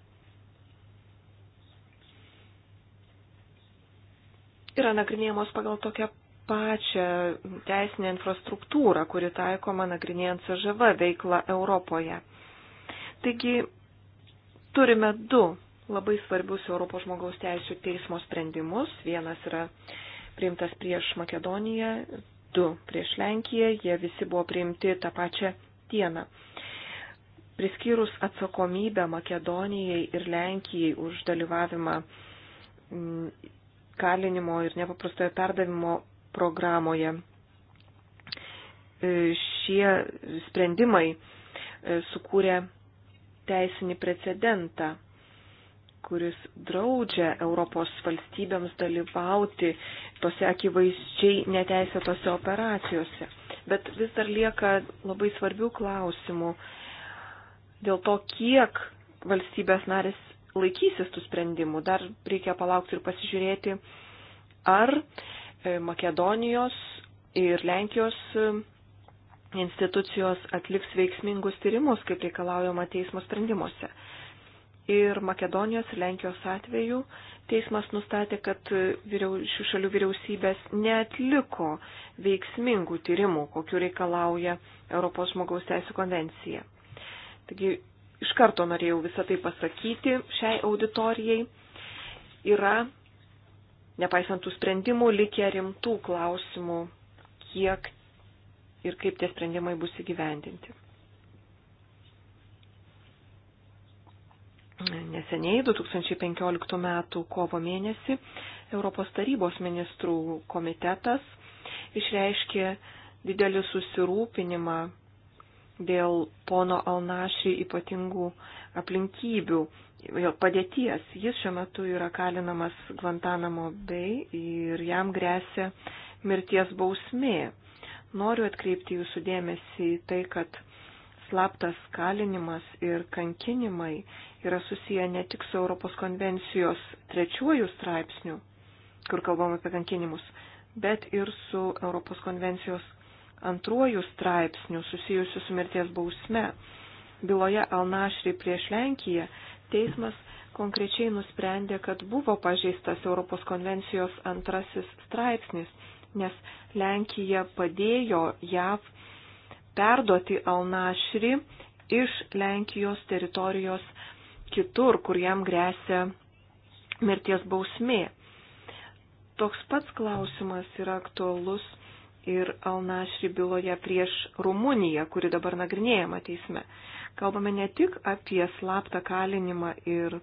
yra nagrinėjamos pagal tokią pačią teisinę infrastruktūrą, kuri taikoma nagrinėjant CŽV veiklą Europoje. Taigi turime du labai svarbius Europos žmogaus teisų teismo sprendimus. Vienas yra priimtas prieš Makedoniją, du prieš Lenkiją, jie visi buvo priimti tą pačią dieną. Priskyrus atsakomybę Makedonijai ir Lenkijai už dalyvavimą mm, kalinimo ir nepaprastojo perdavimo programoje. E, šie sprendimai e, sukūrė teisinį precedentą, kuris draudžia Europos valstybėms dalyvauti tose akivaizdžiai neteisėtose operacijose. Bet vis dar lieka labai svarbių klausimų dėl to, kiek valstybės narės laikysis tų sprendimų. Dar reikia palaukti ir pasižiūrėti, ar E, Makedonijos ir Lenkijos e, institucijos atliks veiksmingus tyrimus, kaip reikalaujama teismo sprendimuose. Ir Makedonijos ir Lenkijos atveju teismas nustatė, kad vyriau, šių šalių vyriausybės neatliko veiksmingų tyrimų, kokiu reikalauja Europos žmogaus teisų konvencija. Taigi iš karto norėjau visą tai pasakyti šiai auditorijai. Yra nepaisant tų sprendimų, likę rimtų klausimų, kiek ir kaip tie sprendimai bus įgyvendinti. Neseniai, 2015 m. kovo mėnesį, Europos tarybos ministrų komitetas išreiškė didelį susirūpinimą dėl pono Alnašį ypatingų aplinkybių, jo padėties. Jis šiuo metu yra kalinamas Guantanamo bei ir jam grėsia mirties bausmė. Noriu atkreipti jūsų dėmesį į tai, kad slaptas kalinimas ir kankinimai yra susiję ne tik su Europos konvencijos trečiuoju straipsniu, kur kalbam apie kankinimus, bet ir su Europos konvencijos antruoju straipsniu susijusiu su mirties bausme. Byloje Alnašri prieš Lenkiją teismas konkrečiai nusprendė, kad buvo pažeistas Europos konvencijos antrasis straipsnis, nes Lenkija padėjo JAV perduoti Alnašri iš Lenkijos teritorijos kitur, kur jam grėsia mirties bausmė. Toks pats klausimas yra aktualus ir Alnašri byloje prieš Rumuniją, kuri dabar nagrinėjama teisme. Kalbame ne tik apie slaptą kalinimą ir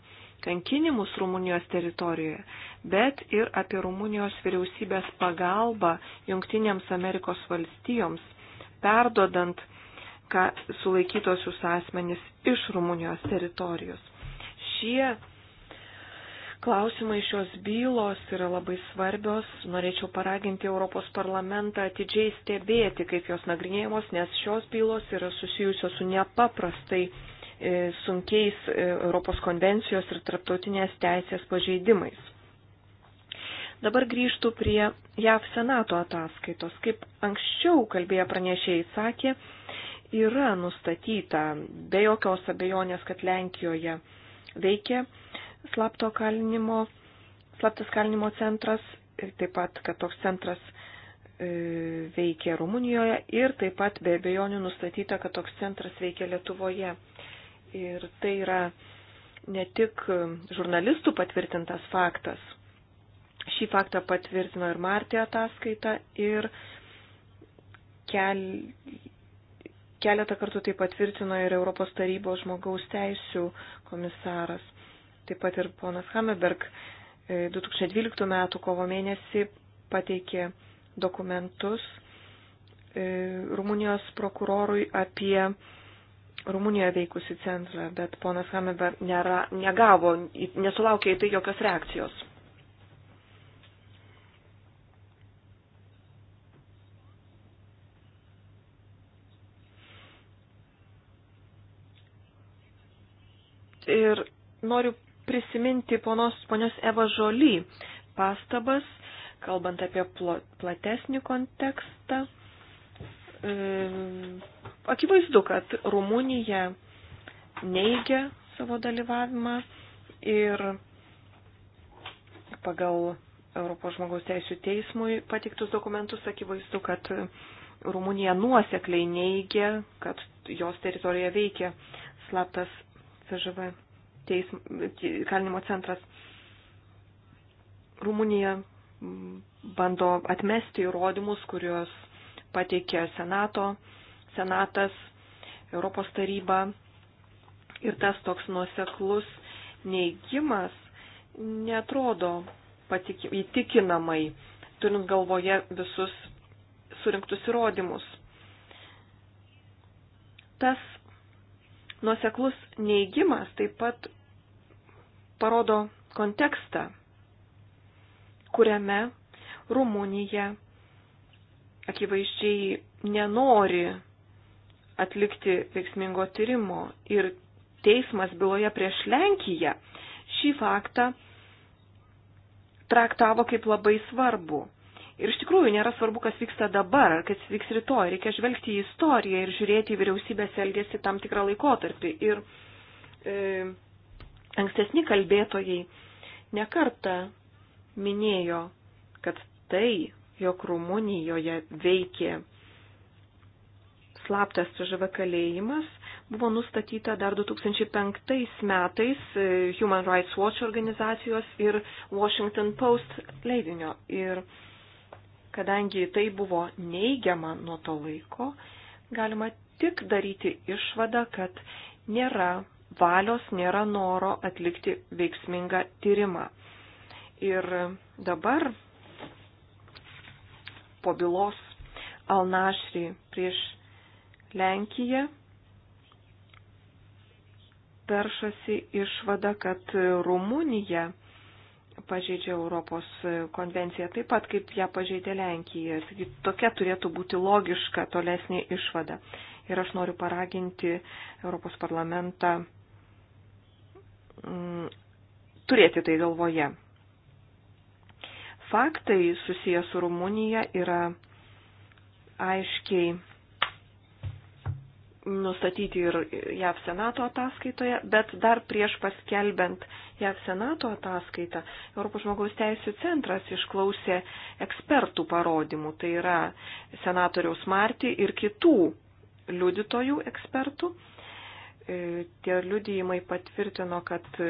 kankinimus Rumunijos teritorijoje, bet ir apie Rumunijos vyriausybės pagalbą Junktinėms Amerikos valstijoms, perdodant sulaikytosius asmenis iš Rumunijos teritorijos. Šie klausimai šios bylos yra labai svarbios. Norėčiau paraginti Europos parlamentą atidžiai stebėti, kaip jos nagrinėjamos, nes šios bylos yra susijusios su nepaprastai e, sunkiais e, Europos konvencijos ir tarptautinės teisės pažeidimais. Dabar grįžtų prie JAV Senato ataskaitos. Kaip anksčiau kalbėję pranešėjai sakė, yra nustatyta be jokios abejonės, kad Lenkijoje veikia slapto kalinimo, slaptas kalinimo centras, taip pat, kad toks centras e, veikė Rumunijoje ir taip pat be abejonių nustatyta, kad toks centras veikė Lietuvoje. Ir tai yra ne tik žurnalistų patvirtintas faktas. Šį faktą patvirtino ir Martė ataskaita ir kel... keletą kartų tai patvirtino ir Europos tarybos žmogaus teisų komisaras. Taip pat ir ponas Hameberg 2012 m. kovo mėnesį pateikė dokumentus e, Rumunijos prokurorui apie Rumunijoje veikusi centrą, bet ponas Hameberg nėra, negavo, nesulaukė į tai jokios reakcijos. Ir noriu prisiminti ponos, ponios Eva Žoly pastabas, kalbant apie platesnį kontekstą. Ehm, akivaizdu, kad Rumunija neigia savo dalyvavimą ir pagal Europos žmogaus teisų teismui patiktus dokumentus akivaizdu, kad Rumunija nuosekliai neigia, kad jos teritorijoje veikia slaptas CŽV teism, kalinimo centras. Rumunija bando atmesti įrodymus, kuriuos pateikė Senato, Senatas, Europos taryba. Ir tas toks nuoseklus neigimas netrodo patik, įtikinamai, turint galvoje visus surinktus įrodymus. Tas nuoseklus neigimas taip pat parodo kontekstą, kuriame Rumunija akivaizdžiai nenori atlikti veiksmingo tyrimo ir teismas byloje prieš Lenkiją šį faktą traktavo kaip labai svarbu. Ir iš tikrųjų nėra svarbu, kas vyksta dabar ar kas vyks rytoj. Reikia žvelgti į istoriją ir žiūrėti į vyriausybės elgesį tam tikrą laikotarpį. Ir e, Ankstesni kalbėtojai nekarta minėjo, kad tai, jog Rumunijoje veikė slaptas CŽV kalėjimas, buvo nustatyta dar 2005 metais e, Human Rights Watch organizacijos ir Washington Post leidinio. Ir kadangi tai buvo neigiama nuo to laiko, galima tik daryti išvadą, kad nėra valios, nėra noro atlikti veiksmingą tyrimą. Ir dabar po bylos Alnašry prieš Lenkiją peršasi išvada, kad Rumunija pažeidžia Europos konvenciją taip pat, kaip ją pažeidė Lenkija. Taigi, tokia turėtų būti logiška tolesnė išvada. Ir aš noriu paraginti Europos parlamentą mm, turėti tai galvoje. Faktai susiję su Rumunija yra aiškiai nustatyti ir JAV Senato ataskaitoje, bet dar prieš paskelbent JAV Senato ataskaitą, Europos žmogaus teisų centras išklausė ekspertų parodymų, tai yra senatoriaus Marti ir kitų liudytojų ekspertų. E, tie liudijimai patvirtino, kad e,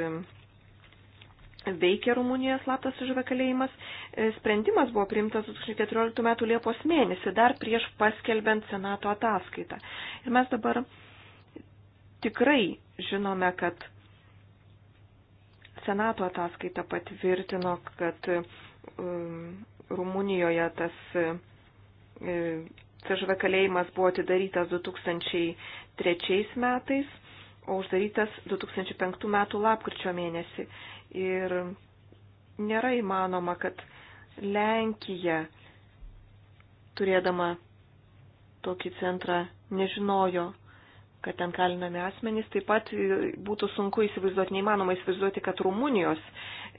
veikia Rumunijoje slaptas užvekalėjimas. E, sprendimas buvo priimtas 2014 m. Liepos mėnesį, dar prieš paskelbent Senato ataskaitą. Ir mes dabar tikrai žinome, kad Senato ataskaita patvirtino, kad um, Rumunijoje tas um, CŽV kalėjimas buvo atidarytas 2003 metais uždarytas 2005 metų lapkričio mėnesį. Ir nėra įmanoma, kad Lenkija, turėdama tokį centrą, nežinojo, kad ten kalinami asmenys. Taip pat būtų sunku įsivaizduoti, neįmanoma įsivaizduoti, kad Rumunijos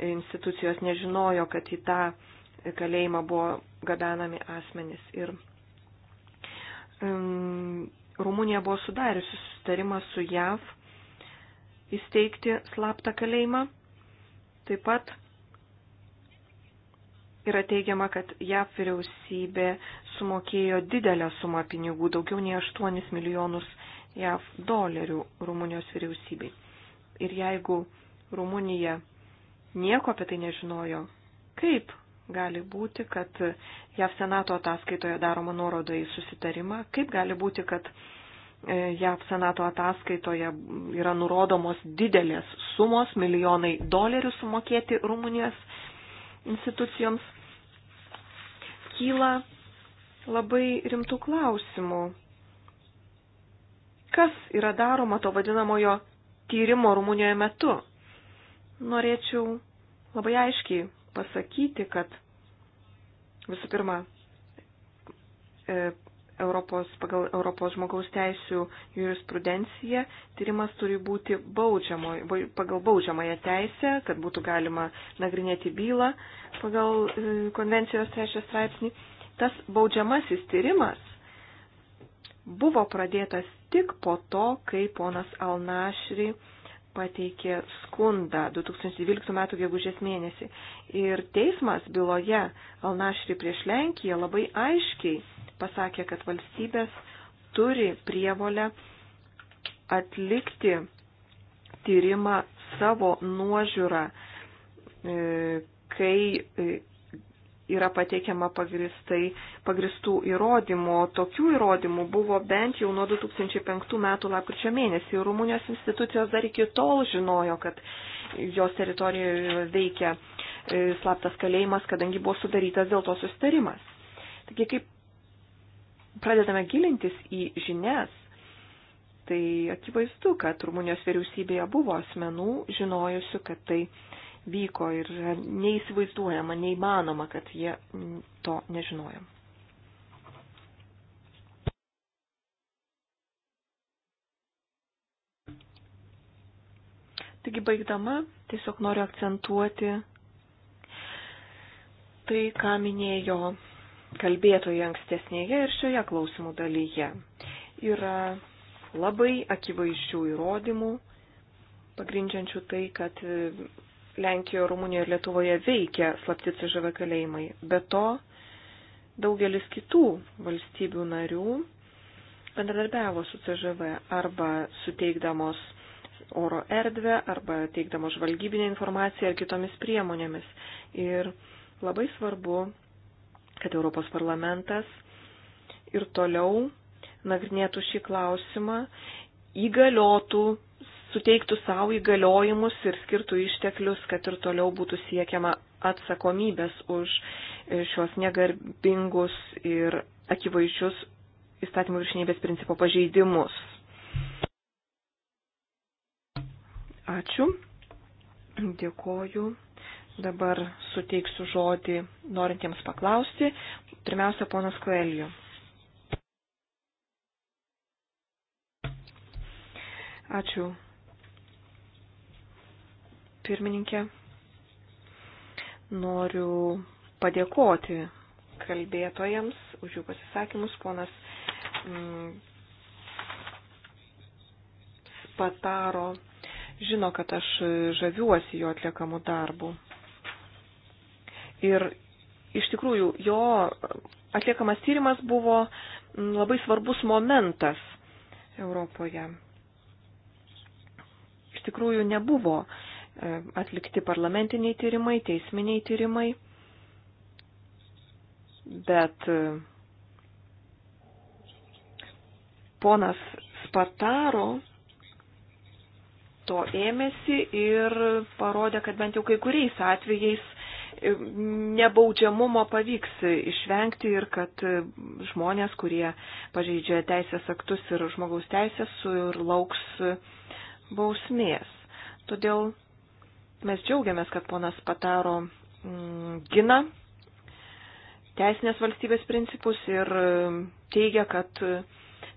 institucijos nežinojo, kad į tą kalėjimą buvo gabenami asmenys. Ir um, Rumunija buvo sudariusi susitarimą su JAV įsteigti slaptą kalėjimą. Taip pat yra teigiama, kad JAV vyriausybė sumokėjo didelę sumą pinigų, daugiau nei 8 milijonus JAV dolerių Rumunijos vyriausybei. Ir jeigu Rumunija nieko apie tai nežinojo, kaip gali būti, kad JAV Senato ataskaitoje daroma nuoroda į susitarimą, kaip gali būti, kad E, JAV Senato ataskaitoje yra nurodomos didelės sumos, milijonai dolerių sumokėti Rumunijos institucijoms, kyla labai rimtų klausimų. Kas yra daroma to vadinamojo tyrimo Rumunijoje metu? Norėčiau labai aiškiai pasakyti, kad visų pirma, e, Europos, pagal Europos žmogaus teisų jurisprudenciją tyrimas turi būti baudžiamo, pagal baudžiamąją teisę, kad būtų galima nagrinėti bylą pagal e, konvencijos trečią straipsnį. Tas baudžiamasis tyrimas buvo pradėtas tik po to, kai ponas Alnašri pateikė skundą 2012 m. gegužės mėnesį. Ir teismas byloje Alnašri prieš Lenkiją labai aiškiai pasakė, kad valstybės turi prievolę atlikti tyrimą savo nuožiūrą, e, kai e, yra pateikiama pagristai, pagristų įrodymų. Tokių įrodymų buvo bent jau nuo 2005 metų lapkričio mėnesį. Rumunijos institucijos dar iki tol žinojo, kad jos teritorijoje veikia e, slaptas kalėjimas, kadangi buvo sudarytas dėl to sustarimas. Taigi, kaip pradedame gilintis į žinias, tai akivaizdu, kad Rumunijos vyriausybėje buvo asmenų žinojusių, kad tai vyko ir neįsivaizduojama, neįmanoma, kad jie to nežinojo. Taigi baigdama, tiesiog noriu akcentuoti tai, ką minėjo kalbėtojai ankstesnėje ir šioje klausimų dalyje. Yra labai akivaizdžių įrodymų, pagrindžiančių tai, kad Lenkijoje, Rumunijoje ir Lietuvoje veikia slapti CŽV kalėjimai. Be to, daugelis kitų valstybių narių bendradarbiavo su CŽV arba suteikdamos oro erdvę, arba teikdamos žvalgybinę informaciją ar kitomis priemonėmis. Ir labai svarbu kad Europos parlamentas ir toliau nagrinėtų šį klausimą, įgaliotų, suteiktų savo įgaliojimus ir skirtų išteklius, kad ir toliau būtų siekiama atsakomybės už šios negarbingus ir akivaizdžius įstatymų viršinybės principo pažeidimus. Ačiū. Dėkoju Dabar suteiksiu žodį norintiems paklausti. Pirmiausia, ponas Koeliu. Ačiū. Pirmininkė, noriu padėkoti kalbėtojams už jų pasisakymus. Ponas mm, Pataro žino, kad aš žaviuosi jo atliekamu darbu. Ir iš tikrųjų jo atliekamas tyrimas buvo mm, labai svarbus momentas Europoje. Iš tikrųjų nebuvo e, atlikti parlamentiniai tyrimai, teisminiai tyrimai, bet e, ponas Spataro to ėmėsi ir parodė, kad bent jau kai kuriais atvejais nebaudžiamumo pavyks išvengti ir kad žmonės, kurie pažeidžia teisės aktus ir žmogaus teisės, ir lauks bausmės. Todėl mes džiaugiamės, kad ponas Pataro mm, gina teisinės valstybės principus ir mm, teigia, kad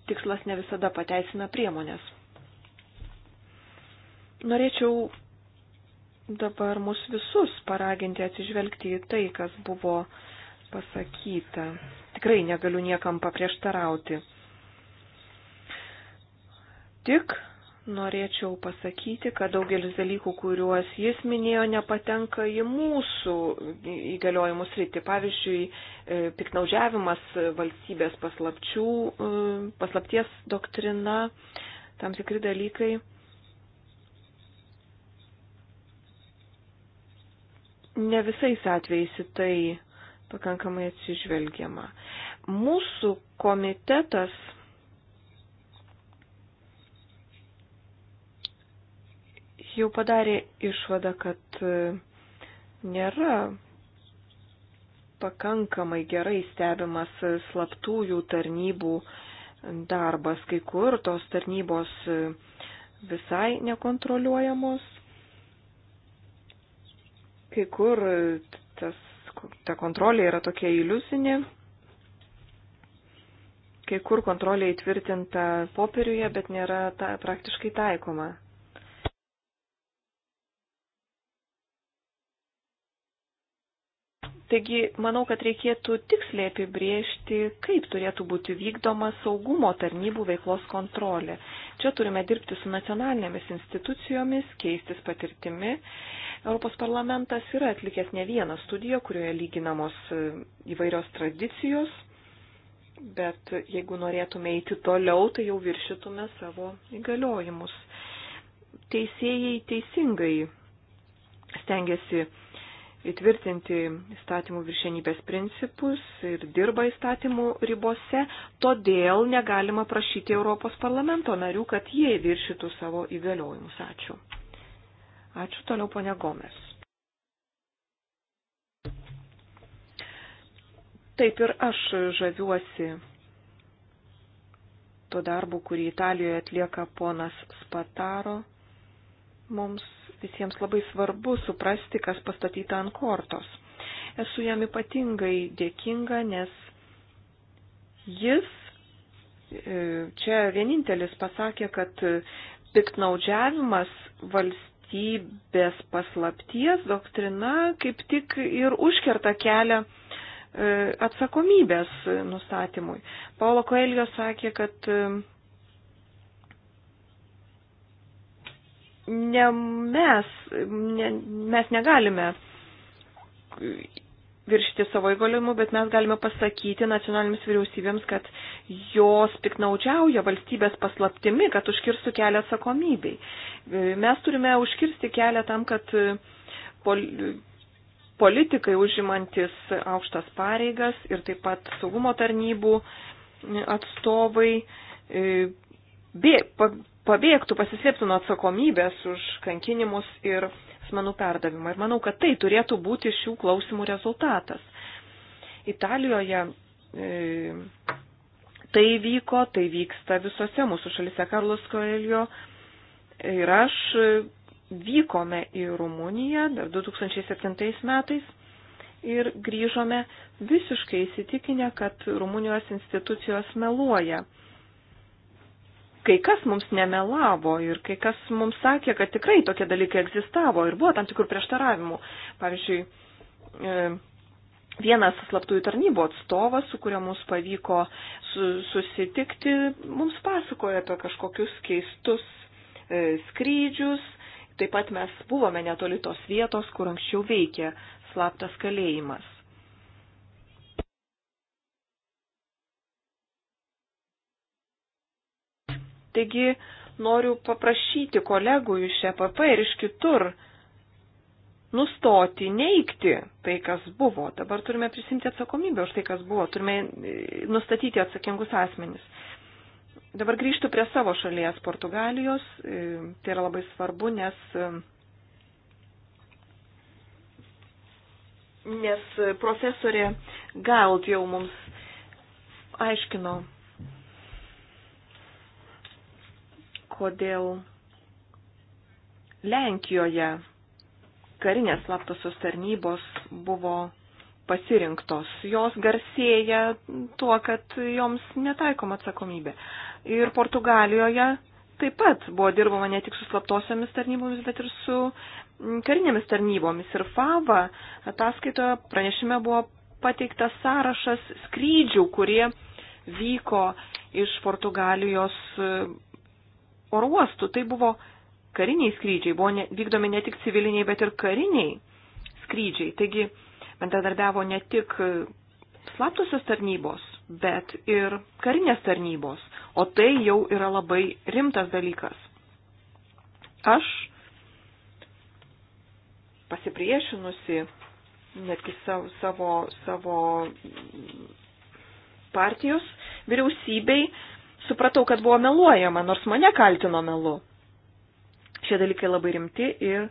tikslas ne visada pateisina priemonės. Norėčiau dabar mus visus paraginti atsižvelgti į tai, kas buvo pasakyta. Tikrai negaliu niekam paprieštarauti. Tik norėčiau pasakyti, kad daugelis dalykų, kuriuos jis minėjo, nepatenka į mūsų įgaliojimus rytį. Pavyzdžiui, e, piknaudžiavimas valstybės paslapčių, e, paslapties doktrina, tam tikri dalykai. ne visais atvejais į tai pakankamai atsižvelgiama. Mūsų komitetas jau padarė išvadą, kad e, nėra pakankamai gerai stebimas slaptųjų tarnybų darbas. Kai kur tos tarnybos e, visai nekontroliuojamos. Kai kur tas, ta kontrolė yra tokia iliusinė, kai kur kontrolė įtvirtinta popieriuje, bet nėra ta, praktiškai taikoma. Taigi, manau, kad reikėtų tiksliai apibriežti, kaip turėtų būti vykdoma saugumo tarnybų veiklos kontrolė. Čia turime dirbti su nacionalinėmis institucijomis, keistis patirtimi. Europos parlamentas yra atlikęs ne vieną studiją, kurioje lyginamos e, įvairios tradicijos, bet jeigu norėtume eiti toliau, tai jau viršytume savo įgaliojimus. Teisėjai teisingai stengiasi įtvirtinti įstatymų viršenybės principus ir dirba įstatymų ribose, todėl negalima prašyti Europos parlamento narių, kad jie viršytų savo įgaliojimus. Ačiū. Ačiū toliau, ponia Gomes. Taip ir aš žaviuosi tuo darbu, kurį Italijoje atlieka ponas Spataro. Mums visiems labai svarbu suprasti, kas pastatyta ant kortos. Esu jam ypatingai dėkinga, nes jis e, čia vienintelis pasakė, kad piknaudžiavimas valstybės paslapties doktrina kaip tik ir užkerta kelią e, atsakomybės nustatymui. Paulo Koelio sakė, kad e, ne mes, ne, mes negalime viršti savo įgaliojimų, bet mes galime pasakyti nacionalinėms vyriausybėms, kad jos piknaudžiauja valstybės paslaptimi, kad užkirstų kelią atsakomybei. Mes turime užkirsti kelią tam, kad pol politikai užimantis aukštas pareigas ir taip pat saugumo tarnybų atstovai e, bė, pa, pabėgtų, pasislėptų nuo atsakomybės už kankinimus ir asmenų perdavimą. Ir manau, kad tai turėtų būti šių klausimų rezultatas. Italijoje e, tai vyko, tai vyksta visose mūsų šalise Karlos Koelio ir aš vykome į Rumuniją dar 2007 metais ir grįžome visiškai įsitikinę, kad Rumunijos institucijos meluoja kai kas mums nemelavo ir kai kas mums sakė, kad tikrai tokie dalykai egzistavo ir buvo tam tikrų prieštaravimų. Pavyzdžiui, e, vienas slaptųjų tarnybų atstovas, su kuriuo mums pavyko susitikti, mums pasakoja apie kažkokius keistus e, skrydžius. Taip pat mes buvome netoli tos vietos, kur anksčiau veikė slaptas kalėjimas. Taigi noriu paprašyti kolegų iš EPP ir iš kitur nustoti neikti tai, kas buvo. Dabar turime prisimti atsakomybę už tai, kas buvo. Turime e, nustatyti atsakingus asmenis. Dabar grįžtų prie savo šalies Portugalijos. E, tai yra labai svarbu, nes. E, nes profesorė Galt jau mums aiškino kodėl Lenkijoje karinės slaptosios tarnybos buvo pasirinktos. Jos garsėja tuo, kad joms netaikoma atsakomybė. Ir Portugalijoje taip pat buvo dirbama ne tik su slaptosiomis tarnybomis, bet ir su mm, karinėmis tarnybomis. Ir FAVA ataskaitoje pranešime buvo pateiktas sąrašas skrydžių, kurie vyko iš Portugalijos oro uostų. Tai buvo kariniai skrydžiai, buvo ne, vykdomi ne tik civiliniai, bet ir kariniai skrydžiai. Taigi bendradarbiavo ne tik slaptosios tarnybos, bet ir karinės tarnybos, o tai jau yra labai rimtas dalykas. Aš pasipriešinusi netgi savo, savo, savo partijos vyriausybei supratau, kad buvo meluojama, nors mane kaltino melu. Šie dalykai labai rimti ir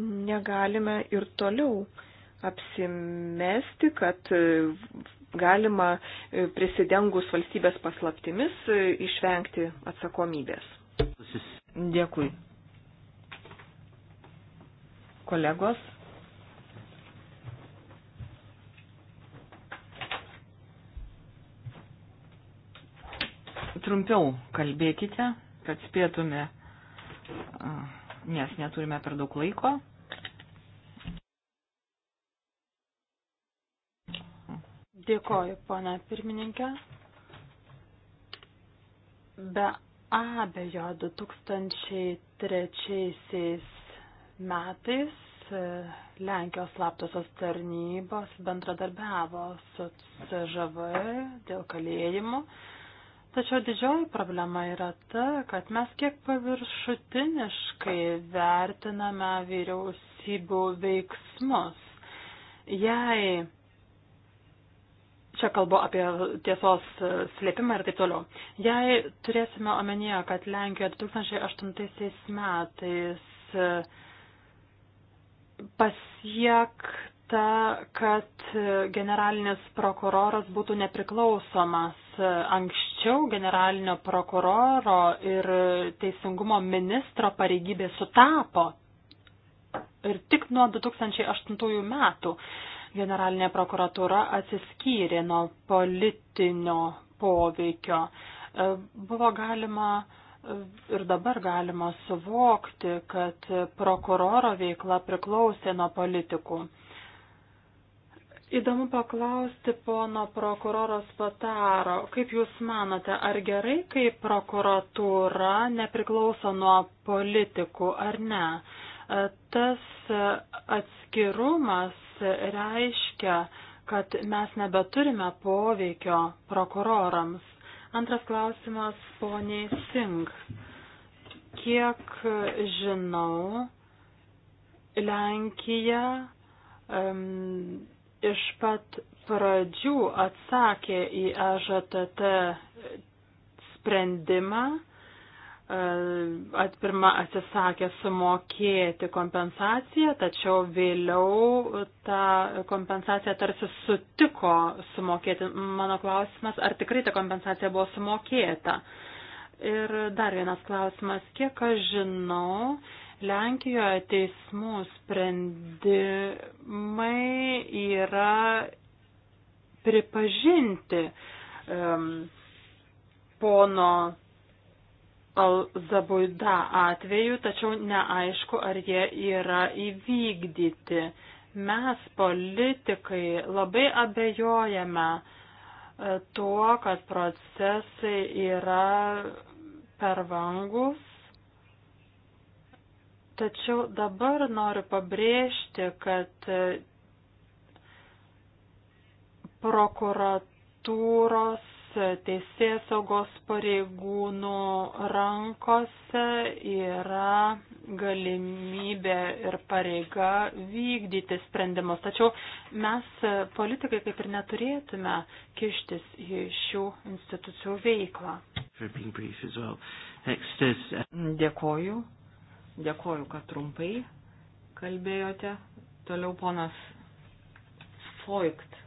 negalime ir toliau apsimesti, kad e, galima e, prisidengus valstybės paslaptimis e, išvengti atsakomybės. Dėkui. Kolegos. Trumpiau kalbėkite, kad spėtume, nes neturime per daug laiko. Dėkoju, pana pirmininkė. Be abejo, 2003 metais e, Lenkijos slaptosios tarnybos bendradarbiavo su CŽV dėl kalėjimų. Tačiau didžioji problema yra ta, kad mes kiek paviršutiniškai vertiname vyriausybių veiksmus. Jei čia kalbu apie tiesos slėpimą ir taip toliau, jei turėsime omenyje, kad Lenkijoje 2008 metais pasiek ta, kad generalinis prokuroras būtų nepriklausomas. Anksčiau generalinio prokuroro ir teisingumo ministro pareigybė sutapo. Ir tik nuo 2008 metų generalinė prokuratūra atsiskyrė nuo politinio poveikio. E, buvo galima ir dabar galima suvokti, kad prokuroro veikla priklausė nuo politikų. Įdomu paklausti pono prokuroro Spataro, kaip Jūs manote, ar gerai, kai prokuratūra nepriklauso nuo politikų ar ne? E, tas atskirumas reiškia, kad mes nebeturime poveikio prokurorams. Antras klausimas poniai Singh. Kiek žinau, Lenkija um, iš pat pradžių atsakė į AŽTT e sprendimą, e, atpirma atsisakė sumokėti kompensaciją, tačiau vėliau tą kompensaciją tarsi sutiko sumokėti. Mano klausimas, ar tikrai ta kompensacija buvo sumokėta? Ir dar vienas klausimas, kiek aš žinau, Lenkijoje teismų sprendimai yra pripažinti um, pono Alzabuida atveju, tačiau neaišku, ar jie yra įvykdyti. Mes, politikai, labai abejojame e, tuo, kad procesai yra per vangus Tačiau dabar noriu pabrėžti, kad prokuratūros teisės saugos pareigūnų rankose yra galimybė ir pareiga vykdyti sprendimus. Tačiau mes, politikai, kaip ir neturėtume kištis į šių institucijų veiklą. Uh, Dėkoju. Dėkoju, kad trumpai kalbėjote. Toliau ponas Foikt.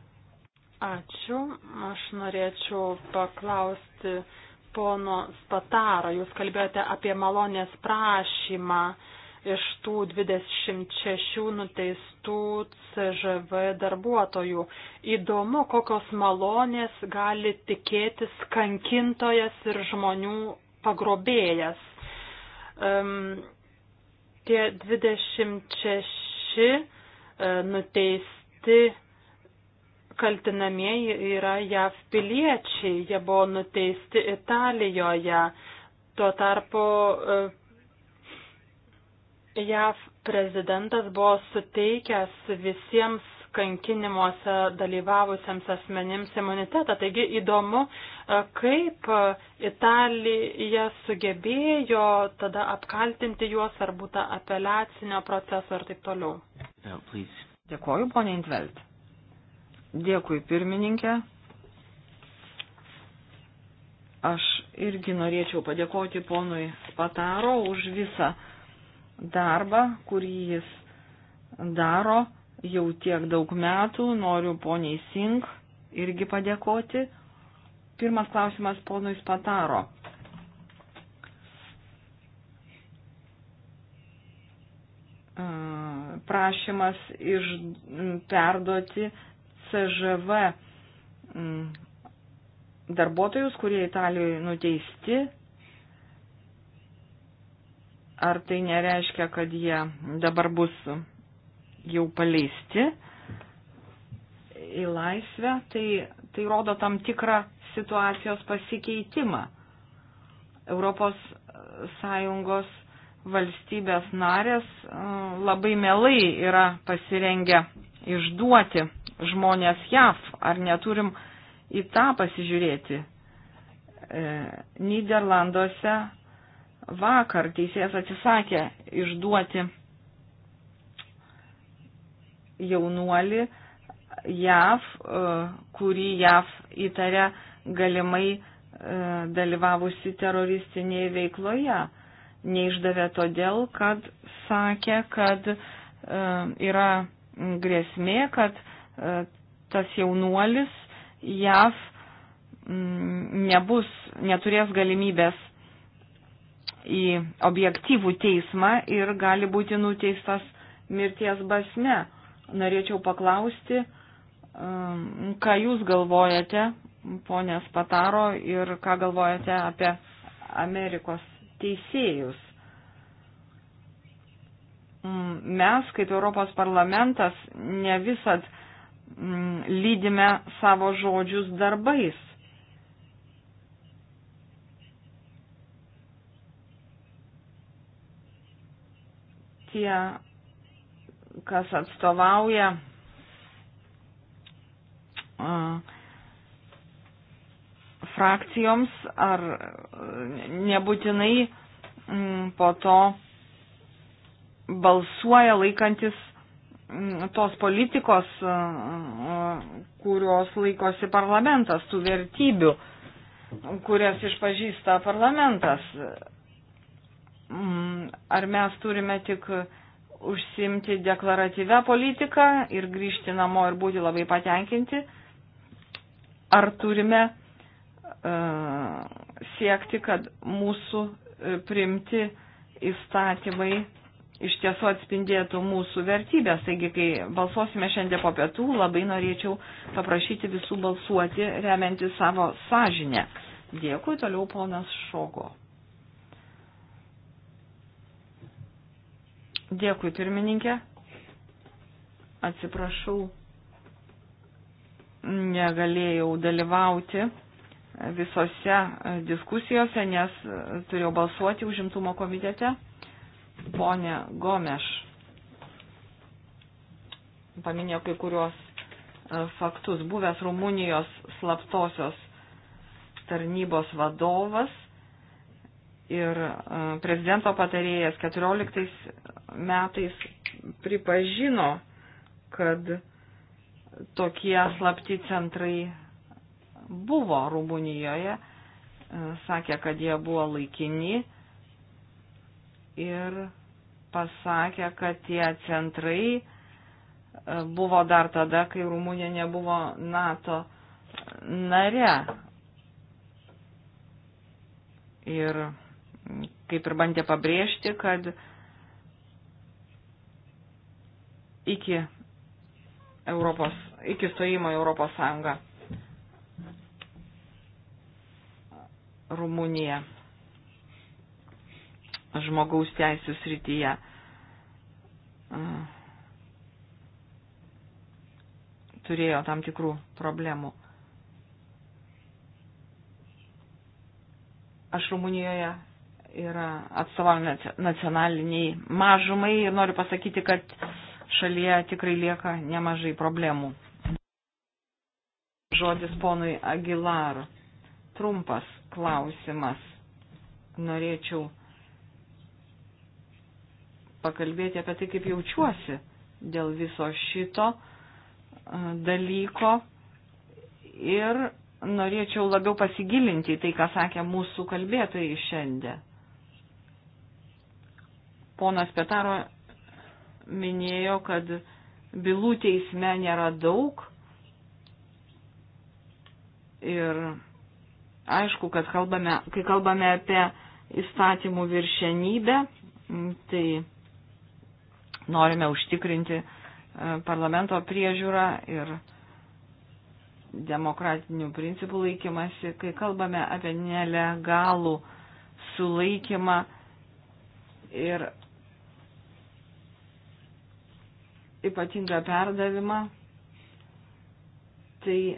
Ačiū. Aš norėčiau paklausti pono Spataro. Jūs kalbėjote apie malonės prašymą iš tų 26 nuteistų CŽV darbuotojų. Įdomu, kokios malonės gali tikėtis kankintojas ir žmonių pagrobėjas. Um, Tie 26 e, nuteisti kaltinamieji yra JAV piliečiai, jie buvo nuteisti Italijoje. Tuo tarpu e, JAV prezidentas buvo suteikęs visiems kankinimuose dalyvavusiems asmenims imunitetą. Taigi įdomu, e, kaip e, Italija sugebėjo tada apkaltinti juos ar būtų apeliacinio proceso ir taip toliau. Dėkuoju, ponė Intvelt. Dėkui, pirmininkė. Aš irgi norėčiau padėkoti ponui Pataro už visą darbą, kurį jis daro jau tiek daug metų, noriu poniai Sink irgi padėkoti. Pirmas klausimas ponui Spataro. Prašymas iš, perduoti CŽV darbuotojus, kurie Italijoje nuteisti. Ar tai nereiškia, kad jie dabar bus jau paleisti į laisvę, tai, tai rodo tam tikrą situacijos pasikeitimą. Europos Sąjungos valstybės narės e, labai mielai yra pasirengę išduoti žmonės JAV, ar neturim į tą pasižiūrėti. E, Niderlanduose vakar teisėjas atsisakė išduoti jaunuolį JAV, e, kurį JAV įtaria galimai e, dalyvavusi teroristinėje veikloje. Neišdavė todėl, kad sakė, kad e, yra grėsmė, kad tas jaunuolis JAV mm, nebus, neturės galimybės į objektyvų teismą ir gali būti nuteistas mirties basme norėčiau paklausti, um, ką Jūs galvojate, ponės Pataro, ir ką galvojate apie Amerikos teisėjus. Mm, mes, kaip Europos parlamentas, ne visad mm, lydime savo žodžius darbais. Tie kas atstovauja frakcijoms ar nebūtinai po to balsuoja laikantis tos politikos, kurios laikosi parlamentas, tų vertybių, kurias išpažįsta parlamentas. Ar mes turime tik užsimti deklaratyvę politiką ir grįžti namo ir būti labai patenkinti, ar turime uh, siekti, kad mūsų e, primti įstatymai iš tiesų atspindėtų mūsų vertybės. Taigi, kai balsuosime šiandien po pietų, labai norėčiau paprašyti visų balsuoti remianti savo sąžinę. Dėkui, toliau ponas Šogo. Dėkui, pirmininkė. Atsiprašau, negalėjau dalyvauti visose diskusijose, nes turėjau balsuoti užimtumo komitete. Pone Gomeš paminėjo kai kuriuos e, faktus. Buvęs Rumunijos slaptosios tarnybos vadovas ir e, prezidento patarėjas 14 metais pripažino, kad tokie slapti centrai buvo Rumunijoje, e, sakė, kad jie buvo laikini ir pasakė, kad tie centrai e, buvo dar tada, kai Rumunija nebuvo NATO nare. Ir kaip ir bandė pabrėžti, kad iki, Europos, iki stojimo į Europos Sąjungą Rumunija žmogaus teisų srityje turėjo tam tikrų problemų. Aš Rumunijoje yra atstovaujami nacionaliniai mažumai ir noriu pasakyti, kad šalyje tikrai lieka nemažai problemų. Žodis ponui Agilar. Trumpas klausimas. Norėčiau pakalbėti apie tai, kaip jaučiuosi dėl viso šito dalyko ir norėčiau labiau pasigilinti į tai, ką sakė mūsų kalbėtojai šiandien. Ponas Petaro minėjo, kad bylų teisme nėra daug ir aišku, kad kalbame, kai kalbame apie įstatymų viršenybę, tai norime užtikrinti e, parlamento priežiūrą ir demokratinių principų laikymasi. Kai kalbame apie nelegalų sulaikymą ir ypatingą perdavimą, tai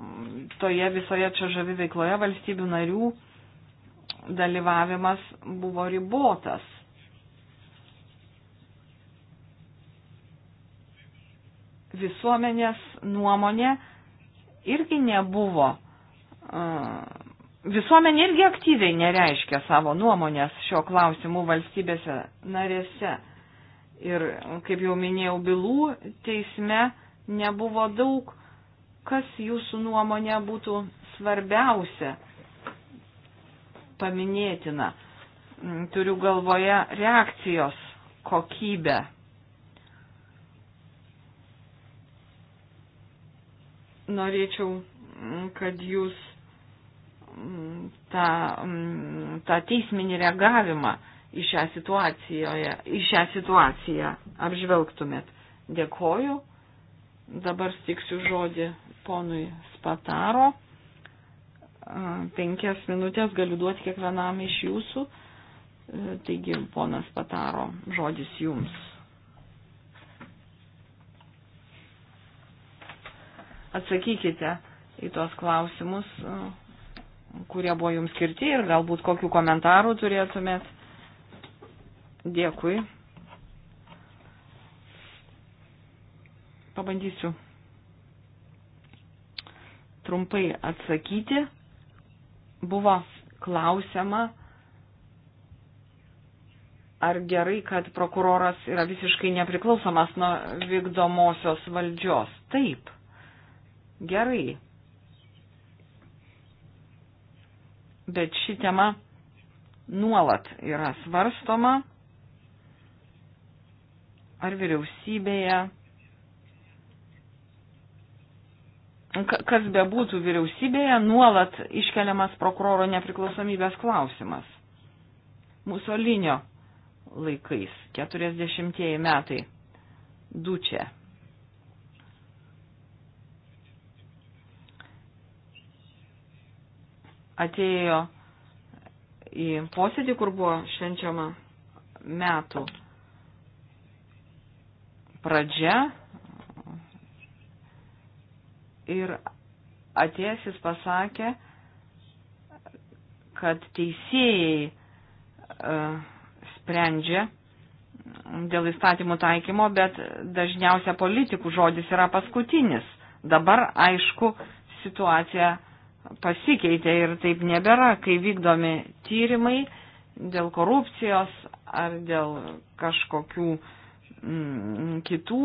mm, toje visoje čia žavi veikloje valstybių narių dalyvavimas buvo ribotas. Visuomenės nuomonė irgi nebuvo. Mm, visuomenė irgi aktyviai nereiškia savo nuomonės šio klausimu valstybėse narėse ir, kaip jau minėjau, bylų teisme nebuvo daug. Kas jūsų nuomonė būtų svarbiausia paminėtina? Turiu galvoje reakcijos kokybę. Norėčiau, mm, kad jūs mm, tą, mm, tą teisminį reagavimą į šią, į šią situaciją apžvelgtumėt. Dėkoju. Dabar stiksiu žodį ponui Spataro. Penkias minutės galiu duoti kiekvienam iš jūsų. E, taigi, ponas Pataro, žodis jums. Atsakykite į tos klausimus, e, kurie buvo jums skirti ir galbūt kokių komentarų turėtumėt. Dėkui. Pabandysiu trumpai atsakyti. Buvo klausiama, ar gerai, kad prokuroras yra visiškai nepriklausomas nuo vykdomosios valdžios. Taip, gerai. Bet ši tema nuolat yra svarstoma ar vyriausybėje, kas bebūtų vyriausybėje, nuolat iškeliamas prokuroro nepriklausomybės klausimas. Musolinio laikais, 40 metai, dučia. Atėjo į posėdį, kur buvo švenčiama metų pradžia ir atėjęs jis pasakė, kad teisėjai uh, sprendžia dėl įstatymų taikymo, bet dažniausia politikų žodis yra paskutinis. Dabar, aišku, situacija pasikeitė ir taip nebėra, kai vykdomi tyrimai dėl korupcijos ar dėl kažkokių uh, Mm, kitų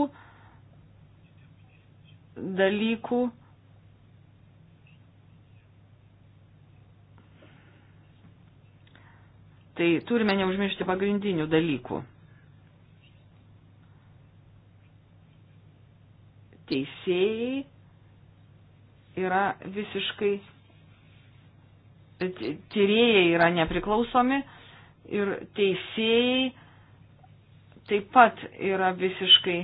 dalykų. Tai turime neužmiršti pagrindinių dalykų. Teisėjai yra visiškai, tyrėjai yra nepriklausomi ir teisėjai taip pat yra visiškai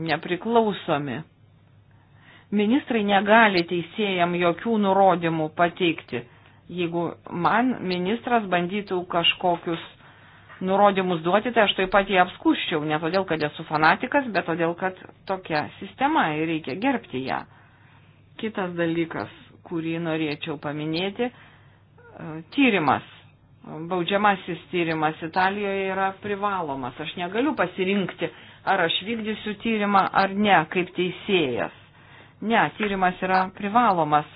nepriklausomi. Ministrai negali teisėjam jokių nurodymų pateikti. Jeigu man ministras bandytų kažkokius nurodymus duoti, tai aš taip pat jį apskuščiau, ne todėl, kad esu fanatikas, bet todėl, kad tokia sistema ir reikia gerbti ją. Kitas dalykas, kurį norėčiau paminėti, e, tyrimas baudžiamasis tyrimas Italijoje yra privalomas. Aš negaliu pasirinkti, ar aš vykdysiu tyrimą ar ne, kaip teisėjas. Ne, tyrimas yra privalomas.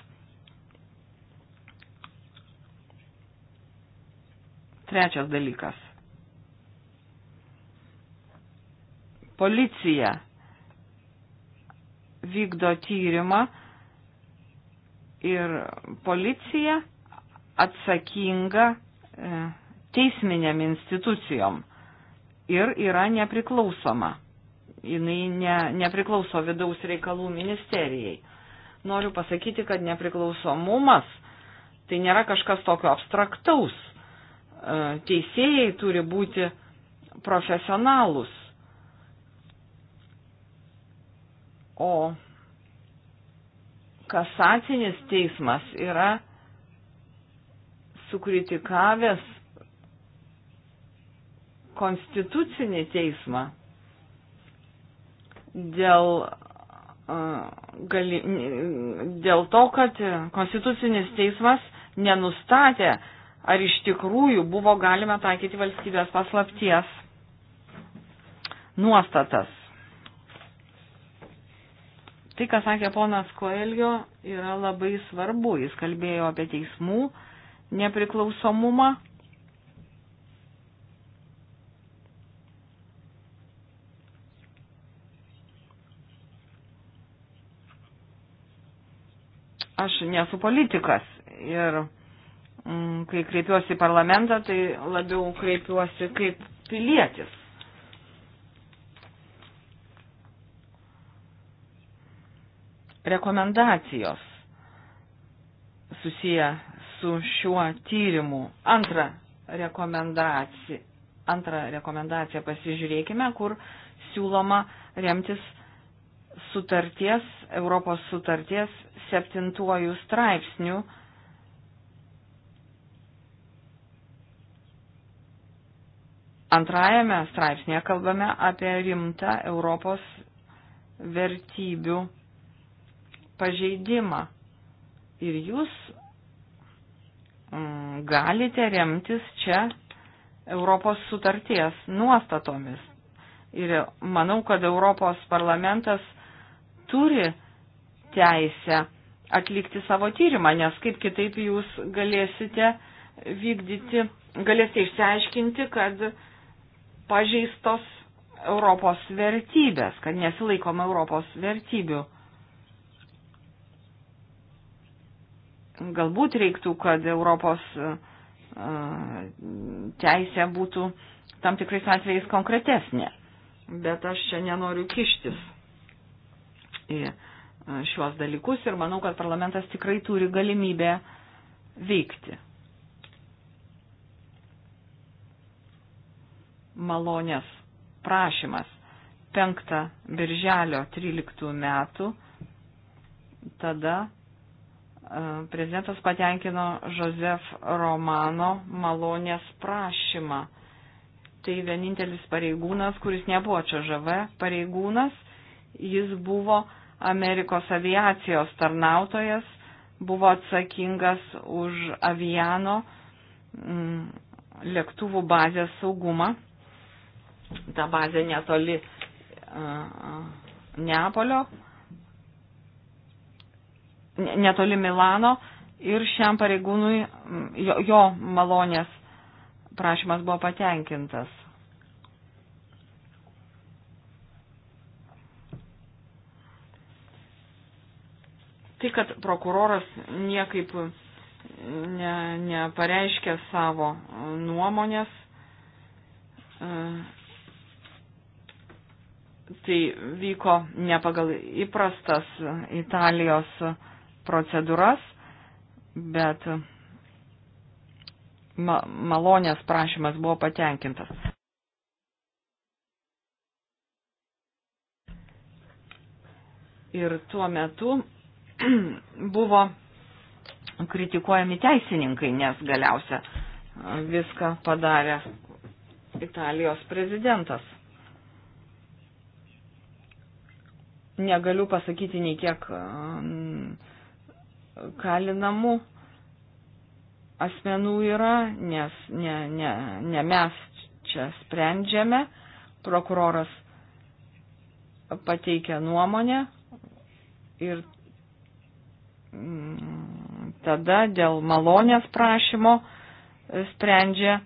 Trečias dalykas. Policija vykdo tyrimą ir policija atsakinga E, teisminėm institucijom ir yra nepriklausoma. Jinai ne, nepriklauso vidaus reikalų ministerijai. Noriu pasakyti, kad nepriklausomumas tai nėra kažkas tokio abstraktaus. E, teisėjai turi būti profesionalus. O kasacinis teismas yra sukritikavęs konstitucinį teismą dėl, gali, dėl to, kad konstitucinis teismas nenustatė, ar iš tikrųjų buvo galima taikyti valstybės paslapties nuostatas. Tai, ką sakė ponas Koelgio, yra labai svarbu. Jis kalbėjo apie teismų nepriklausomumą. Aš nesu politikas ir mm, kai kreipiuosi į parlamentą, tai labiau kreipiuosi kaip pilietis. Rekomendacijos susiję su šiuo tyrimu. Antra rekomendacija. Antrą rekomendaciją pasižiūrėkime, kur siūloma remtis sutarties, Europos sutarties septintuoju straipsniu. Antrajame straipsnėje kalbame apie rimtą Europos vertybių pažeidimą. Ir jūs Mm, galite remtis čia Europos sutarties nuostatomis. Ir manau, kad Europos parlamentas turi teisę atlikti savo tyrimą, nes kaip kitaip jūs galėsite vykdyti, galėsite išsiaiškinti, kad pažeistos Europos vertybės, kad nesilaikoma Europos vertybių. galbūt reiktų, kad Europos e, teisė būtų tam tikrais atvejais konkretesnė. Bet aš čia nenoriu kištis į e, šiuos dalykus ir manau, kad parlamentas tikrai turi galimybę veikti. Malonės prašymas 5 birželio 13 metų tada E, prezidentas patenkino Josef Romano malonės prašymą. Tai vienintelis pareigūnas, kuris nebuvo ČŽV pareigūnas, jis buvo Amerikos aviacijos tarnautojas, buvo atsakingas už aviano m, mm, lėktuvų bazės saugumą. Ta bazė netoli a, e, a, e, Neapolio, netoli Milano ir šiam pareigūnui jo, jo malonės prašymas buvo patenkintas. Tai, kad prokuroras niekaip nepareiškė ne, ne savo nuomonės, e, tai vyko ne pagal įprastas Italijos procedūras, bet ma malonės prašymas buvo patenkintas. Ir tuo metu (clears throat) buvo kritikuojami teisininkai, nes galiausia viską padarė Italijos prezidentas. Negaliu pasakyti nei kiek kalinamų asmenų yra, nes ne, ne, ne mes čia sprendžiame, prokuroras pateikia nuomonę ir mm, tada dėl malonės prašymo sprendžia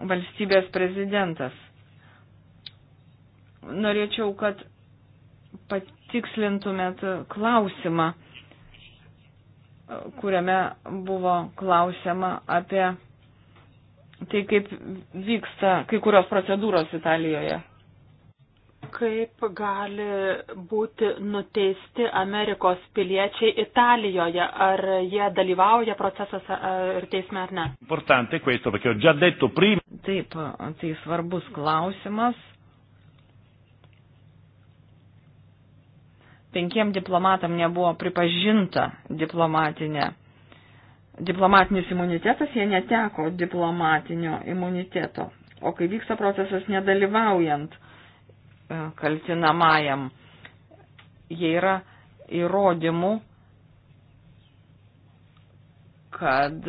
valstybės prezidentas. Norėčiau, kad patikslintumėt klausimą kuriame buvo klausima apie tai, kaip vyksta kai kurios procedūros Italijoje kaip gali būti nuteisti Amerikos piliečiai Italijoje, ar jie dalyvauja procesuose ir teisme ar ne. Taip, tai svarbus klausimas. penkiem diplomatam nebuvo pripažinta diplomatinė. Diplomatinis imunitetas, jie neteko diplomatinio imuniteto. O kai vyksta procesas nedalyvaujant e, kaltinamajam, jie yra įrodymų, kad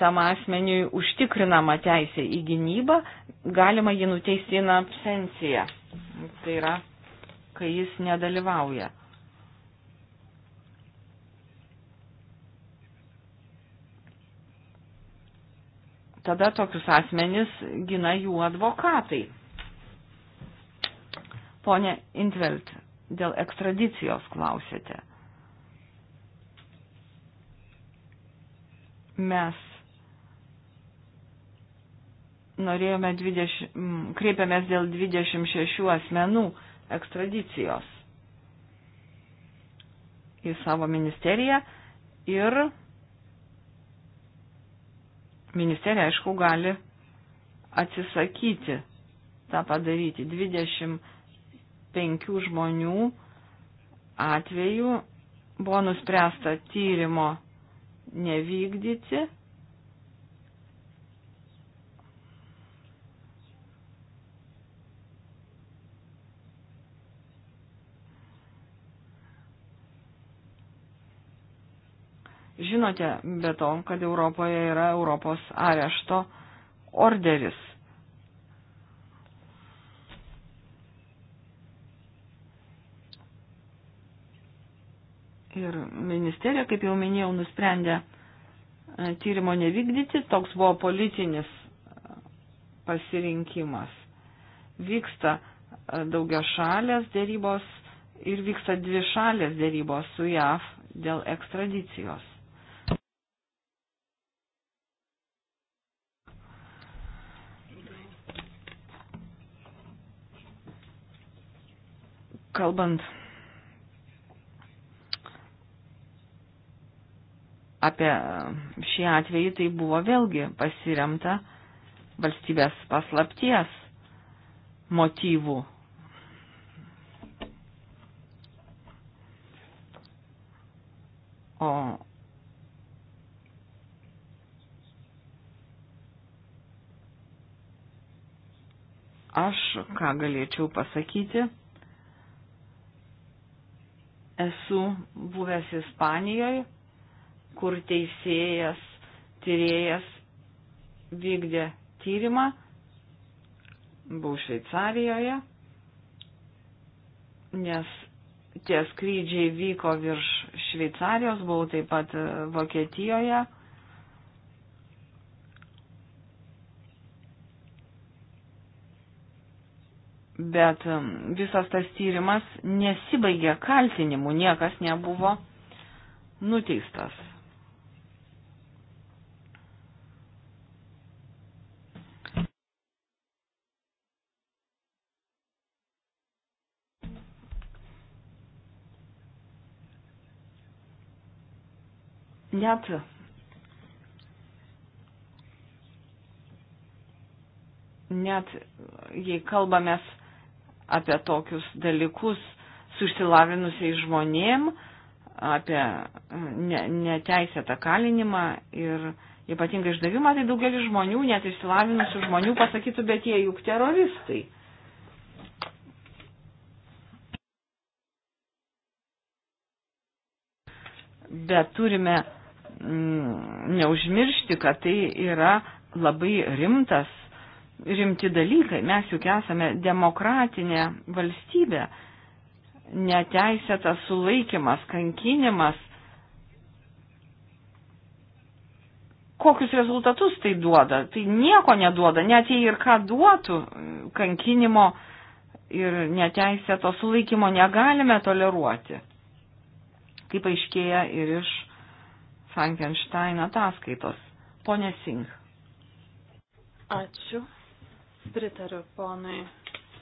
tam asmeniui užtikrinama teisė į gynybą, galima jį nuteisti į absenciją. Tai yra kai jis nedalyvauja. Tada tokius asmenis gina jų advokatai. Pone Intvelt, dėl ekstradicijos klausėte. Mes norėjome 20, kreipėmės dėl 26 asmenų, ekstradicijos į savo ministeriją ir ministerija, aišku, gali atsisakyti tą padaryti. 25 žmonių atveju buvo nuspręsta tyrimo nevykdyti Žinote, be to, kad Europoje yra Europos arešto orderis. Ir ministerija, kaip jau minėjau, nusprendė e, tyrimo nevykdyti, toks buvo politinis e, pasirinkimas. Vyksta e, daugia šalės dėrybos ir vyksta dvi šalės dėrybos su JAV dėl ekstradicijos. kalbant apie šį atvejį, tai buvo vėlgi pasiremta valstybės paslapties motyvų. O aš ką galėčiau pasakyti? Esu buvęs Ispanijoje, kur teisėjas, tyrėjas vykdė tyrimą, buvau Šveicarijoje, nes tie skrydžiai vyko virš Šveicarijos, buvau taip pat Vokietijoje. Bet um, visas tas tyrimas nesibaigė kaltinimu, niekas nebuvo nuteistas. Net net jei kalbamės apie tokius dalykus su išsilavinusiais žmonėm, apie e, neteisėtą kalinimą ir ypatingai išdavimą, tai daugelis žmonių, net išsilavinusių žmonių pasakytų, bet jie juk teroristai. Bet turime mm, neužmiršti, kad tai yra labai rimtas rimti dalykai. Mes juk esame demokratinė valstybė. Neteisėtas sulaikimas, kankinimas. Kokius rezultatus tai duoda? Tai nieko neduoda, net jei ir ką duotų kankinimo ir neteisėto sulaikymo negalime toleruoti. Kaip aiškėja ir iš Frankenstein ataskaitos. Pone Singh. Ačiū. Pritariu ponui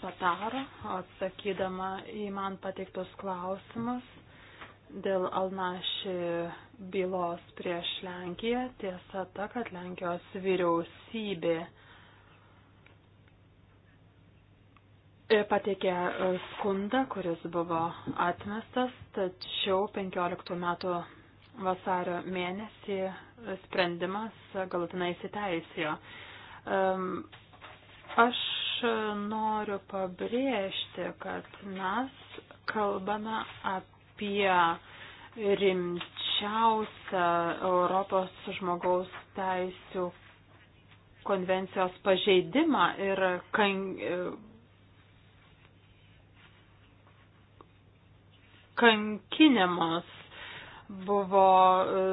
Pataro, atsakydama į man pateiktus klausimus dėl Alnaši bylos prieš Lenkiją. Tiesa ta, kad Lenkijos vyriausybė pateikė skundą, kuris buvo atmestas, tačiau 15 metų vasario mėnesį sprendimas galutinai įsiteisėjo. Aš e, noriu pabrėžti, kad mes kalbame apie rimčiausią Europos žmogaus teisų konvencijos pažeidimą ir kan... E, kankinimas buvo e,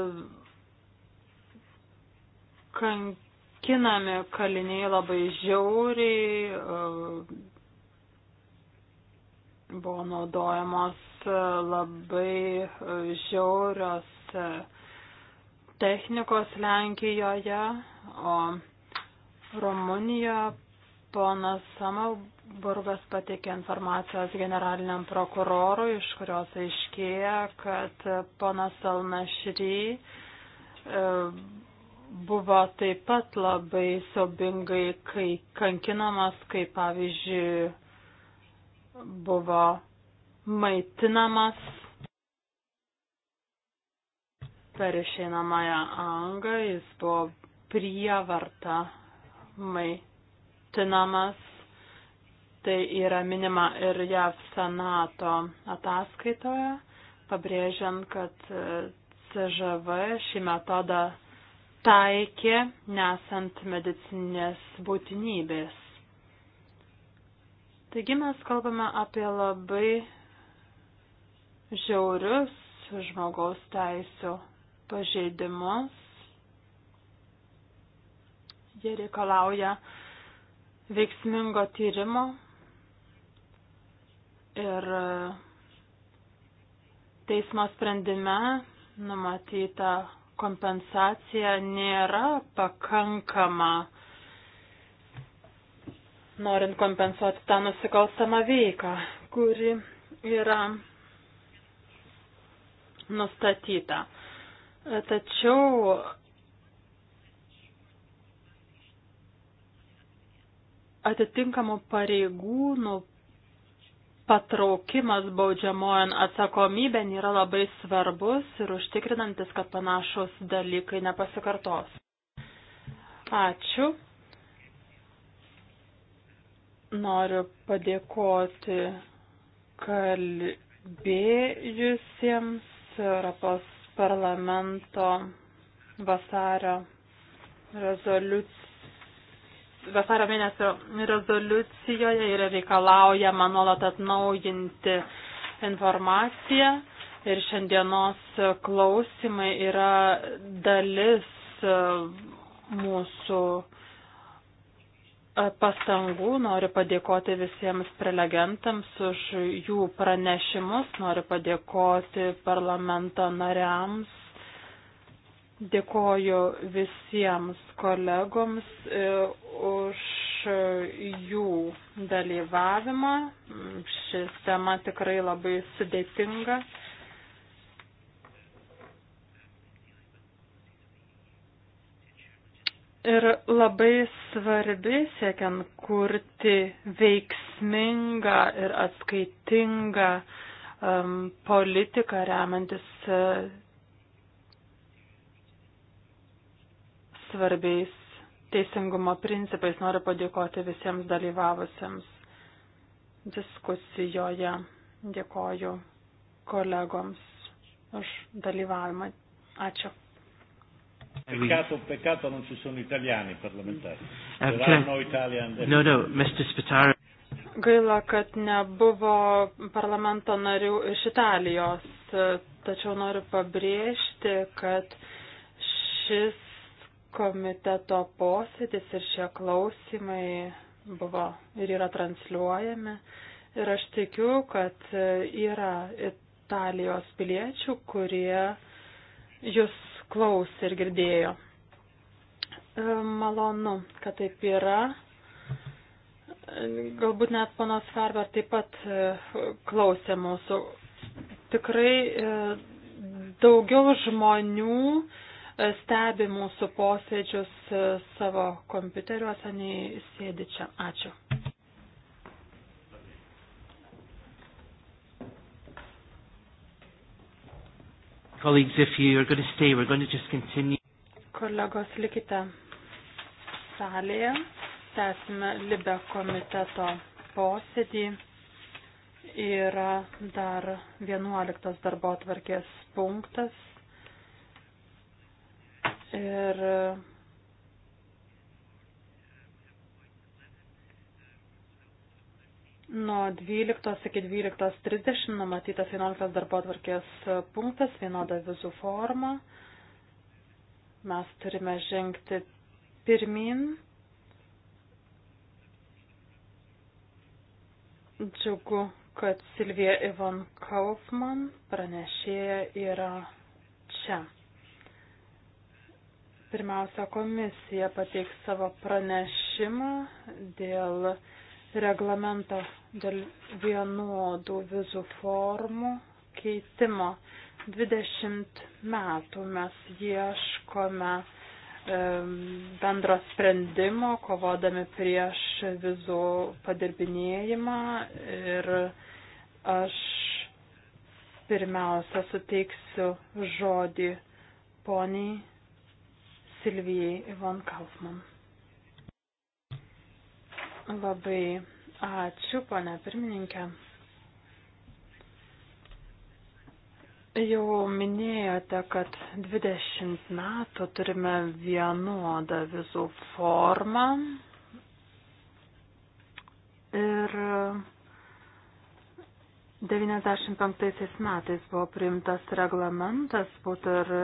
kankinimas kankinami kaliniai labai žiauriai, e, buvo naudojamos e, labai e, žiaurios technikos Lenkijoje, o Rumunijoje ponas Samalburgas pateikė informacijos generaliniam prokurorui, iš kurios aiškėja, kad ponas Alnašry buvo taip pat labai siaubingai, kai kankinamas, kaip pavyzdžiui, buvo maitinamas per išeinamąją angą, jis buvo prievarta maitinamas. Tai yra minima ir JAV senato ataskaitoje, pabrėžiant, kad e, CŽV šį metodą taikė nesant medicinės būtinybės. Taigi mes kalbame apie labai žiaurius žmogaus teisų pažeidimus. Jie reikalauja veiksmingo tyrimo ir teismo sprendime numatyta kompensacija nėra pakankama, norint kompensuoti tą nusikalstamą veiką, kuri yra nustatyta. Tačiau atitinkamų pareigūnų patraukimas baudžiamojon atsakomybėn yra labai svarbus ir užtikrinantis, kad panašus dalykai nepasikartos. Ačiū. Noriu padėkoti kalbėjusiems Europos parlamento vasario rezoliucijos vasario mėnesio rezoliucijoje yra reikalaujama nuolat atnaujinti informaciją ir šiandienos klausimai yra dalis e, mūsų e, pastangų. Noriu padėkoti visiems prelegentams už jų pranešimus, noriu padėkoti parlamento nariams Dėkoju visiems kolegoms e, už jų dalyvavimą. Šis tema tikrai labai sudėtinga. Ir labai svarbi siekiant kurti veiksmingą ir atskaitingą um, politiką remiantis uh, svarbiais teisingumo principais. Noriu padėkoti visiems dalyvavusiems diskusijoje. Dėkoju kolegoms už dalyvavimą. Ačiū. Peccato, peccato non ci sono italiani parlamentari. Eh, okay. No, Italian no, no, Mr. Spitaro. Gaila, kad nebuvo parlamento narių iš Italijos, tačiau noriu pabrėžti, kad šis komiteto posėdis ir šie klausimai buvo ir yra transliuojami. Ir aš tikiu, kad yra Italijos piliečių, kurie jūs klausė ir girdėjo. E, malonu, kad taip yra. Galbūt net panos Farber taip pat e, klausė mūsų. Tikrai e, daugiau žmonių stebi mūsų posėdžius e, savo kompiuteriuose, nei sėdi čia. Ačiū. Kolegos, likite salėje. Tęsime Libe komiteto posėdį. Yra dar 11 darbo tvarkės punktas. Ir Nuo 12 iki 12.30 numatytas 11 darbo atvarkės punktas, vienoda vizų forma. Mes turime žengti pirmin. Džiugu, kad Silvija Ivan Kaufman pranešėja yra čia. Pirmiausia, komisija pateiks savo pranešimą dėl reglamento dėl vienodų vizų formų keitimo. 20 metų mes ieškome bendro sprendimo, kovodami prieš vizų padirbinėjimą ir aš pirmiausia suteiksiu žodį poniai Silvijai Ivon Kaufman. Labai ačiū, ponia pirmininkė. Jau minėjote, kad 20 metų turime vienodą vizų formą. Ir 95 metais buvo priimtas reglamentas, būtų ir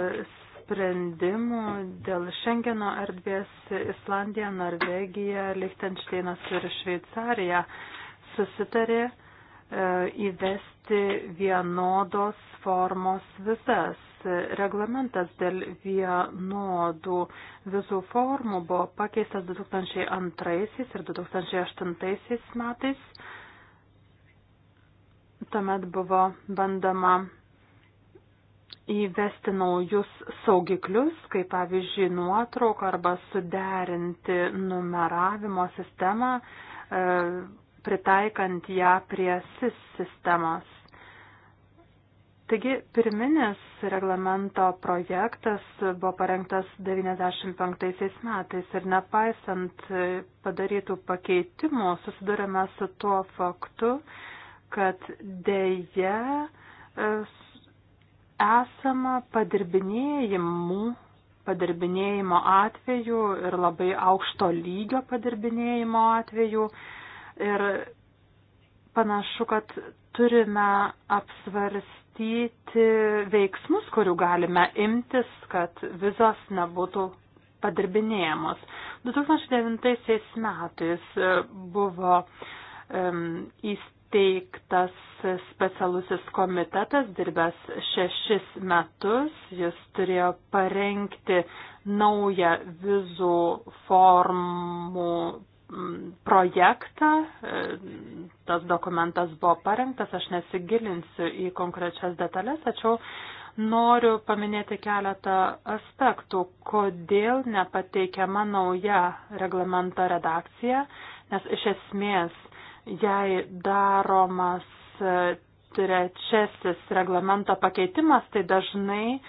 sprendimų dėl Šengeno erdvės Islandija, Norvegija, Lichtensteinas ir Šveicarija susitarė e, įvesti vienodos formos vizas. Reglamentas dėl vienodų vizų formų buvo pakeistas 2002 ir 2008 metais. Tuomet buvo bandama įvesti naujus saugiklius, kaip pavyzdžiui nuotrauką arba suderinti numeravimo sistemą, e, pritaikant ją prie SIS sistemos. Taigi pirminis reglamento projektas buvo parengtas 95 metais ir nepaisant padarytų pakeitimų susidurėme su tuo faktu, kad dėje e, esama padirbinėjimų, padirbinėjimo atvejų ir labai aukšto lygio padirbinėjimo atvejų. Ir panašu, kad turime apsvarstyti veiksmus, kurių galime imtis, kad vizos nebūtų padirbinėjamos. 2009 metais buvo um, įsteigta įsteigtas specialusis komitetas, dirbęs šešis metus. Jis turėjo parengti naują vizų formų projektą. E, tas dokumentas buvo parengtas, aš nesigilinsiu į konkrečias detalės, tačiau noriu paminėti keletą aspektų, kodėl nepateikiama nauja reglamento redakcija, nes iš esmės jei daromas e, trečiasis reglamento pakeitimas, tai dažnai e,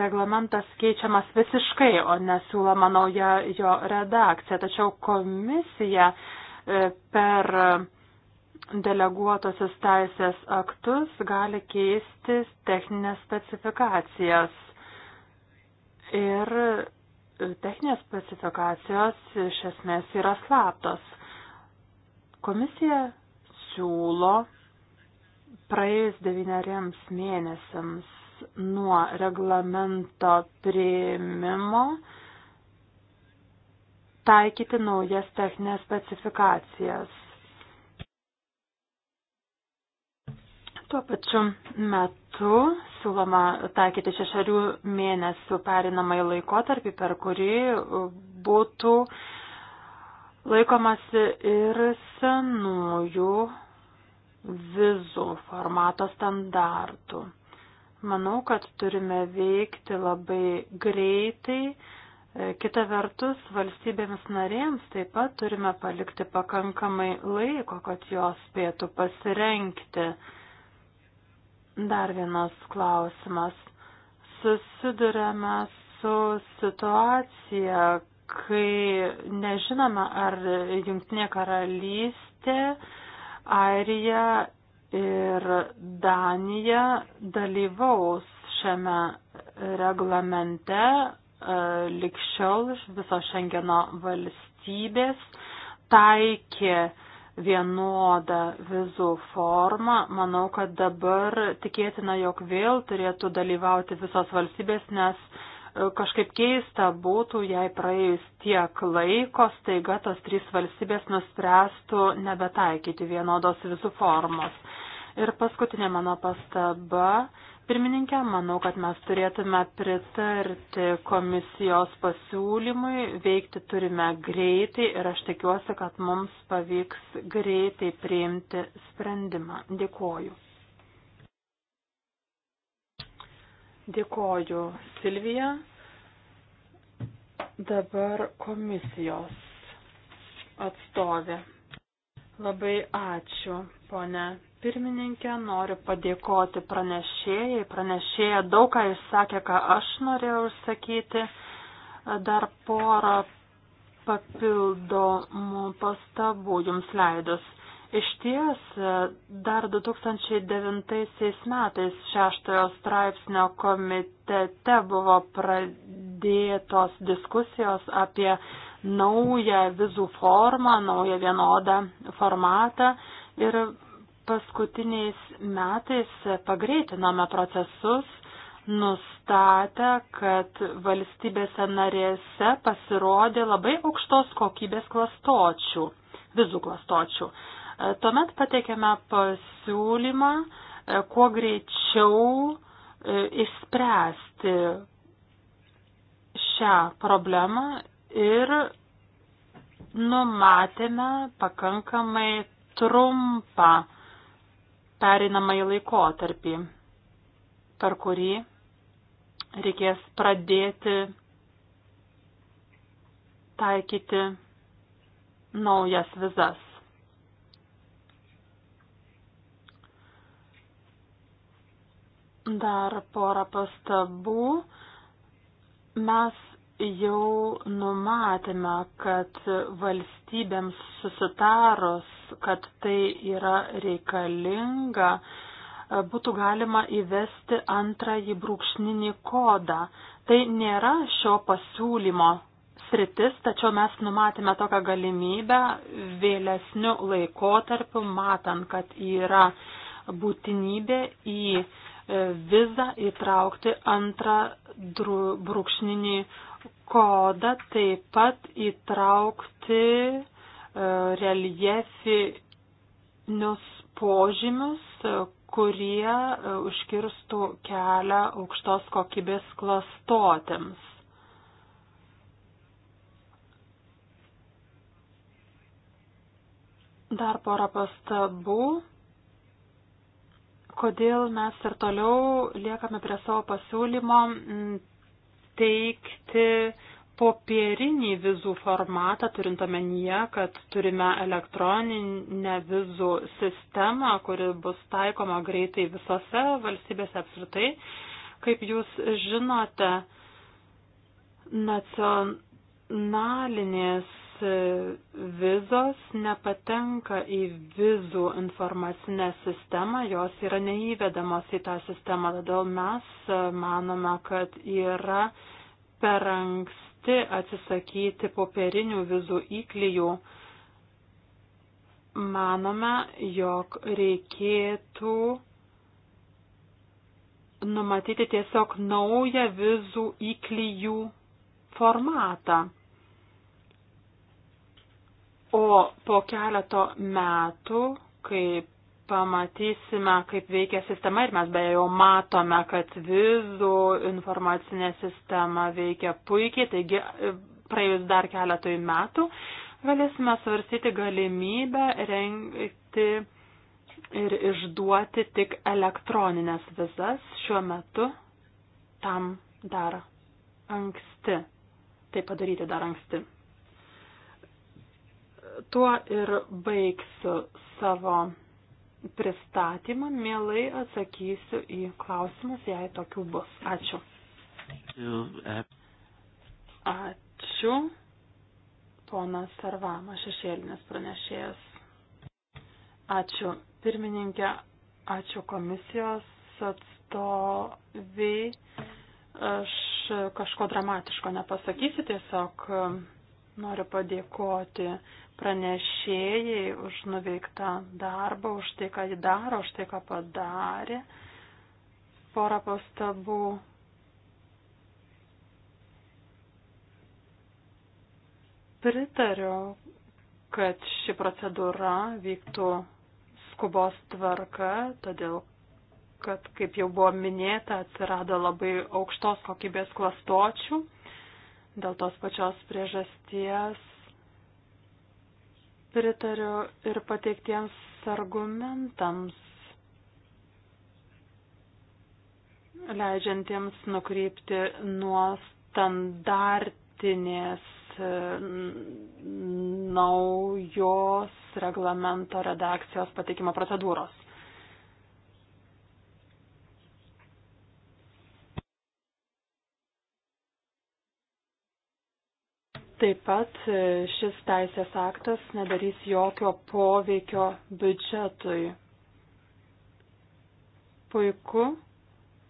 reglamentas keičiamas visiškai, o nesiūloma nauja jo redakcija. Tačiau komisija e, per deleguotosius teisės aktus gali keisti techninės specifikacijas. Ir techninės specifikacijos iš esmės yra slaptos. Komisija siūlo praėjus devyneriems mėnesiams nuo reglamento prieimimo taikyti naujas techninės specifikacijas. Tuo pačiu metu siūloma taikyti šešerių mėnesių perinamąjį laikotarpį, per kurį būtų uh, laikomasi ir senųjų vizų formato standartų. Manau, kad turime veikti labai greitai. Kita vertus, valstybėms narėms taip pat turime palikti pakankamai laiko, kad jos spėtų pasirenkti. Dar vienas klausimas. Susidurėme su situacija, kai nežinome, ar Junktinė karalystė, Airija ir Danija dalyvaus šiame reglamente e, likščiau visos Šengeno valstybės taikė vienodą vizų formą. Manau, kad dabar tikėtina, jog vėl turėtų dalyvauti visos valstybės, nes uh, Kažkaip keista būtų, jei praėjus tiek laiko staiga tos trys valstybės nuspręstų nebetaikyti vienodos vizų formos. Ir paskutinė mano pastaba. Pirmininkė, manau, kad mes turėtume pritarti komisijos pasiūlymui, veikti turime greitai ir aš tikiuosi, kad mums pavyks greitai priimti sprendimą. Dėkuoju. Dėkuoju, Silvija. Dabar komisijos atstovė. Labai ačiū, ponė pirmininkė. Noriu padėkoti pranešėjai. Pranešėja daug ką išsakė, ką aš norėjau išsakyti. Dar porą papildomų pastabų jums leidus. Iš ties, e, dar 2009 metais šeštojo straipsnio komitete buvo pradėtos diskusijos apie naują vizų formą, naują vienodą formatą ir paskutiniais metais pagreitinome procesus, nustatę, kad valstybėse narėse pasirodė labai aukštos kokybės klastočių, vizų klastočių. Tuomet pateikėme pasiūlymą, e, kuo greičiau e, išspręsti šią problemą ir numatėme pakankamai trumpą pereinamąjį laikotarpį, per kurį reikės pradėti taikyti naujas vizas. Dar porą pastabų. Mes jau numatėme, kad valstybėms susitarus, kad tai yra reikalinga, būtų galima įvesti antrąjį brūkšninį kodą. Tai nėra šio pasiūlymo sritis, tačiau mes numatėme tokią galimybę vėlesniu laikotarpiu, matant, kad yra būtinybė į vizą įtraukti antrą brūkšninį kodą, taip pat įtraukti e, reljefinius požymius, kurie e, užkirstų kelią aukštos kokybės klastotėms. Dar porą pastabų kodėl mes ir toliau liekame prie savo pasiūlymo mm, teikti popierinį vizų formatą, turint omenyje, kad turime elektroninę vizų sistemą, kuri bus taikoma greitai visose valstybėse apskritai. Kaip jūs žinote, nacionalinės vizos nepatenka į vizų informacinę sistemą, jos yra neįvedamos į tą sistemą, todėl mes manome, kad yra per anksti atsisakyti popierinių vizų įklyjų. Manome, jog reikėtų numatyti tiesiog naują vizų įklyjų formatą. O po keleto metų, kai pamatysime, kaip veikia sistema ir mes beje jau matome, kad vizų informacinė sistema veikia puikiai, taigi e, praėjus dar keletui metų galėsime svarstyti galimybę rengti ir išduoti tik elektroninės vizas šiuo metu tam dar anksti. Tai padaryti dar anksti tuo ir baigsiu savo pristatymą. Mielai atsakysiu į klausimus, jei tokių bus. Ačiū. Ačiū. Ponas Sarvama, šešėlinės pranešėjas. Ačiū pirmininkė, ačiū komisijos atstoviai. Aš kažko dramatiško nepasakysiu, tiesiog Noriu padėkoti pranešėjai už nuveiktą darbą, už tai, ką jį daro, už tai, ką padarė. Porą pastabų. Pritariu, kad ši procedūra vyktų skubos tvarka, todėl kad, kaip jau buvo minėta, atsirado labai aukštos kokybės klastočių. Dėl tos pačios priežasties pritariu ir pateiktiems argumentams, leidžiantiems nukrypti nuo standartinės naujos reglamento redakcijos pateikimo procedūros. Taip pat e, šis teisės aktas nedarys jokio poveikio biudžetui. Puiku,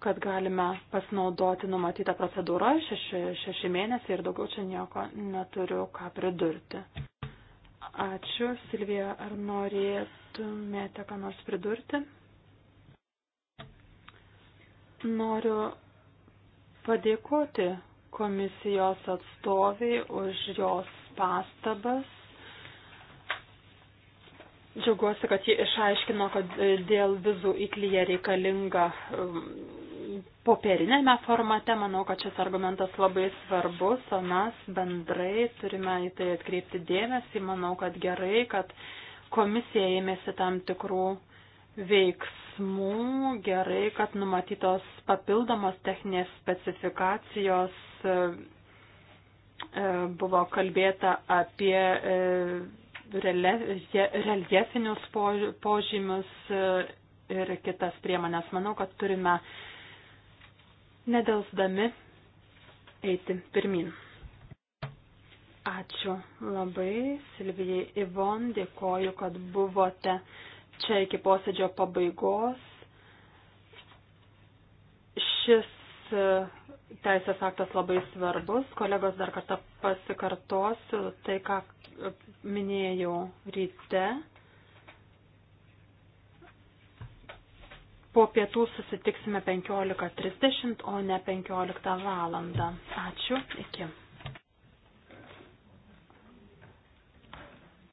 kad galime pasinaudoti numatytą procedūrą, šeši, šeši mėnesiai ir daugiau čia nieko neturiu ką pridurti. Ačiū, Silvija, ar norėtumėte ką nors pridurti? Noriu padėkoti komisijos atstoviai už jos pastabas. Džiaugiuosi, kad ji išaiškino, kad dėl vizų įklyje reikalinga um, popierinėme formate. Manau, kad šis argumentas labai svarbus, o mes bendrai turime į tai atkreipti dėmesį. Manau, kad gerai, kad komisija ėmėsi tam tikrų veiksmų. Gerai, kad numatytos papildomos techninės specifikacijos e, e, buvo kalbėta apie e, reljefinius požymius ir kitas priemonės. Manau, kad turime nedelsdami eiti pirmin. Ačiū labai, Silvijai Ivon, dėkoju, kad buvote čia iki posėdžio pabaigos šis e, teisės aktas labai svarbus. Kolegos dar kartą pasikartosiu tai, ką e, minėjau ryte. Po pietų susitiksime 15.30, o ne 15 valandą. Ačiū, iki.